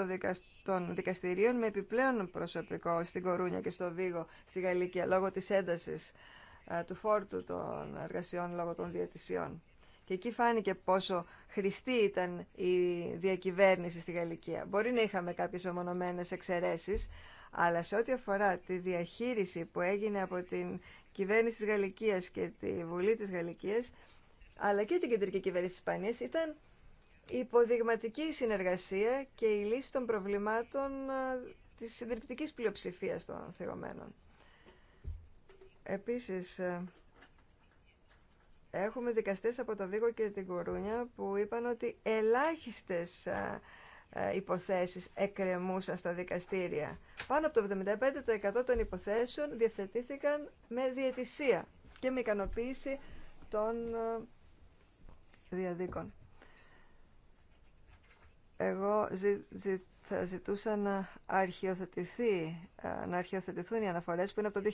των δικαστηρίων με επιπλέον προσωπικό στην Κορούνια και στο Βίγο, στη Γαλλικία, λόγω της έντασης του φόρτου των εργασιών λόγω των διατησιών. Και εκεί φάνηκε πόσο χρηστή ήταν η διακυβέρνηση στη Γαλλικία. Μπορεί να είχαμε κάποιες μεμονωμένες εξαιρέσεις, αλλά σε ό,τι αφορά τη διαχείριση που έγινε από την κυβέρνηση της Γαλλικίας και τη Βουλή της Γαλλικίας, αλλά και την κεντρική κυβέρνηση της Ισπανίας ήταν η υποδειγματική συνεργασία και η λύση των προβλημάτων ε, της συντριπτικής πλειοψηφίας των θεωμένων. Επίσης, ε, έχουμε δικαστές από το Βίγο και την Κορούνια που είπαν ότι ελάχιστες ε, υποθέσεις εκκρεμούσαν στα δικαστήρια. Πάνω από το 75% των υποθέσεων διευθετήθηκαν με διαιτησία και με ικανοποίηση των διαδίκων. Εγώ ζη, ζη, θα ζητούσα να, αρχιοθετηθεί, ε, να αρχιοθετηθούν οι αναφορές που είναι από το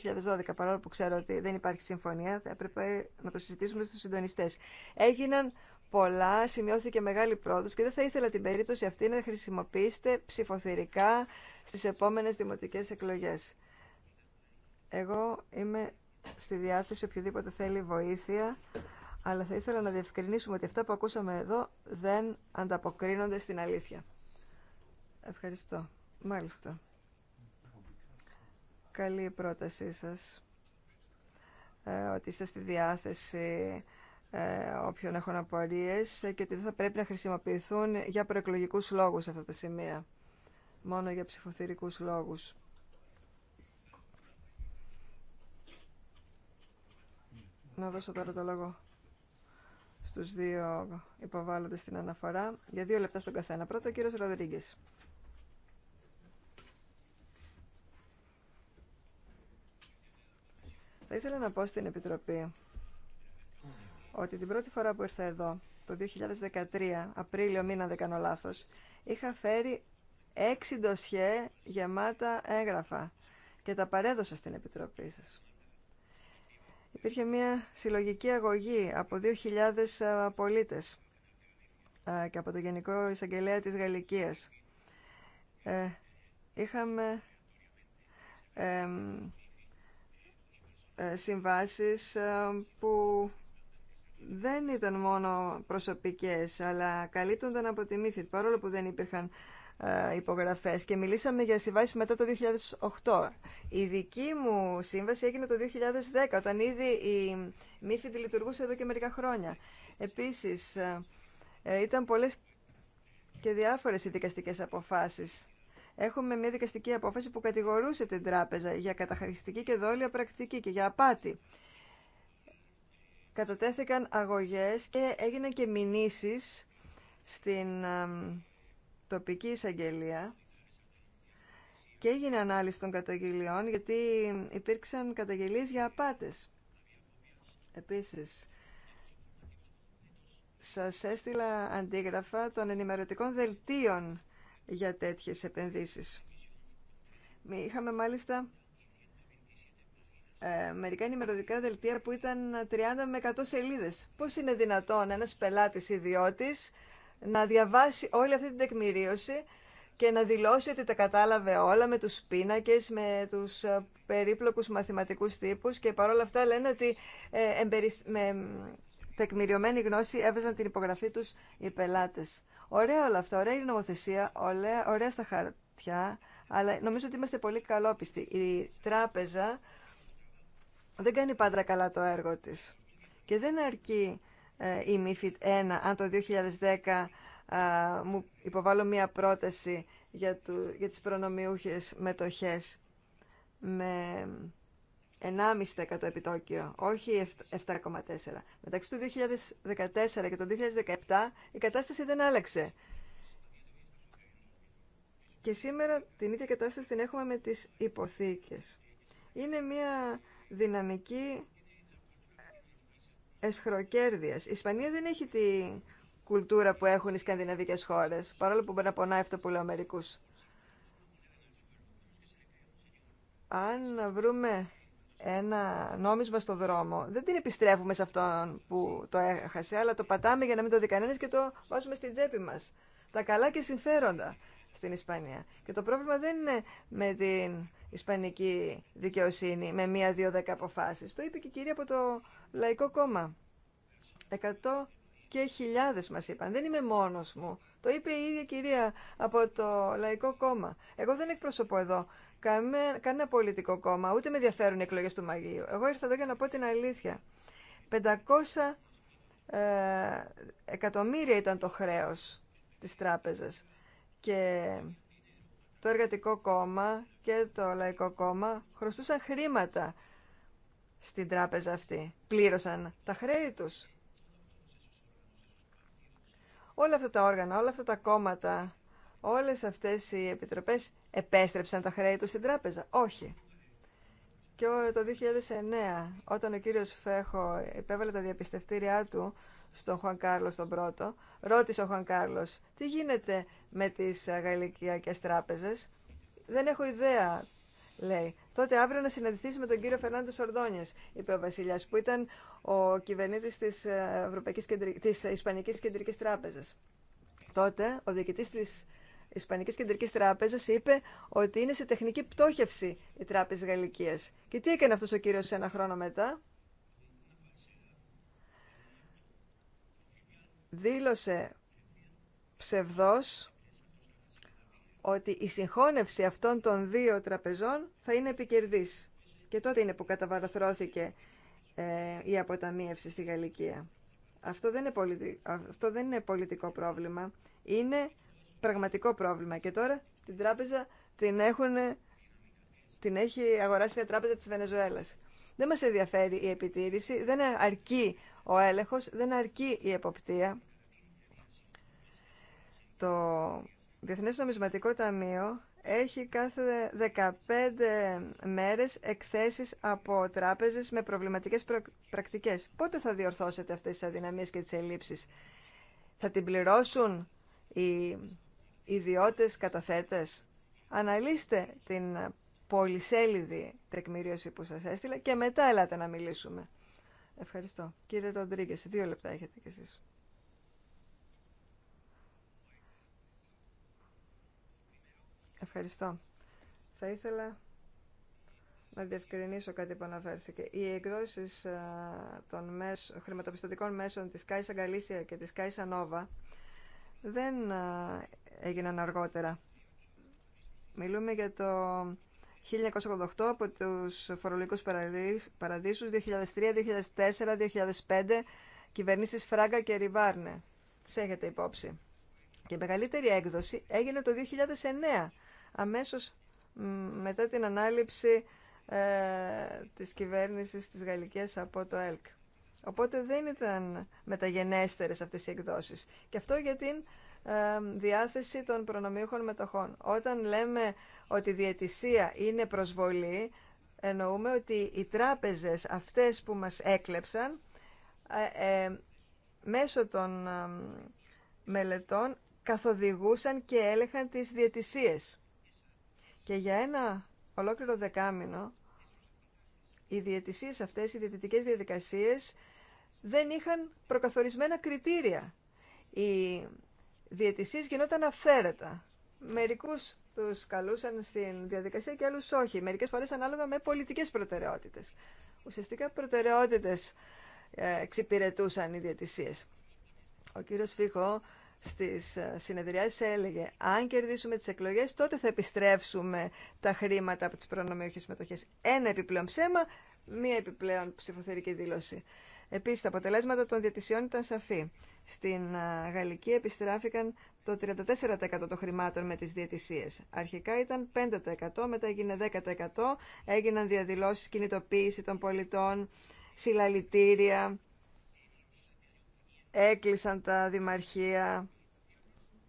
2012, παρόλο που ξέρω ότι δεν υπάρχει συμφωνία, θα έπρεπε να το συζητήσουμε στους συντονιστές. Έγιναν πολλά, σημειώθηκε μεγάλη πρόοδος και δεν θα ήθελα την περίπτωση αυτή να χρησιμοποιήσετε ψηφοθυρικά στις επόμενες δημοτικές εκλογές. Εγώ είμαι στη διάθεση οποιοδήποτε θέλει βοήθεια αλλά θα ήθελα να διευκρινίσουμε ότι αυτά που ακούσαμε εδώ δεν ανταποκρίνονται στην αλήθεια. Ευχαριστώ. Μάλιστα. Καλή πρότασή σας ε, ότι είστε στη διάθεση ε, όποιων έχουν απορίες ε, και ότι δεν θα πρέπει να χρησιμοποιηθούν για προεκλογικούς λόγους αυτά τα σημεία, μόνο για ψηφοθυρικούς λόγους. Να δώσω τώρα το λόγο στους δύο υποβάλλοντες στην αναφορά για δύο λεπτά στον καθένα. Πρώτο ο κύριος Ροδρίγκης. Θα ήθελα να πω στην Επιτροπή ότι την πρώτη φορά που ήρθα εδώ, το 2013, Απρίλιο μήνα δεν κάνω λάθος, είχα φέρει έξι ντοσιέ γεμάτα έγγραφα και τα παρέδωσα στην Επιτροπή σας υπήρχε μια συλλογική αγωγή από 2.000 ε, πολίτες ε, και από το Γενικό Εισαγγελέα της Γαλλικίας. Ε, είχαμε συμβάσεις που δεν ήταν μόνο προσωπικές, αλλά καλύπτονταν από τη ΜΥΦΙΤ, παρόλο που δεν υπήρχαν ε, υπογραφές και μιλήσαμε για συμβάσει μετά το 2008. Η δική μου σύμβαση έγινε το 2010, όταν ήδη η τη λειτουργούσε εδώ και μερικά χρόνια. Επίσης, ε, ε, ήταν πολλές και διάφορες οι δικαστικές αποφάσεις. Έχουμε μια δικαστική απόφαση που κατηγορούσε την τράπεζα για καταχρηστική και δόλια πρακτική και για απάτη. Κατατέθηκαν αγωγές και έγιναν και μηνύσεις στην τοπική εισαγγελία και έγινε ανάλυση των καταγγελιών γιατί υπήρξαν καταγγελίες για απάτες. Επίσης, σας έστειλα αντίγραφα των ενημερωτικών δελτίων για τέτοιες επενδύσεις. Είχαμε μάλιστα ε, μερικά ενημερωτικά δελτία που ήταν 30 με 100 σελίδες. Πώς είναι δυνατόν ένας πελάτης ιδιώτης να διαβάσει όλη αυτή την τεκμηρίωση και να δηλώσει ότι τα κατάλαβε όλα με τους πίνακες, με τους ε, περίπλοκους μαθηματικούς τύπους και παρόλα αυτά λένε ότι ε, με τεκμηριωμένη γνώση έβαζαν την υπογραφή τους οι πελάτες. Ωραία όλα αυτά, ωραία η νομοθεσία, ωραία, ωραία στα χαρτιά, αλλά νομίζω ότι είμαστε πολύ καλόπιστοι. Η τράπεζα δεν κάνει πάντα καλά το έργο της και δεν αρκεί ε, η MIFID 1, αν το 2010 μου υποβάλλω μία πρόταση για, του, για τις προνομιούχες μετοχές με 1,5% επιτόκιο, όχι 7,4%. Μεταξύ του 2014 και το 2017 η κατάσταση δεν άλλαξε. Και σήμερα την ίδια κατάσταση την έχουμε με τις υποθήκες. Είναι μια δυναμική εσχροκέρδειας. Η Ισπανία δεν έχει τη κουλτούρα που έχουν οι σκανδιναβικές χώρες, παρόλο που μπορεί να πονάει αυτό που λέω μερικούς. Αν βρούμε ένα νόμισμα στο δρόμο, δεν την επιστρέφουμε σε αυτόν που το έχασε, αλλά το πατάμε για να μην το δει κανένας και το βάζουμε στην τσέπη μας. Τα καλά και συμφέροντα στην Ισπανία. Και το πρόβλημα δεν είναι με την ισπανική δικαιοσύνη, με μία-δύο δέκα αποφάσεις. Το είπε και η κυρία από το Λαϊκό κόμμα. Εκατό και χιλιάδες μας είπαν. Δεν είμαι μόνος μου. Το είπε η ίδια κυρία από το Λαϊκό Κόμμα. Εγώ δεν εκπροσωπώ εδώ κανένα πολιτικό κόμμα, ούτε με ενδιαφέρουν οι εκλογέ του Μαγίου. Εγώ ήρθα εδώ για να πω την αλήθεια. 500 ε, εκατομμύρια ήταν το χρέος της τράπεζας. Και το Εργατικό Κόμμα και το Λαϊκό Κόμμα χρωστούσαν χρήματα στην τράπεζα αυτή. Πλήρωσαν τα χρέη τους. Όλα αυτά τα όργανα, όλα αυτά τα κόμματα, όλες αυτές οι επιτροπές επέστρεψαν τα χρέη τους στην τράπεζα. Όχι. Και το 2009, όταν ο κύριος Φέχο υπέβαλε τα διαπιστευτήριά του στον Χουαν Κάρλος τον πρώτο, ρώτησε ο Χουαν Κάρλος, τι γίνεται με τις γαλλικιακές τράπεζες. Δεν έχω ιδέα λέει. Τότε αύριο να συναντηθεί με τον κύριο Φερνάντε Ορδόνιε, είπε ο Βασιλιά, που ήταν ο κυβερνήτη τη της ε, Ισπανική Κεντρική Τράπεζα. Τότε ο διοικητή τη Ισπανική Κεντρική Τράπεζα είπε ότι είναι σε τεχνική πτώχευση η Τράπεζα Γαλλικία. Και τι έκανε αυτό ο κύριο ένα χρόνο μετά. Δήλωσε ψευδός ότι η συγχώνευση αυτών των δύο τραπεζών θα είναι επικερδής. Και τότε είναι που καταβαραθρώθηκε ε, η αποταμίευση στη Γαλλικία. Αυτό δεν, είναι δεν είναι πολιτικό πρόβλημα, είναι πραγματικό πρόβλημα. Και τώρα την τράπεζα την, έχουν... την έχει αγοράσει μια τράπεζα της Βενεζουέλας. Δεν μας ενδιαφέρει η επιτήρηση, δεν αρκεί ο έλεγχος, δεν αρκεί η εποπτεία. Το διεθνέ Νομισματικό Ταμείο έχει κάθε 15 μέρες εκθέσεις από τράπεζες με προβληματικές πρακτικές. Πότε θα διορθώσετε αυτές τις αδυναμίες και τις ελλείψεις. Θα την πληρώσουν οι ιδιώτες καταθέτες. Αναλύστε την πολυσέλιδη τεκμηρίωση που σας έστειλα και μετά έλατε να μιλήσουμε. Ευχαριστώ. Κύριε Ροντρίγκες, δύο λεπτά έχετε κι εσείς. Ευχαριστώ. Θα ήθελα να διευκρινίσω κάτι που αναφέρθηκε. Οι εκδόσει των μέσων, χρηματοπιστωτικών μέσων τη Κάισα Γκαλίσια και τη Κάισα Νόβα δεν έγιναν αργότερα. Μιλούμε για το 1988 από τους φορολογικούς παραδείσους, 2003, 2004, 2005, κυβερνήσεις Φράγκα και Ριβάρνε. Τις έχετε υπόψη. Και η μεγαλύτερη έκδοση έγινε το 2009 αμέσως μετά την ανάληψη ε, της κυβέρνησης της Γαλλικής από το ΕΛΚ. Οπότε δεν ήταν μεταγενέστερες αυτές οι εκδόσεις. Και αυτό για την ε, διάθεση των προνομίουχων μετοχών. Όταν λέμε ότι η διαιτησία είναι προσβολή, εννοούμε ότι οι τράπεζες αυτές που μας έκλεψαν, ε, ε, μέσω των μελετών καθοδηγούσαν και έλεγχαν τις διαιτησίες. Και για ένα ολόκληρο δεκάμινο οι διαιτησίες αυτές, οι διαιτητικές διαδικασίες δεν είχαν προκαθορισμένα κριτήρια. Οι διαιτησίες γινόταν αυθαίρετα. Μερικούς τους καλούσαν στην διαδικασία και άλλους όχι. Μερικές φορές ανάλογα με πολιτικές προτεραιότητες. Ουσιαστικά προτεραιότητες ε, εξυπηρετούσαν οι διαιτησίες. Ο κύριος Φίχο στις ε, συνεδριάσεις έλεγε «Αν κερδίσουμε τις εκλογές, τότε θα επιστρέψουμε τα χρήματα από τις προνομιούχες μετοχές». Ένα επιπλέον ψέμα, μία επιπλέον ψηφοθερική δήλωση. Επίσης, τα αποτελέσματα των διατησιών ήταν σαφή. Στην ε, Γαλλική επιστράφηκαν το 34% των χρημάτων με τις διαιτησίες. Αρχικά ήταν 5%, μετά έγινε 10%, έγιναν διαδηλώσεις, κινητοποίηση των πολιτών, συλλαλητήρια, έκλεισαν τα δημαρχεία,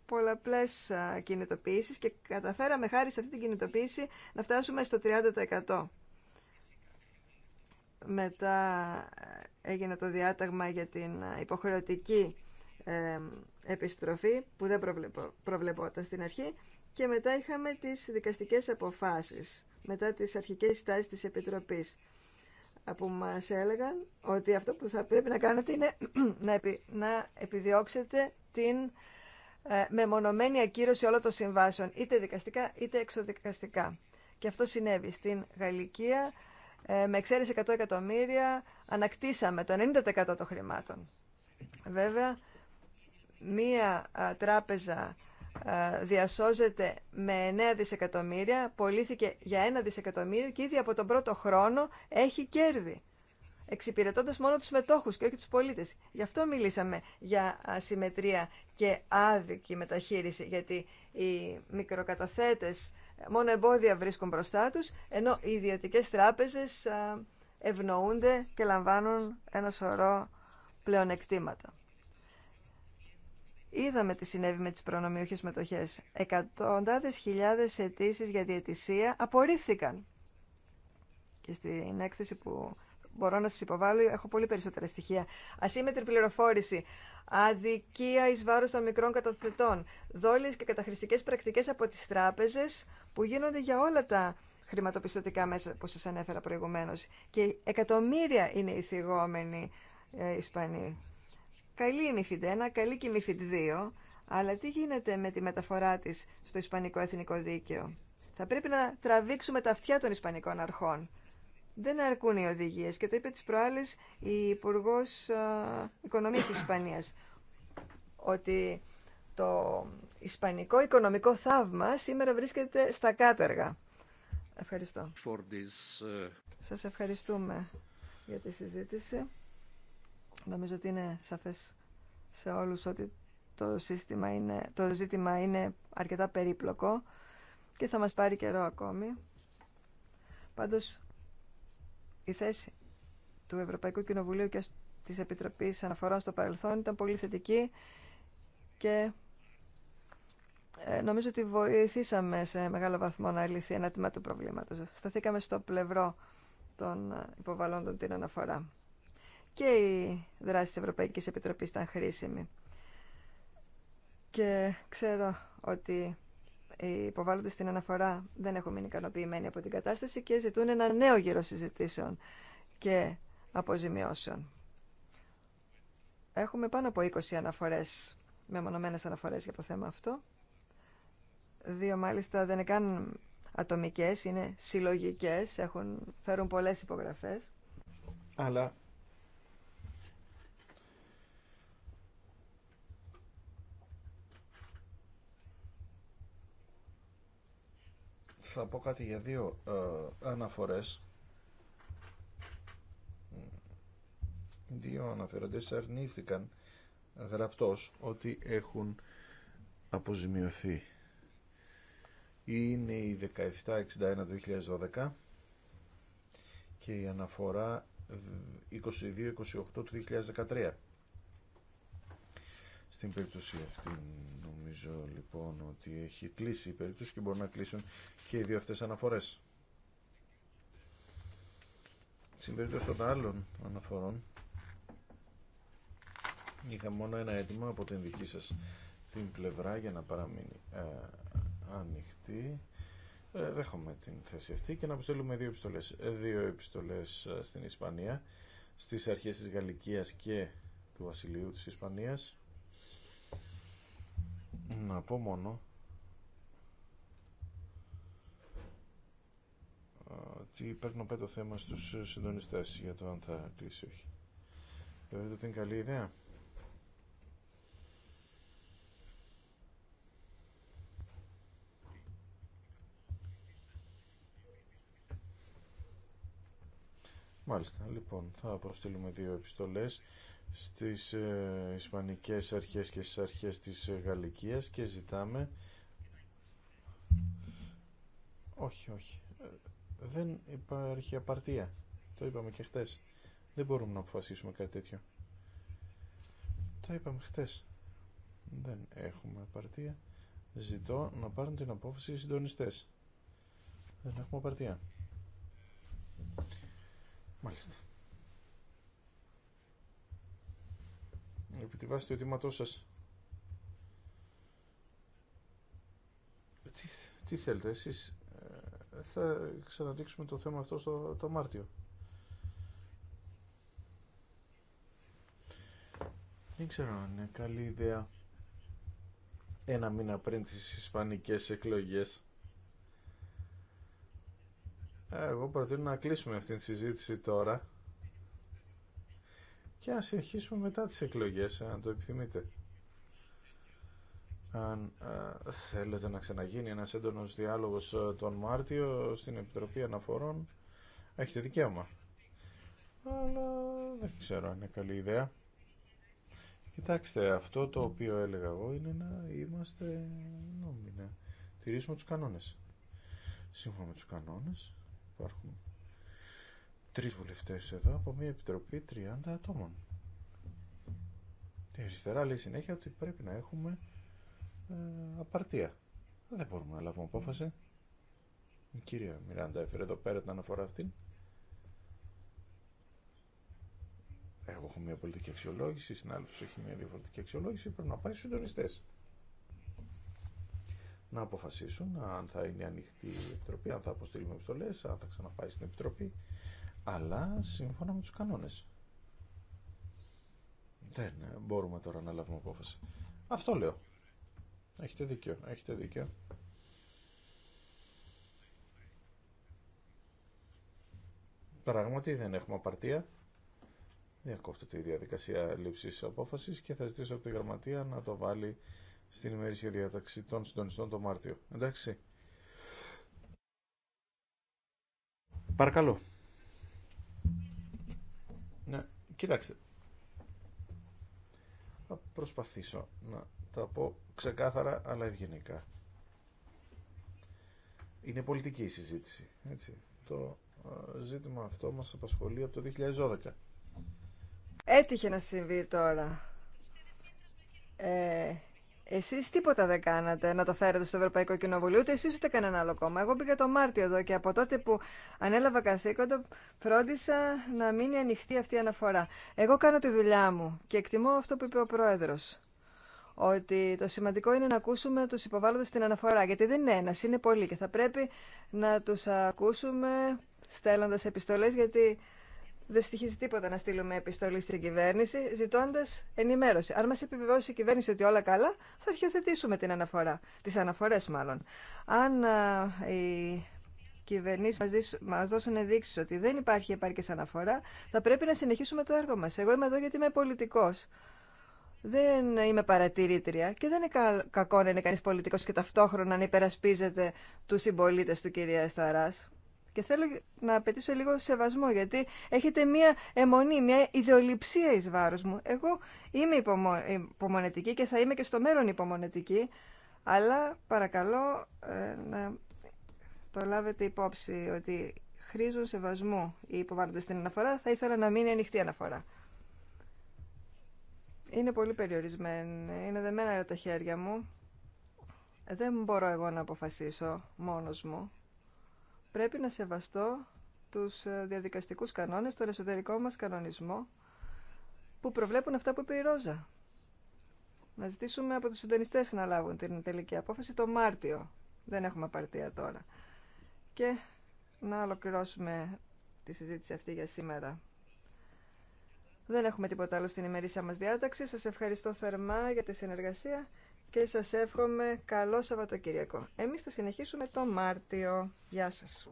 πολλαπλές κινητοποιήσεις και καταφέραμε χάρη σε αυτή την κινητοποίηση να φτάσουμε στο 30%. Μετά ε, έγινε το διάταγμα για την υποχρεωτική ε, επιστροφή που δεν προβλεπόταν στην αρχή και μετά είχαμε τις δικαστικές αποφάσεις μετά τις αρχικές στάσεις της Επιτροπής που μας έλεγαν ότι αυτό που θα πρέπει να κάνετε είναι να επιδιώξετε την ε, μεμονωμένη ακύρωση όλων των συμβάσεων, είτε δικαστικά είτε εξοδικαστικά. Και αυτό συνέβη στην Γαλλικία. Ε, με εξαίρεση 100 εκατομμύρια ανακτήσαμε το 90% των χρημάτων. Βέβαια, μία τράπεζα ε, διασώζεται με 9 δισεκατομμύρια, πωλήθηκε για 1 δισεκατομμύριο και ήδη από τον πρώτο χρόνο έχει κέρδη. Εξυπηρετώντα μόνο του μετόχου και όχι του πολίτε. Γι' αυτό μιλήσαμε για ασυμμετρία και άδικη μεταχείριση, γιατί οι μικροκαταθέτε μόνο εμπόδια βρίσκουν μπροστά του, ενώ οι ιδιωτικέ τράπεζε ε, ευνοούνται και λαμβάνουν ένα σωρό πλεονεκτήματα. Είδαμε τι συνέβη με τις προνομιούχε μετοχές. Εκατοντάδες χιλιάδες αιτήσει για διαιτησία απορρίφθηκαν. Και στην έκθεση που μπορώ να σα υποβάλω, έχω πολύ περισσότερα στοιχεία. Ασύμετρη πληροφόρηση, αδικία ει βάρο των μικρών καταθετών, Δόλειε και καταχρηστικές πρακτικέ από τι τράπεζε που γίνονται για όλα τα χρηματοπιστωτικά μέσα που σας ανέφερα προηγουμένως. Και εκατομμύρια είναι οι θυγόμενοι ε, Ισπανοί Καλή η Μιφιντ 1, καλή και η Μιφιντ 2, αλλά τι γίνεται με τη μεταφορά της στο Ισπανικό Εθνικό Δίκαιο. Θα πρέπει να τραβήξουμε τα αυτιά των Ισπανικών αρχών. Δεν αρκούν οι οδηγίε και το είπε τη προάλλη η Υπουργό Οικονομία τη Ισπανία. Ότι το Ισπανικό οικονομικό θαύμα σήμερα βρίσκεται στα κάτεργα. Ευχαριστώ. Ε, Σα ευχαριστούμε για τη συζήτηση. Νομίζω ότι είναι σαφές σε όλους ότι το, σύστημα είναι, το ζήτημα είναι αρκετά περίπλοκο και θα μας πάρει καιρό ακόμη. Πάντως, η θέση του Ευρωπαϊκού Κοινοβουλίου και της Επιτροπής Αναφορών στο παρελθόν ήταν πολύ θετική και ε, νομίζω ότι βοηθήσαμε σε μεγάλο βαθμό να λυθεί ένα τμήμα του προβλήματος. Σταθήκαμε στο πλευρό των ε, υποβαλλόντων την αναφορά και οι δράση της Ευρωπαϊκής Επιτροπής ήταν χρήσιμοι. Και ξέρω ότι οι υποβάλλονται στην αναφορά δεν έχουν μείνει ικανοποιημένοι από την κατάσταση και ζητούν ένα νέο γύρο συζητήσεων και αποζημιώσεων. Έχουμε πάνω από 20 αναφορές, μεμονωμένες αναφορές για το θέμα αυτό. Δύο μάλιστα δεν είναι καν ατομικές, είναι συλλογικές, έχουν, φέρουν πολλές υπογραφές. Αλλά θα πω κάτι για δύο ε, αναφορές δύο αναφεροντές αρνήθηκαν γραπτός ότι έχουν αποζημιωθεί είναι η 1761 του 2012 και η αναφορά 2228 του 2013 στην περίπτωση αυτή νομίζω λοιπόν ότι έχει κλείσει η περίπτωση και μπορούν να κλείσουν και οι δύο αυτές αναφορές. Στην περίπτωση των άλλων αναφορών είχα μόνο ένα αίτημα από την δική σας την πλευρά για να παραμείνει ε, ανοιχτή. Ε, δέχομαι την θέση αυτή και να αποστελούμε δύο επιστολές, ε, δύο επιστολές στην Ισπανία, στις αρχές της Γαλλικίας και του Βασιλείου της Ισπανίας να πω μόνο ότι παίρνω το θέμα στους συντονιστές για το αν θα κλείσει ή όχι. Βέβαια ότι είναι καλή ιδέα. Μάλιστα, λοιπόν, θα προστείλουμε δύο επιστολές στις ε, Ισπανικές αρχές και στις αρχές της ε, Γαλλικίας και ζητάμε όχι, όχι. Ε, δεν υπάρχει απαρτία. Το είπαμε και χτες. Δεν μπορούμε να αποφασίσουμε κάτι τέτοιο. το είπαμε χτες. Δεν έχουμε απαρτία. Ζητώ να πάρουν την απόφαση οι συντονιστές. Δεν έχουμε απαρτία. Μάλιστα. επί τη βάση του αιτήματός σας. Τι, θέλετε εσείς. Ε, θα ξαναδείξουμε το θέμα αυτό στο, Μάρτιο. Δεν ξέρω αν είναι καλή ιδέα ένα μήνα πριν τις ισπανικές εκλογές. Ε, εγώ προτείνω να κλείσουμε αυτήν τη συζήτηση τώρα και να συνεχίσουμε μετά τις εκλογές, ε, αν το επιθυμείτε. Αν ε, θέλετε να ξαναγίνει ένας έντονος διάλογος ε, τον Μάρτιο στην Επιτροπή Αναφορών, έχετε δικαίωμα. Αλλά δεν ξέρω αν είναι καλή ιδέα. Κοιτάξτε, αυτό το οποίο έλεγα εγώ είναι να είμαστε νόμιμοι, να τηρήσουμε τους κανόνες. Σύμφωνα με τους κανόνες υπάρχουν τρεις βουλευτές εδώ από μια επιτροπή 30 ατόμων. Η αριστερά λέει συνέχεια ότι πρέπει να έχουμε ε, απαρτία. Δεν μπορούμε να λάβουμε απόφαση. Η κυρία Μιράντα έφερε εδώ πέρα την αναφορά αυτή. Εγώ έχω μια πολιτική αξιολόγηση, η συνάδελφο έχει μια διαφορετική αξιολόγηση, πρέπει να πάει στου συντονιστέ. Να αποφασίσουν αν θα είναι ανοιχτή η επιτροπή, αν θα αποστείλουμε επιστολέ, αν θα ξαναπάει στην επιτροπή αλλά σύμφωνα με τους κανόνες. Δεν μπορούμε τώρα να λάβουμε απόφαση. Αυτό λέω. Έχετε δίκιο, έχετε δίκιο. Πράγματι δεν έχουμε απαρτία. Διακόπτεται τη διαδικασία λήψης απόφασης και θα ζητήσω από τη γραμματεία να το βάλει στην ημερήσια διάταξη των συντονιστών το Μάρτιο. Εντάξει. Παρακαλώ. Κοιτάξτε. Θα προσπαθήσω να τα πω ξεκάθαρα αλλά ευγενικά. Είναι πολιτική η συζήτηση. Έτσι. Το ε, ζήτημα αυτό μας απασχολεί από το 2012. Έτυχε να συμβεί τώρα. Ε, Εσεί τίποτα δεν κάνατε να το φέρετε στο Ευρωπαϊκό Κοινοβούλιο, ούτε εσεί ούτε κανένα άλλο κόμμα. Εγώ μπήκα το Μάρτιο εδώ και από τότε που ανέλαβα καθήκοντα φρόντισα να μείνει ανοιχτή αυτή η αναφορά. Εγώ κάνω τη δουλειά μου και εκτιμώ αυτό που είπε ο Πρόεδρο. Ότι το σημαντικό είναι να ακούσουμε του υποβάλλοντε την αναφορά. Γιατί δεν είναι ένα, είναι πολλοί και θα πρέπει να του ακούσουμε στέλνοντα επιστολέ γιατί δεν στοιχίζει τίποτα να στείλουμε επιστολή στην κυβέρνηση ζητώντα ενημέρωση. Αν μα επιβεβαιώσει η κυβέρνηση ότι όλα καλά, θα αρχιοθετήσουμε την αναφορά. Τι αναφορέ, μάλλον. Αν α, οι κυβερνήσει μα δώσουν ενδείξει ότι δεν υπάρχει επάρκεια αναφορά, θα πρέπει να συνεχίσουμε το έργο μα. Εγώ είμαι εδώ γιατί είμαι πολιτικό. Δεν είμαι παρατηρήτρια και δεν είναι κακό να είναι κανεί πολιτικό και ταυτόχρονα να υπερασπίζεται του συμπολίτε του κυρία Σταράς. Και θέλω να απαιτήσω λίγο σεβασμό, γιατί έχετε μία αιμονή, μία ιδεολειψία εις βάρος μου. Εγώ είμαι υπομονετική και θα είμαι και στο μέλλον υπομονετική, αλλά παρακαλώ ε, να το λάβετε υπόψη ότι χρήζουν σεβασμού οι υποβάλλοντες στην αναφορά. Θα ήθελα να μείνει ανοιχτή αναφορά. Είναι πολύ περιορισμένη, είναι δεμένα τα χέρια μου. Δεν μπορώ εγώ να αποφασίσω μόνος μου πρέπει να σεβαστώ τους ε, διαδικαστικούς κανόνες, τον εσωτερικό μας κανονισμό που προβλέπουν αυτά που είπε η Ρόζα. Να ζητήσουμε από τους συντονιστές να λάβουν την τελική απόφαση το Μάρτιο. Δεν έχουμε απαρτία τώρα. Και να ολοκληρώσουμε τη συζήτηση αυτή για σήμερα. Δεν έχουμε τίποτα άλλο στην ημερήσια μας διάταξη. Σας ευχαριστώ θερμά για τη συνεργασία και σας εύχομαι καλό Σαββατοκυριακό. Εμείς θα συνεχίσουμε το Μάρτιο. Γεια σας.